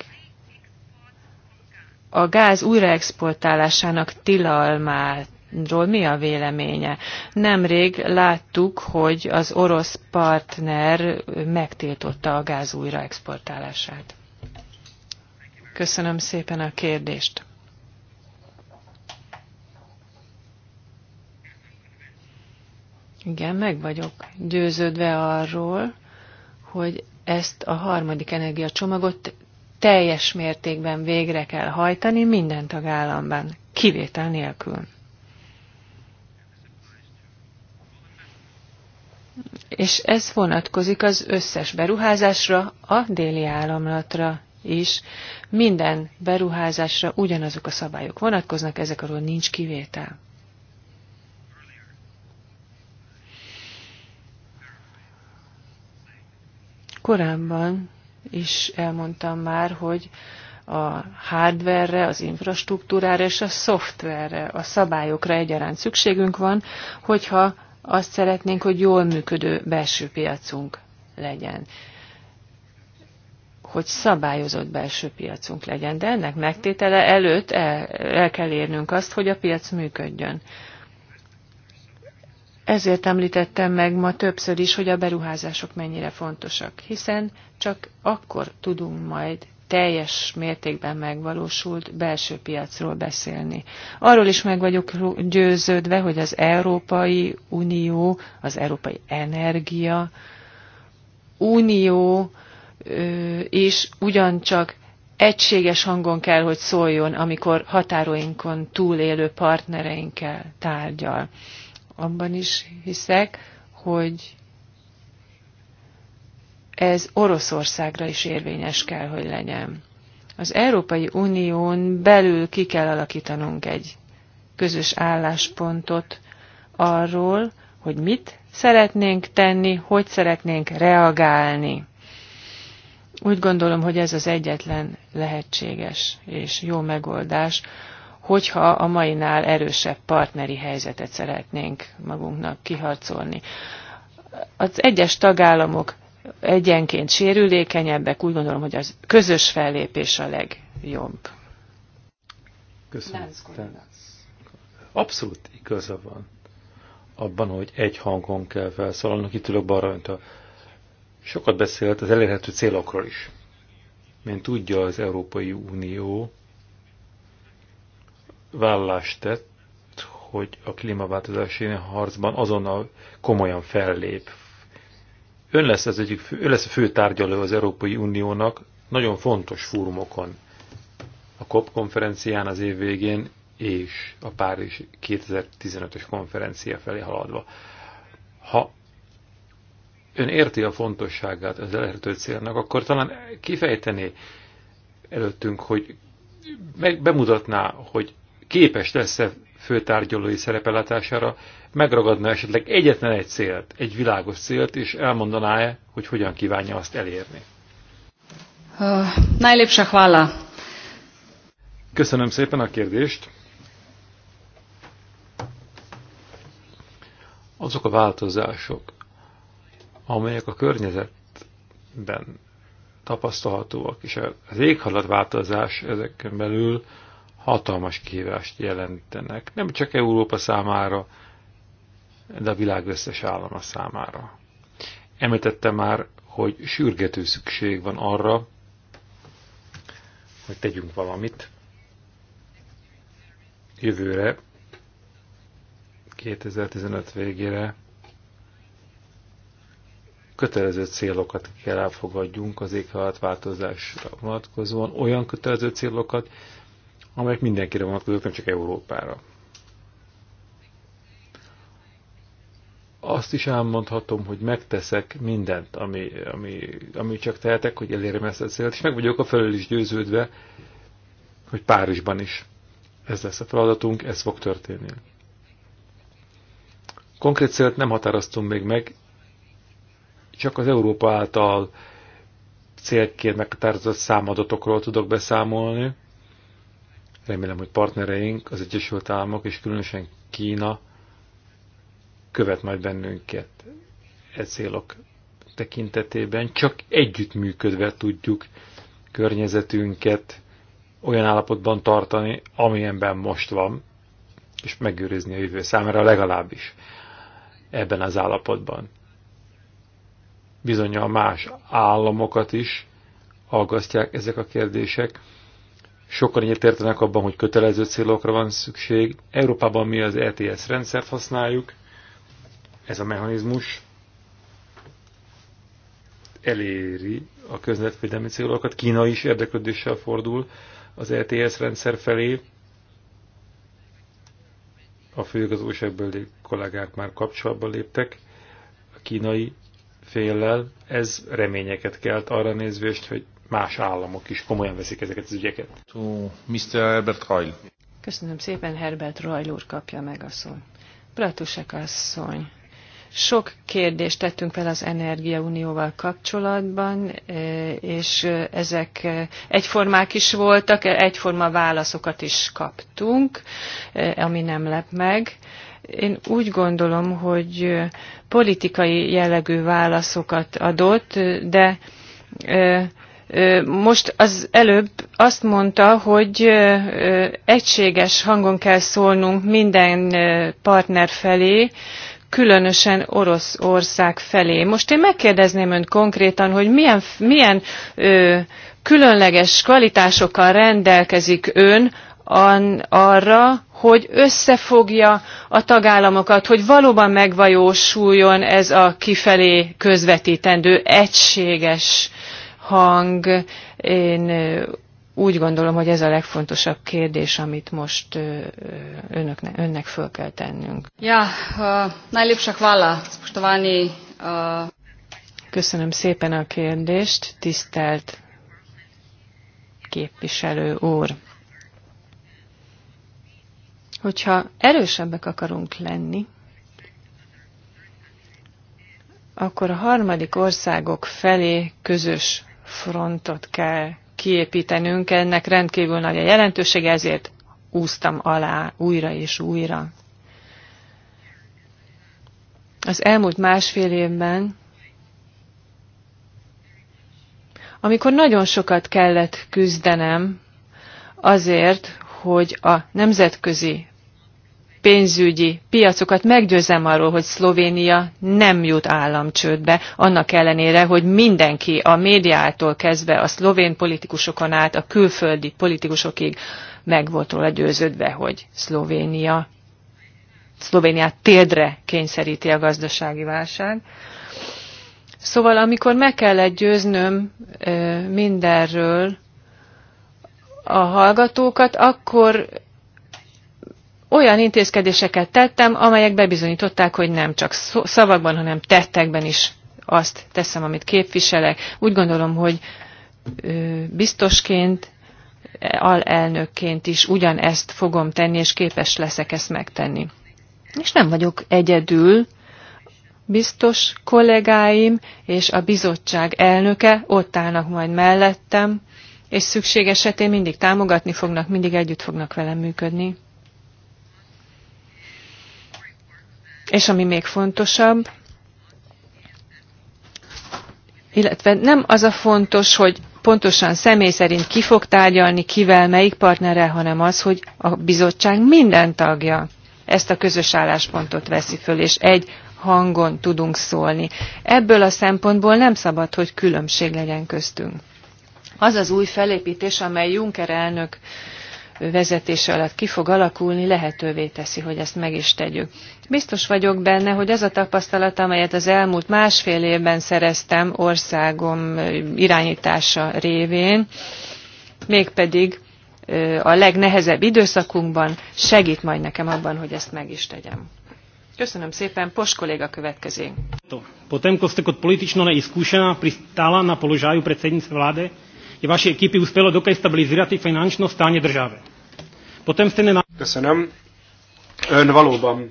a gáz újraexportálásának tilalmáról mi a véleménye? Nemrég láttuk, hogy az orosz partner megtiltotta a gáz újraexportálását. Köszönöm szépen a kérdést. Igen, meg vagyok győződve arról, hogy ezt a harmadik energiacsomagot teljes mértékben végre kell hajtani minden tagállamban, kivétel nélkül. És ez vonatkozik az összes beruházásra, a déli államlatra is minden beruházásra ugyanazok a szabályok vonatkoznak, ezek arról nincs kivétel. Korábban is elmondtam már, hogy a hardverre, az infrastruktúrára és a szoftverre, a szabályokra egyaránt szükségünk van, hogyha azt szeretnénk, hogy jól működő belső piacunk legyen hogy szabályozott belső piacunk legyen, de ennek megtétele előtt el, el kell érnünk azt, hogy a piac működjön. Ezért említettem meg ma többször is, hogy a beruházások mennyire fontosak, hiszen csak akkor tudunk majd teljes mértékben megvalósult belső piacról beszélni. Arról is meg vagyok győződve, hogy az Európai Unió, az Európai Energia Unió is ugyancsak egységes hangon kell, hogy szóljon, amikor határoinkon túlélő partnereinkkel tárgyal. Abban is hiszek, hogy ez Oroszországra is érvényes kell, hogy legyen. Az Európai Unión belül ki kell alakítanunk egy közös álláspontot arról, hogy mit szeretnénk tenni, hogy szeretnénk reagálni úgy gondolom, hogy ez az egyetlen lehetséges és jó megoldás, hogyha a mainál erősebb partneri helyzetet szeretnénk magunknak kiharcolni. Az egyes tagállamok egyenként sérülékenyebbek, úgy gondolom, hogy az közös fellépés a legjobb. Köszönöm. Abszolút igaza van abban, hogy egy hangon kell felszólalnunk. Itt ülök balra, mint a Sokat beszélt az elérhető célokról is. Mint tudja, az Európai Unió vállást tett, hogy a klímaváltozási harcban azonnal komolyan fellép. Ön lesz, az egyik, ön lesz a fő tárgyaló az Európai Uniónak nagyon fontos fórumokon. A COP konferencián az év végén és a Párizs 2015-ös konferencia felé haladva. Ha ön érti a fontosságát az elérhető célnak, akkor talán kifejtené előttünk, hogy meg bemutatná, hogy képes lesz-e főtárgyalói szerepelátására, megragadna esetleg egyetlen egy célt, egy világos célt, és elmondaná-e, hogy hogyan kívánja azt elérni. Najlépse hvala. Köszönöm szépen a kérdést. Azok a változások, amelyek a környezetben tapasztalhatóak, és az éghajlatváltozás ezeken belül hatalmas kihívást jelentenek, nem csak Európa számára, de a világ összes állama számára. Említette már, hogy sürgető szükség van arra, hogy tegyünk valamit. Jövőre, 2015 végére kötelező célokat kell elfogadjunk az éghajlatváltozásra vonatkozóan, olyan kötelező célokat, amelyek mindenkire vonatkoznak, nem csak Európára. Azt is elmondhatom, hogy megteszek mindent, ami, ami, ami csak tehetek, hogy elérjem ezt a célt, és meg vagyok a felől is győződve, hogy Párizsban is ez lesz a feladatunk, ez fog történni. Konkrét célt nem határoztunk még meg, csak az Európa által célként meghatározott számadatokról tudok beszámolni. Remélem, hogy partnereink, az Egyesült Államok és különösen Kína követ majd bennünket e célok tekintetében. Csak együttműködve tudjuk környezetünket olyan állapotban tartani, amilyenben most van, és megőrizni a jövő számára legalábbis ebben az állapotban bizony a más államokat is aggasztják ezek a kérdések. Sokan értenek abban, hogy kötelező célokra van szükség. Európában mi az ETS rendszert használjuk, ez a mechanizmus eléri a közvetvédelmi célokat. Kína is érdeklődéssel fordul az ETS rendszer felé. A főigazgatóságbeli kollégák már kapcsolatba léptek a kínai féllel, ez reményeket kelt arra nézvést, hogy más államok is komolyan veszik ezeket az ügyeket. To Mr. Herbert Reul. Köszönöm szépen, Herbert Reul úr kapja meg a szót. Bratusek asszony, sok kérdést tettünk fel az Energiaunióval kapcsolatban, e, és e, ezek e, egyformák is voltak, egyforma válaszokat is kaptunk, ami nem lep meg. Én úgy gondolom, hogy politikai jellegű válaszokat adott, de most az előbb azt mondta, hogy egységes hangon kell szólnunk minden partner felé, különösen Oroszország felé. Most én megkérdezném önt konkrétan, hogy milyen, milyen ö, különleges kvalitásokkal rendelkezik ön arra, hogy összefogja a tagállamokat, hogy valóban megvalósuljon ez a kifelé közvetítendő egységes hang. Én úgy gondolom, hogy ez a legfontosabb kérdés, amit most önöknek, önnek föl kell tennünk. Ja, najlépsak vala. spustovani. Köszönöm szépen a kérdést, tisztelt képviselő úr. Hogyha erősebbek akarunk lenni, akkor a harmadik országok felé közös frontot kell kiépítenünk. Ennek rendkívül nagy a jelentősége, ezért úsztam alá újra és újra. Az elmúlt másfél évben, amikor nagyon sokat kellett küzdenem azért, hogy a nemzetközi pénzügyi piacokat meggyőzem arról, hogy Szlovénia nem jut államcsődbe, annak ellenére, hogy mindenki a médiától kezdve a szlovén politikusokon át a külföldi politikusokig meg volt róla győződve, hogy Szlovénia, Szlovéniát térdre kényszeríti a gazdasági válság. Szóval amikor meg kellett győznöm mindenről a hallgatókat, akkor olyan intézkedéseket tettem, amelyek bebizonyították, hogy nem csak szavakban, hanem tettekben is azt teszem, amit képviselek. Úgy gondolom, hogy biztosként, e, alelnökként is ugyanezt fogom tenni, és képes leszek ezt megtenni. És nem vagyok egyedül, biztos kollégáim és a bizottság elnöke ott állnak majd mellettem, és szükség esetén mindig támogatni fognak, mindig együtt fognak velem működni. és ami még fontosabb, illetve nem az a fontos, hogy pontosan személy szerint ki fog tárgyalni, kivel, melyik partnerrel, hanem az, hogy a bizottság minden tagja ezt a közös álláspontot veszi föl, és egy hangon tudunk szólni. Ebből a szempontból nem szabad, hogy különbség legyen köztünk. Az az új felépítés, amely Juncker elnök vezetése alatt ki fog alakulni, lehetővé teszi, hogy ezt meg is tegyük. Biztos vagyok benne, hogy az a tapasztalat, amelyet az elmúlt másfél évben szereztem országom irányítása révén, mégpedig a legnehezebb időszakunkban segít majd nekem abban, hogy ezt meg is tegyem. Köszönöm szépen, Pos kolléga következik. Potem ko politično neiskušená pristála na položáju predsednice vláde, je vaše ekipy uspělo dokej stabilizirati finančno stanje države. ne jste nená... Köszönöm. Ön valóban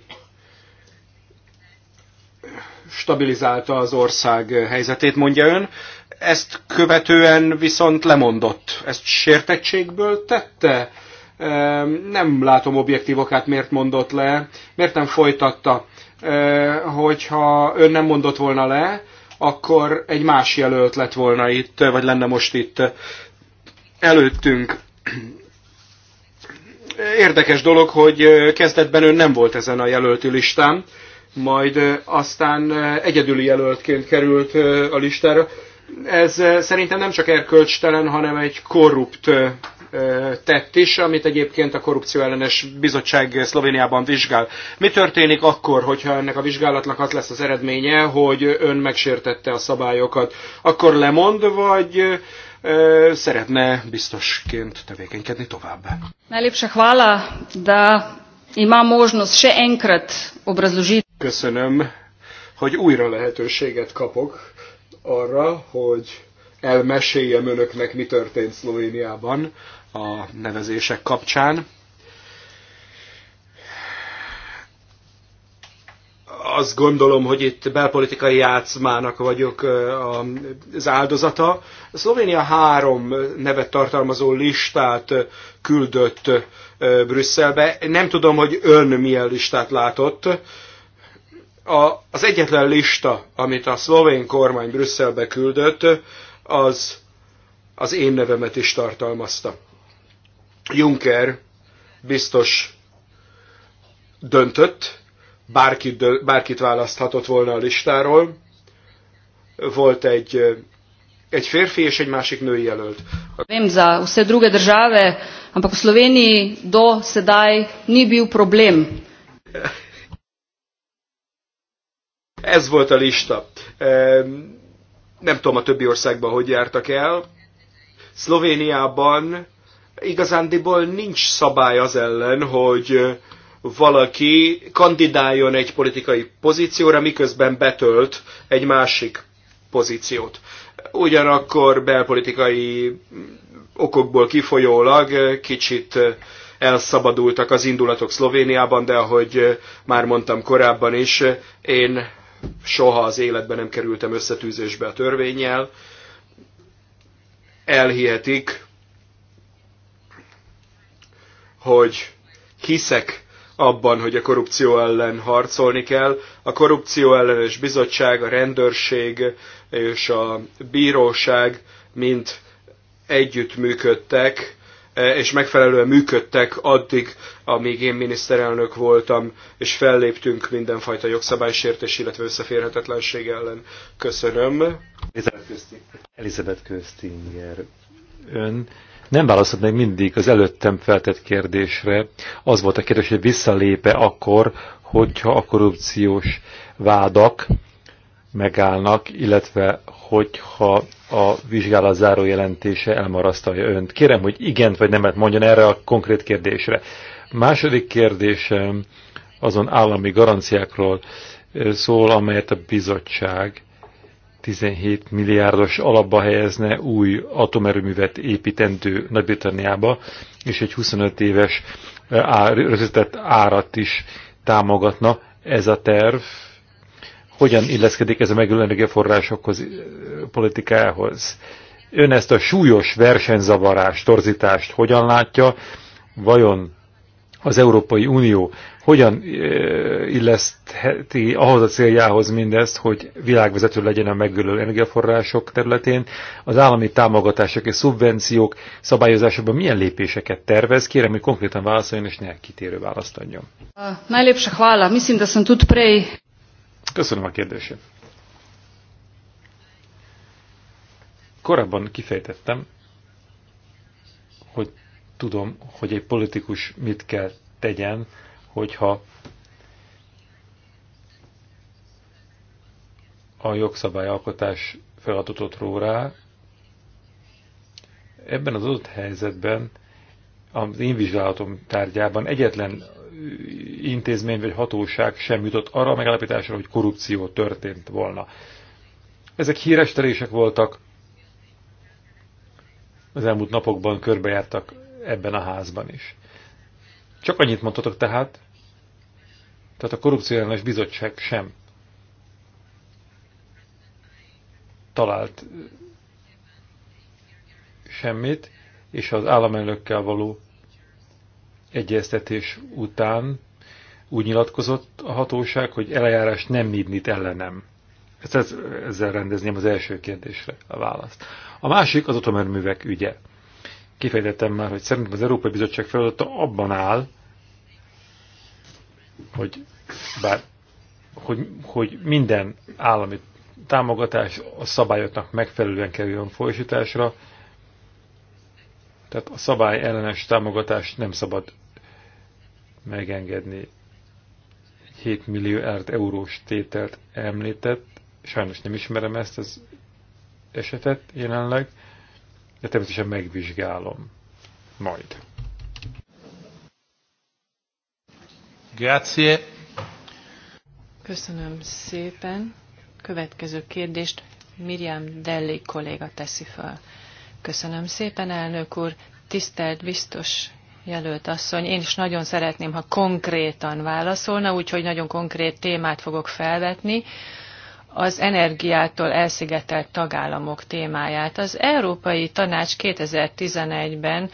stabilizálta az ország helyzetét, mondja ön. Ezt követően viszont lemondott. Ezt sértettségből tette? Nem látom objektív okát, miért mondott le, miért nem folytatta hogyha ön nem mondott volna le, akkor egy más jelölt lett volna itt, vagy lenne most itt előttünk. Érdekes dolog, hogy kezdetben ő nem volt ezen a jelölti listán, majd aztán egyedüli jelöltként került a listára. Ez szerintem nem csak erkölcstelen, hanem egy korrupt tett is, amit egyébként a korrupció ellenes bizottság Szlovéniában vizsgál. Mi történik akkor, hogyha ennek a vizsgálatnak az lesz az eredménye, hogy ön megsértette a szabályokat? Akkor lemond, vagy ö, szeretne biztosként tevékenykedni tovább? Najlépse hvala, da imám možnost se enkrat obrazložiti. Köszönöm, hogy újra lehetőséget kapok arra, hogy elmeséljem önöknek, mi történt Szlovéniában a nevezések kapcsán. Azt gondolom, hogy itt belpolitikai játszmának vagyok az áldozata. A Szlovénia három nevet tartalmazó listát küldött Brüsszelbe. Nem tudom, hogy ön milyen listát látott a, az egyetlen lista, amit a szlovén kormány Brüsszelbe küldött, az az én nevemet is tartalmazta. Juncker biztos döntött, bárkit, bárkit választhatott volna a listáról. Volt egy, egy férfi és egy másik női jelölt. Vem za vse druge države, ampak v Sloveniji do sedaj ni bil problém. Ez volt a lista. Nem tudom a többi országban, hogy jártak el. Szlovéniában igazándiból nincs szabály az ellen, hogy valaki kandidáljon egy politikai pozícióra, miközben betölt egy másik pozíciót. Ugyanakkor belpolitikai okokból kifolyólag kicsit elszabadultak az indulatok Szlovéniában, de ahogy már mondtam korábban is, én soha az életben nem kerültem összetűzésbe a törvényjel. Elhihetik, hogy hiszek abban, hogy a korrupció ellen harcolni kell. A korrupció ellenes bizottság, a rendőrség és a bíróság mind együtt működtek, és megfelelően működtek addig, amíg én miniszterelnök voltam, és felléptünk mindenfajta jogszabálysértés, illetve összeférhetetlenség ellen. Köszönöm. Elizabeth Köztinger. Elizabeth Köztinger. Ön nem válaszolt meg mindig az előttem feltett kérdésre. Az volt a kérdés, hogy visszalépe akkor, hogyha a korrupciós vádak megállnak, illetve hogyha a vizsgálat záró jelentése elmarasztalja önt. Kérem, hogy igent vagy nemet mondjon erre a konkrét kérdésre. Második kérdésem azon állami garanciákról szól, amelyet a bizottság 17 milliárdos alapba helyezne új atomerőművet építendő Nagy-Britanniába, és egy 25 éves rögzített árat is támogatna. Ez a terv hogyan illeszkedik ez a megülő energiaforrásokhoz, politikához? Ön ezt a súlyos versenyzavarást, torzítást hogyan látja? Vajon az Európai Unió hogyan illesztheti ahhoz a céljához mindezt, hogy világvezető legyen a megölő energiaforrások területén, az állami támogatások és szubvenciók szabályozásában milyen lépéseket tervez? Kérem, hogy konkrétan válaszoljon, és ne kitérő választ adjon. Köszönöm a kérdését. Korábban kifejtettem, hogy tudom, hogy egy politikus mit kell tegyen, hogyha a jogszabályalkotás feladatot ró rá. Ebben az adott helyzetben az én vizsgálatom tárgyában egyetlen intézmény vagy hatóság sem jutott arra a megállapításra, hogy korrupció történt volna. Ezek híres terések voltak, az elmúlt napokban körbejártak ebben a házban is. Csak annyit mondhatok tehát, tehát a korrupciójános bizottság sem talált semmit, és az államelnökkel való egyeztetés után úgy nyilatkozott a hatóság, hogy elejárás nem nyitnit ellenem. ezzel rendezném az első kérdésre a választ. A másik az atomerművek ügye kifejtettem már, hogy szerintem az Európai Bizottság feladata abban áll, hogy bár hogy, hogy minden állami támogatás a szabályoknak megfelelően kerüljön folyosításra, tehát a szabály ellenes támogatást nem szabad megengedni. 7 millió eurós tételt említett, sajnos nem ismerem ezt az esetet jelenleg, de természetesen megvizsgálom majd. Grazie. Köszönöm szépen. Következő kérdést Miriam Delli kolléga teszi fel. Köszönöm szépen, elnök úr. Tisztelt biztos jelölt asszony, én is nagyon szeretném, ha konkrétan válaszolna, úgyhogy nagyon konkrét témát fogok felvetni az energiától elszigetelt tagállamok témáját. Az Európai Tanács 2011-ben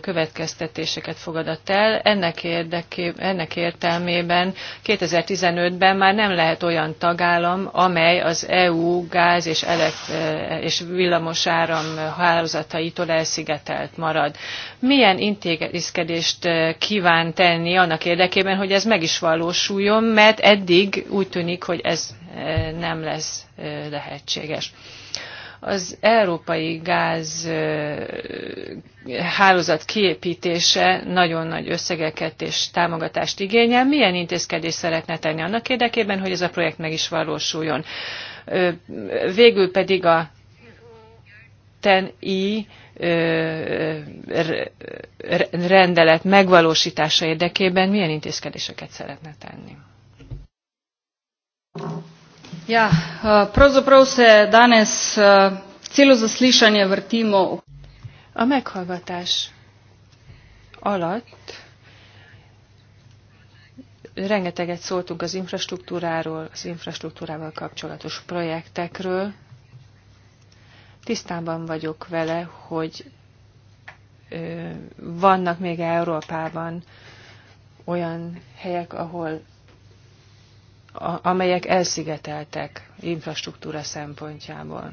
következtetéseket fogadott el. Ennek, érdeké, ennek értelmében 2015-ben már nem lehet olyan tagállam, amely az EU gáz és, elekt, és villamos áram hálózataitól elszigetelt marad. Milyen intézkedést kíván tenni annak érdekében, hogy ez meg is valósuljon, mert eddig úgy tűnik, hogy ez nem lesz lehetséges. Az európai gáz hálózat kiépítése nagyon nagy összegeket és támogatást igényel. Milyen intézkedést szeretne tenni annak érdekében, hogy ez a projekt meg is valósuljon? Végül pedig a TEN-I rendelet megvalósítása érdekében milyen intézkedéseket szeretne tenni? Ja, eh, pravzaprav se danes eh, celo zaslišanje vrtimo. A meghallgatás alatt rengeteget szóltunk az infrastruktúráról, az infrastruktúrával kapcsolatos projektekről. Tisztában vagyok vele, hogy vannak még Európában olyan helyek, ahol amelyek elszigeteltek infrastruktúra szempontjából.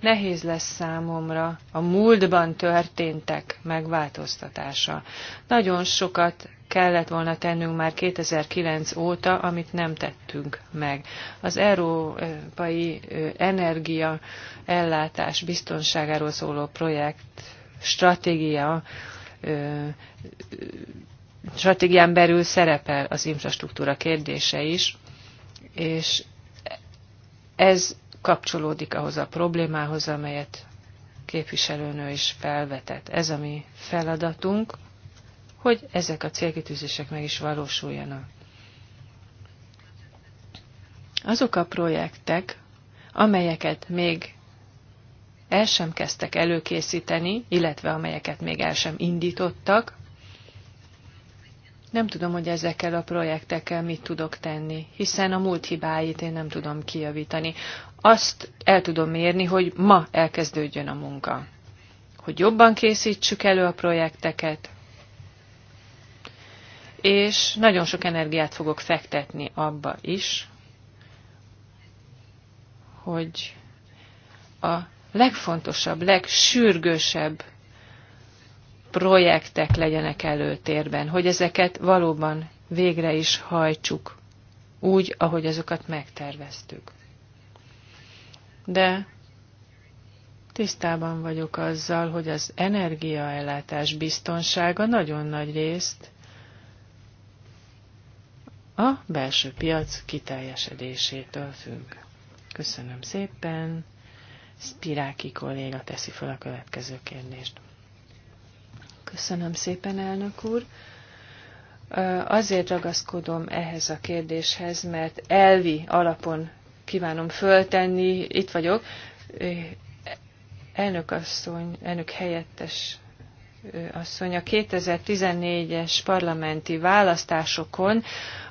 Nehéz lesz számomra a múltban történtek megváltoztatása. Nagyon sokat kellett volna tennünk már 2009 óta, amit nem tettünk meg. Az európai energia ellátás biztonságáról szóló projekt stratégia stratégián belül szerepel az infrastruktúra kérdése is, és ez kapcsolódik ahhoz a problémához, amelyet képviselőnő is felvetett. Ez a mi feladatunk, hogy ezek a célkitűzések meg is valósuljanak. Azok a projektek, amelyeket még el sem kezdtek előkészíteni, illetve amelyeket még el sem indítottak, nem tudom, hogy ezekkel a projektekkel mit tudok tenni, hiszen a múlt hibáit én nem tudom kijavítani. Azt el tudom mérni, hogy ma elkezdődjön a munka. Hogy jobban készítsük elő a projekteket, és nagyon sok energiát fogok fektetni abba is, hogy a legfontosabb, legsürgősebb projektek legyenek előtérben, hogy ezeket valóban végre is hajtsuk, úgy, ahogy azokat megterveztük. De tisztában vagyok azzal, hogy az energiaellátás biztonsága nagyon nagy részt a belső piac kiteljesedésétől függ. Köszönöm szépen. Spiráki kolléga teszi fel a következő kérdést. Köszönöm szépen, elnök úr. Azért ragaszkodom ehhez a kérdéshez, mert elvi alapon kívánom föltenni, itt vagyok, elnök asszony, elnök helyettes asszony, a 2014-es parlamenti választásokon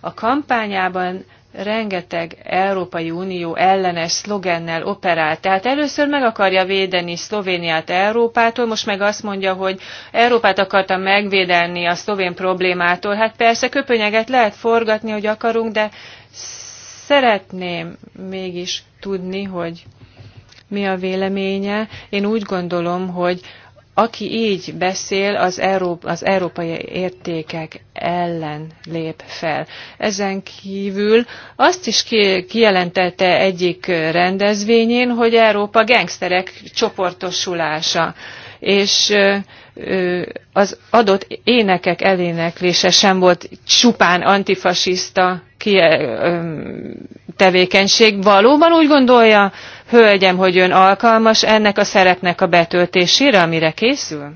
a kampányában rengeteg Európai Unió ellenes szlogennel operál. Tehát először meg akarja védeni Szlovéniát Európától, most meg azt mondja, hogy Európát akarta megvédelni a szlovén problémától. Hát persze köpönyeget lehet forgatni, hogy akarunk, de szeretném mégis tudni, hogy mi a véleménye. Én úgy gondolom, hogy aki így beszél, az, Európa, az európai értékek ellen lép fel. Ezen kívül azt is ki, kijelentette egyik rendezvényén, hogy Európa gengszterek csoportosulása, és az adott énekek eléneklése sem volt csupán antifasiszta tevékenység. Valóban úgy gondolja hölgyem, hogy ön alkalmas ennek a szerepnek a betöltésére, amire készül?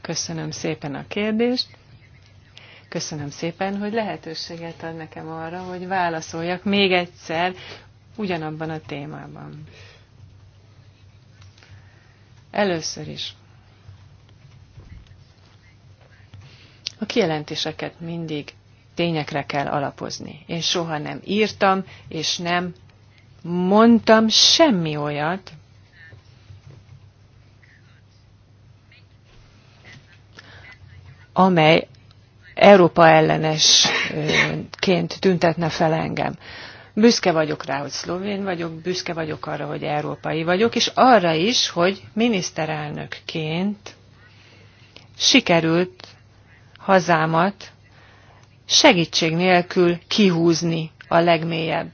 Köszönöm szépen a kérdést. Köszönöm szépen, hogy lehetőséget ad nekem arra, hogy válaszoljak még egyszer ugyanabban a témában. Először is. A kijelentéseket mindig tényekre kell alapozni. Én soha nem írtam, és nem mondtam semmi olyat, amely Európa ellenesként tüntetne fel engem. Büszke vagyok rá, hogy szlovén vagyok, büszke vagyok arra, hogy európai vagyok, és arra is, hogy miniszterelnökként sikerült hazámat segítség nélkül kihúzni a legmélyebb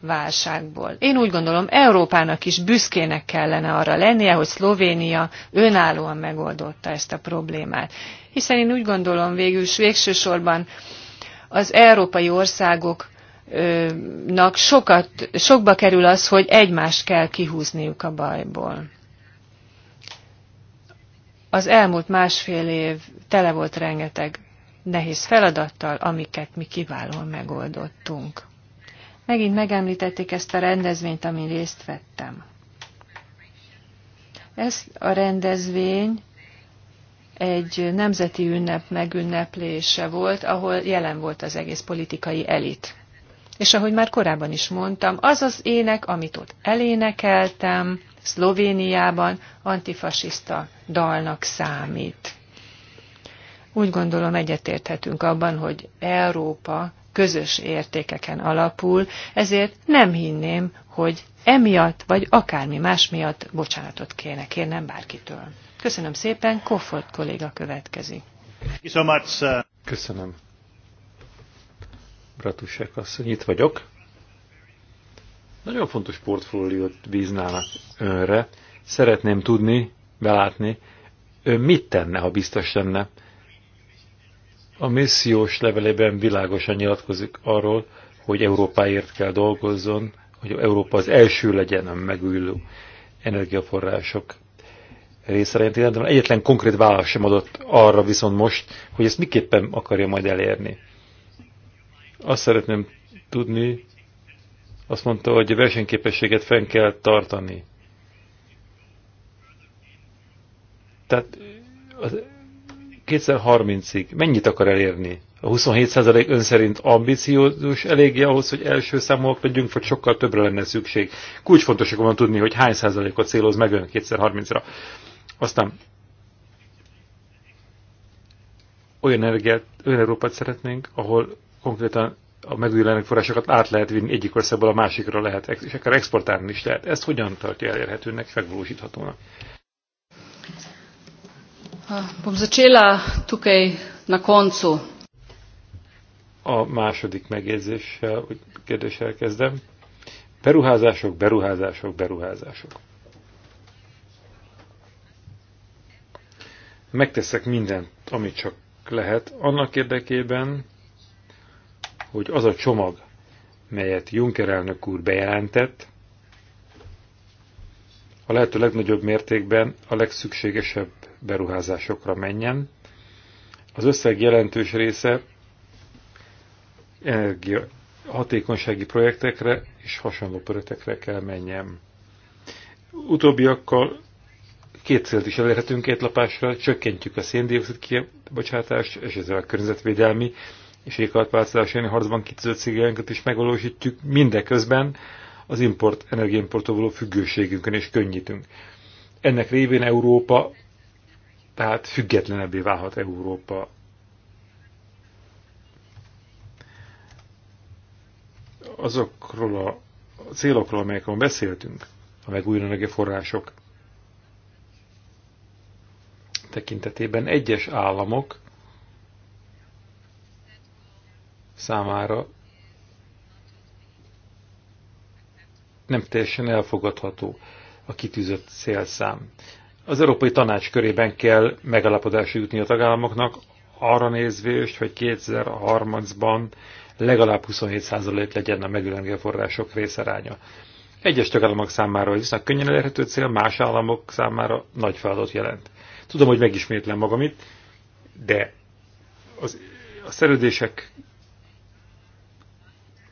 válságból. Én úgy gondolom, Európának is büszkének kellene arra lennie, hogy Szlovénia önállóan megoldotta ezt a problémát. Hiszen én úgy gondolom végül végső sorban az európai országok nak sokat, sokba kerül az, hogy egymást kell kihúzniuk a bajból. Az elmúlt másfél év tele volt rengeteg nehéz feladattal, amiket mi kiválóan megoldottunk. Megint megemlítették ezt a rendezvényt, amin részt vettem. Ez a rendezvény egy nemzeti ünnep megünneplése volt, ahol jelen volt az egész politikai elit. És ahogy már korábban is mondtam, az az ének, amit ott elénekeltem, Szlovéniában antifasiszta dalnak számít. Úgy gondolom egyetérthetünk abban, hogy Európa közös értékeken alapul, ezért nem hinném, hogy emiatt vagy akármi más miatt bocsánatot kéne kérnem bárkitől. Köszönöm szépen, Koffort kolléga következik. Köszönöm. Bratusek asszony, itt vagyok. Nagyon fontos portfóliót bíznának önre. Szeretném tudni, belátni, ön mit tenne, ha biztos lenne a missziós levelében világosan nyilatkozik arról, hogy Európáért kell dolgozzon, hogy Európa az első legyen a megújuló energiaforrások részarányt illetve egyetlen konkrét válasz sem adott arra viszont most, hogy ezt miképpen akarja majd elérni. Azt szeretném tudni, azt mondta, hogy a versenyképességet fenn kell tartani. Tehát az 2030-ig mennyit akar elérni? A 27% ön szerint ambiciózus eléggé ahhoz, hogy első számúak legyünk, vagy sokkal többre lenne szükség. Kulcsfontosak van tudni, hogy hány százalékot céloz meg ön 2030-ra. Aztán olyan, energiát, olyan Európát szeretnénk, ahol konkrétan a megújuló forrásokat át lehet vinni egyik országból a másikra lehet, és akár exportálni is lehet. Ezt hogyan tartja elérhetőnek, megvalósíthatónak? Bom začela tukaj na koncu. A második megjegyzéssel, kérdéssel kezdem. Beruházások, beruházások, beruházások. Megteszek mindent, amit csak lehet, annak érdekében, hogy az a csomag, melyet Juncker elnök úr bejelentett, a lehető legnagyobb mértékben a legszükségesebb beruházásokra menjen. Az összeg jelentős része energia hatékonysági projektekre és hasonló projektekre kell menjen. Utóbbiakkal két célt is elérhetünk két lapásra, csökkentjük a széndiokszid kibocsátást, és ezzel a környezetvédelmi és éghajlatváltozás harcban kitűzött céljainkat is megvalósítjuk, mindeközben az import, energiaimportól való függőségünkön is könnyítünk. Ennek révén Európa tehát függetlenebbé válhat Európa. Azokról a célokról, amelyekről beszéltünk, a megújuló források tekintetében egyes államok számára nem teljesen elfogadható a kitűzött célszám. Az Európai Tanács körében kell megalapodásra jutni a tagállamoknak, arra nézvést, hogy 2030-ban legalább 27% legyen a megülengő források részaránya. Egyes tagállamok számára viszont könnyen elérhető cél, más államok számára nagy feladat jelent. Tudom, hogy megismétlem magam itt, de az, a szerződések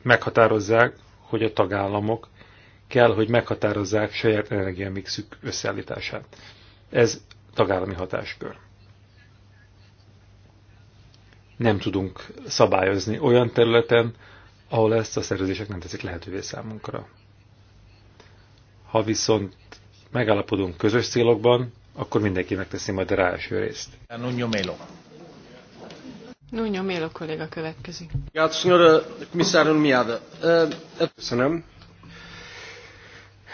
meghatározzák, hogy a tagállamok kell, hogy meghatározzák saját energiamixük összeállítását. Ez tagállami hatáskör. Nem tudunk szabályozni olyan területen, ahol ezt a szerződések nem teszik lehetővé számunkra. Ha viszont megállapodunk közös célokban, akkor mindenki megteszi majd a ráeső részt. Nuno Melo. Nuno Melo kolléga következik. Eh, eh- Köszönöm.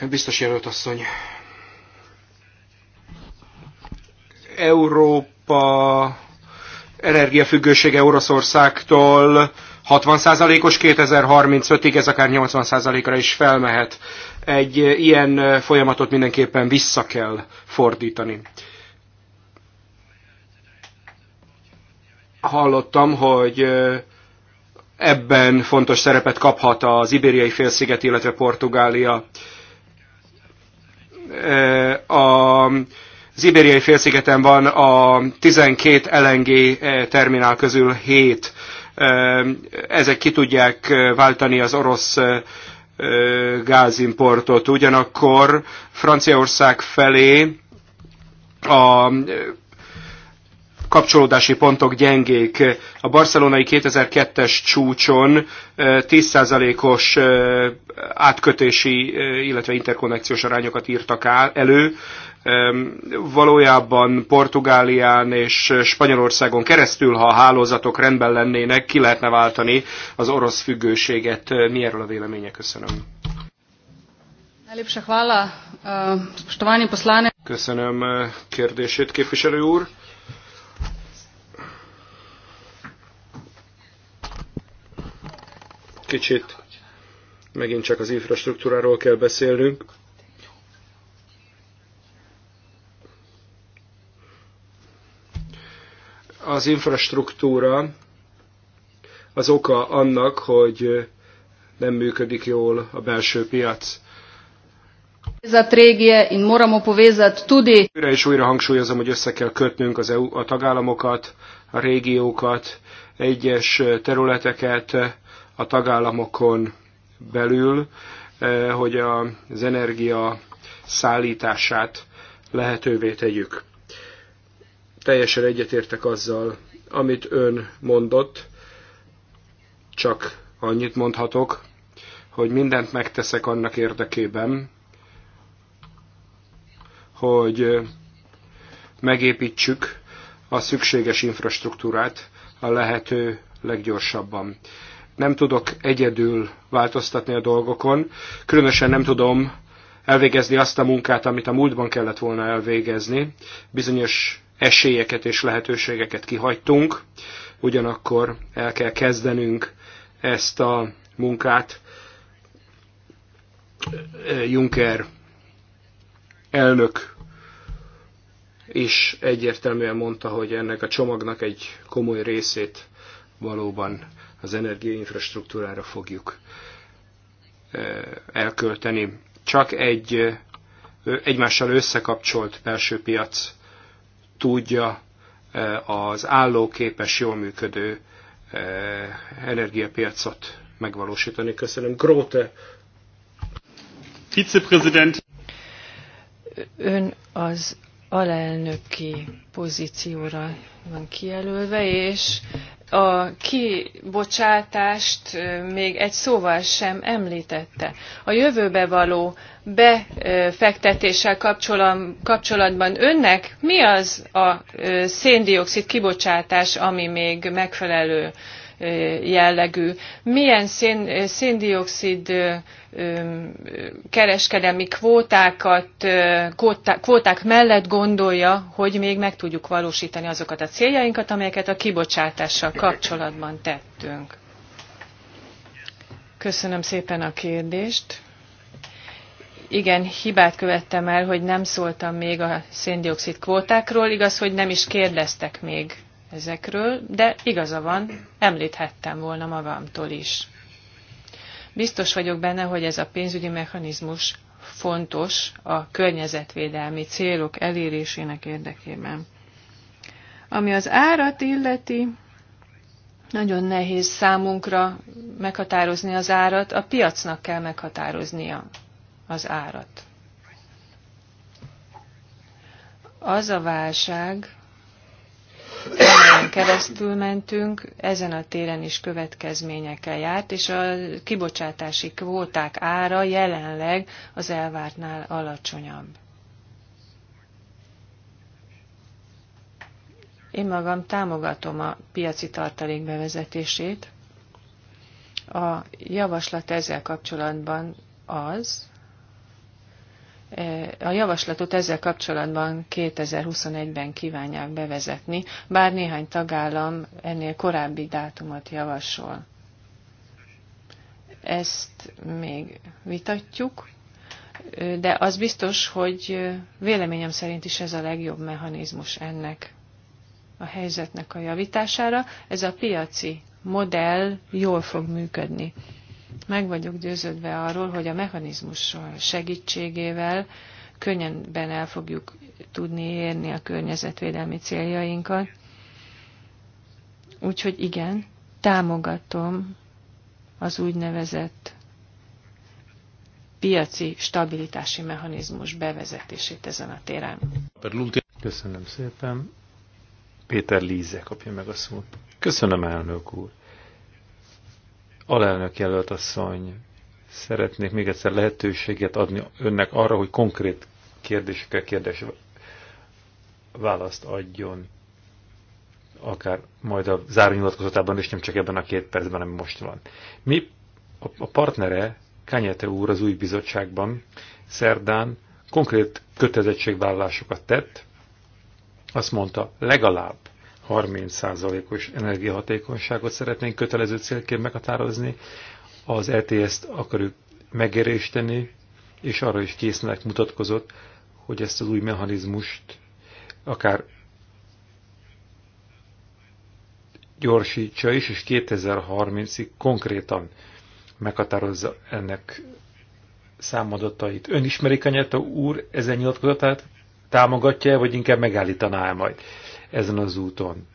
Biztos jelölt asszony, Európa energiafüggősége Oroszországtól 60%-os 2035-ig, ez akár 80%-ra is felmehet. Egy ilyen folyamatot mindenképpen vissza kell fordítani. Hallottam, hogy ebben fontos szerepet kaphat az ibériai félsziget, illetve Portugália. A az ibériai félszigeten van a 12 LNG eh, terminál közül 7. Eh, ezek ki tudják eh, váltani az orosz gázimportot. Ugyanakkor Franciaország felé a kapcsolódási pontok gyengék. A barcelonai 2002-es csúcson 10%-os átkötési, illetve interkonnekciós arányokat írtak elő. Valójában Portugálián és Spanyolországon keresztül, ha a hálózatok rendben lennének, ki lehetne váltani az orosz függőséget. Mi erről a véleménye? Köszönöm. Köszönöm kérdését, képviselő úr. kicsit. Megint csak az infrastruktúráról kell beszélnünk. Az infrastruktúra az oka annak, hogy nem működik jól a belső piac. Ez a regije in moramo povezat tudi. Újra és újra hangsúlyozom, hogy össze kell kötnünk az EU, a tagállamokat, a régiókat, egyes területeket, a tagállamokon belül, eh, hogy az energia szállítását lehetővé tegyük. Teljesen egyetértek azzal, amit ön mondott, csak annyit mondhatok, hogy mindent megteszek annak érdekében, hogy eh, megépítsük a szükséges infrastruktúrát a lehető leggyorsabban nem tudok egyedül változtatni a dolgokon, különösen nem tudom elvégezni azt a munkát, amit a múltban kellett volna elvégezni. Bizonyos esélyeket és lehetőségeket kihagytunk, ugyanakkor el kell kezdenünk ezt a munkát. Juncker elnök is egyértelműen mondta, hogy ennek a csomagnak egy komoly részét valóban az energiainfrastruktúrára fogjuk eh, elkölteni. Csak egy eh, egymással összekapcsolt belső piac tudja eh, az állóképes, jól működő energiapiacot megvalósítani. Köszönöm. Gróte! Viceprezident! Ön az alelnöki pozícióra van kijelölve, és a kibocsátást még egy szóval sem említette. A jövőbe való befektetéssel kapcsolatban önnek mi az a széndiokszid kibocsátás, ami még megfelelő jellegű. Milyen szén, széndiokszid kereskedelmi kvótákat, kvóták, kvóták mellett gondolja, hogy még meg tudjuk valósítani azokat a céljainkat, amelyeket a kibocsátással kapcsolatban tettünk. Köszönöm szépen a kérdést igen, hibát követtem el, hogy nem szóltam még a széndiokszid kvótákról. Igaz, hogy nem is kérdeztek még ezekről, de igaza van, említhettem volna magamtól is. Biztos vagyok benne, hogy ez a pénzügyi mechanizmus fontos a környezetvédelmi célok elérésének érdekében. Ami az árat illeti, nagyon nehéz számunkra meghatározni az árat, a piacnak kell meghatároznia az árat. Az a válság, amelyen keresztül mentünk, ezen a téren is következményekkel járt, és a kibocsátási kvóták ára jelenleg az elvártnál alacsonyabb. Én magam támogatom a piaci tartalék bevezetését. A javaslat ezzel kapcsolatban az, Eh, a javaslatot ezzel kapcsolatban 2021-ben kívánják bevezetni, bár néhány tagállam ennél korábbi dátumot javasol. Ezt még vitatjuk, de az biztos, hogy véleményem szerint is ez a legjobb mechanizmus ennek a helyzetnek a javítására. Ez a piaci modell jól fog működni. Meg vagyok győződve arról, hogy a mechanizmus segítségével könnyenben el fogjuk tudni érni a környezetvédelmi céljainkat. Úgyhogy igen, támogatom az úgynevezett piaci stabilitási mechanizmus bevezetését ezen a téren. Köszönöm szépen. Péter Líze kapja meg a szót. Köszönöm, elnök úr. Alelnök jelölt asszony, szeretnék még egyszer lehetőséget adni önnek arra, hogy konkrét kérdésekre kérdés választ adjon, akár majd a zárónyilatkozatában, és nem csak ebben a két percben, ami most van. Mi a partnere, Kányete úr az új bizottságban szerdán konkrét kötelezettségvállalásokat tett, azt mondta, legalább 30%-os energiahatékonyságot szeretnénk kötelező célként meghatározni, az ETS-t akarjuk megerősíteni, és arra is késznek mutatkozott, hogy ezt az új mechanizmust akár gyorsítsa is, és 2030-ig konkrétan meghatározza ennek számadatait. Ön ismeri Kanyata úr ezen nyilatkozatát? Támogatja-e, vagy inkább megállítaná -e majd? ezen az úton.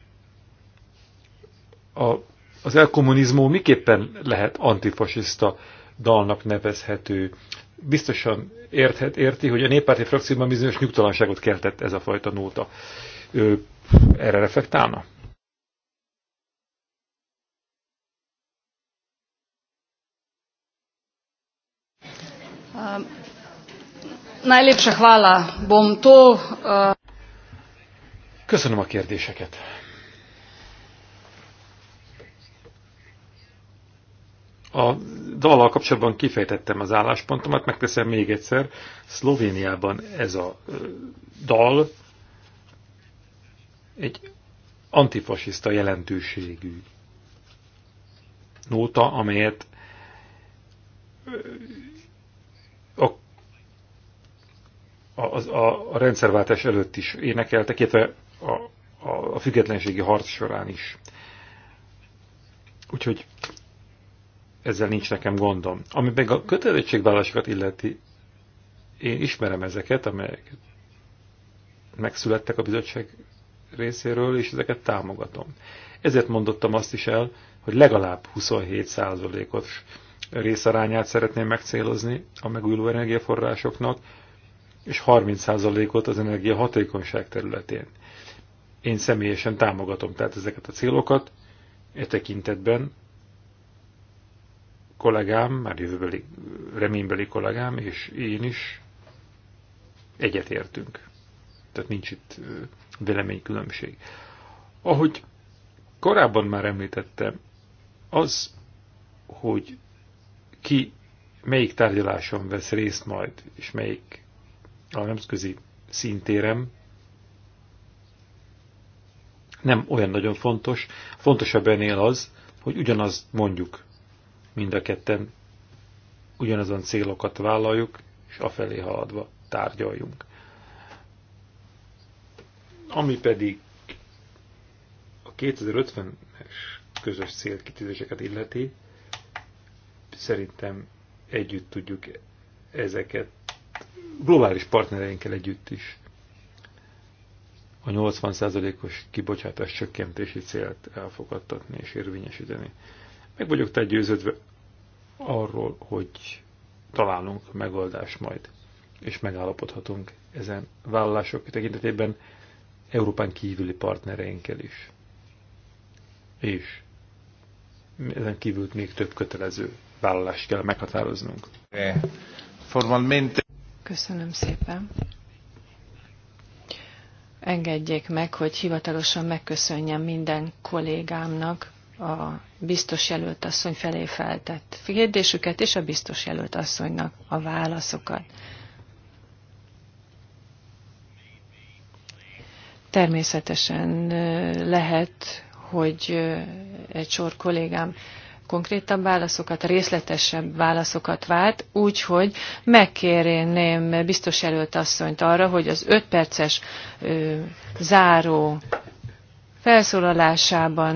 A, az elkommunizmó miképpen lehet antifasiszta dalnak nevezhető? Biztosan érthet, érti, hogy a néppárti frakcióban bizonyos nyugtalanságot keltett ez a fajta nóta. Ő erre reflektálna? Uh, najlepša hvala. Bom to. Uh... Köszönöm a kérdéseket. A dallal kapcsolatban kifejtettem az álláspontomat, megteszem még egyszer. Szlovéniában ez a dal egy antifasiszta jelentőségű nóta, amelyet a, a, a, a rendszerváltás előtt is énekeltek, illetve a, a, függetlenségi harc során is. Úgyhogy ezzel nincs nekem gondom. Ami meg a kötelezettségvállalásokat illeti, én ismerem ezeket, amelyek megszülettek a bizottság részéről, és ezeket támogatom. Ezért mondottam azt is el, hogy legalább 27%-os részarányát szeretném megcélozni a megújuló energiaforrásoknak, és 30%-ot az energia hatékonyság területén. Én személyesen támogatom tehát ezeket a célokat, e tekintetben kollégám, már jövőbeli, reménybeli kollégám, és én is egyetértünk. Tehát nincs itt véleménykülönbség. Ahogy korábban már említettem, az, hogy ki melyik tárgyaláson vesz részt majd, és melyik a nemzetközi szintérem, nem olyan nagyon fontos. Fontosabb ennél az, hogy ugyanaz mondjuk mind a ketten, ugyanazon célokat vállaljuk, és afelé haladva tárgyaljunk. Ami pedig a 2050-es közös célkitűzéseket illeti, szerintem együtt tudjuk ezeket globális partnereinkkel együtt is a 80%-os kibocsátás csökkentési célt elfogadtatni és érvényesíteni. Meg vagyok te győződve arról, hogy találunk megoldást majd, és megállapodhatunk ezen vállalások tekintetében Európán kívüli partnereinkkel is. És ezen kívül még több kötelező vállalást kell meghatároznunk. Formalmente. Köszönöm szépen engedjék meg, hogy hivatalosan megköszönjem minden kollégámnak a biztos jelölt asszony felé feltett kérdésüket, és a biztos jelölt asszonynak a válaszokat. Természetesen lehet, hogy egy sor kollégám konkrétabb válaszokat, részletesebb válaszokat vált, úgyhogy megkérném biztos előtt asszonyt arra, hogy az 5 perces ö, záró felszólalásában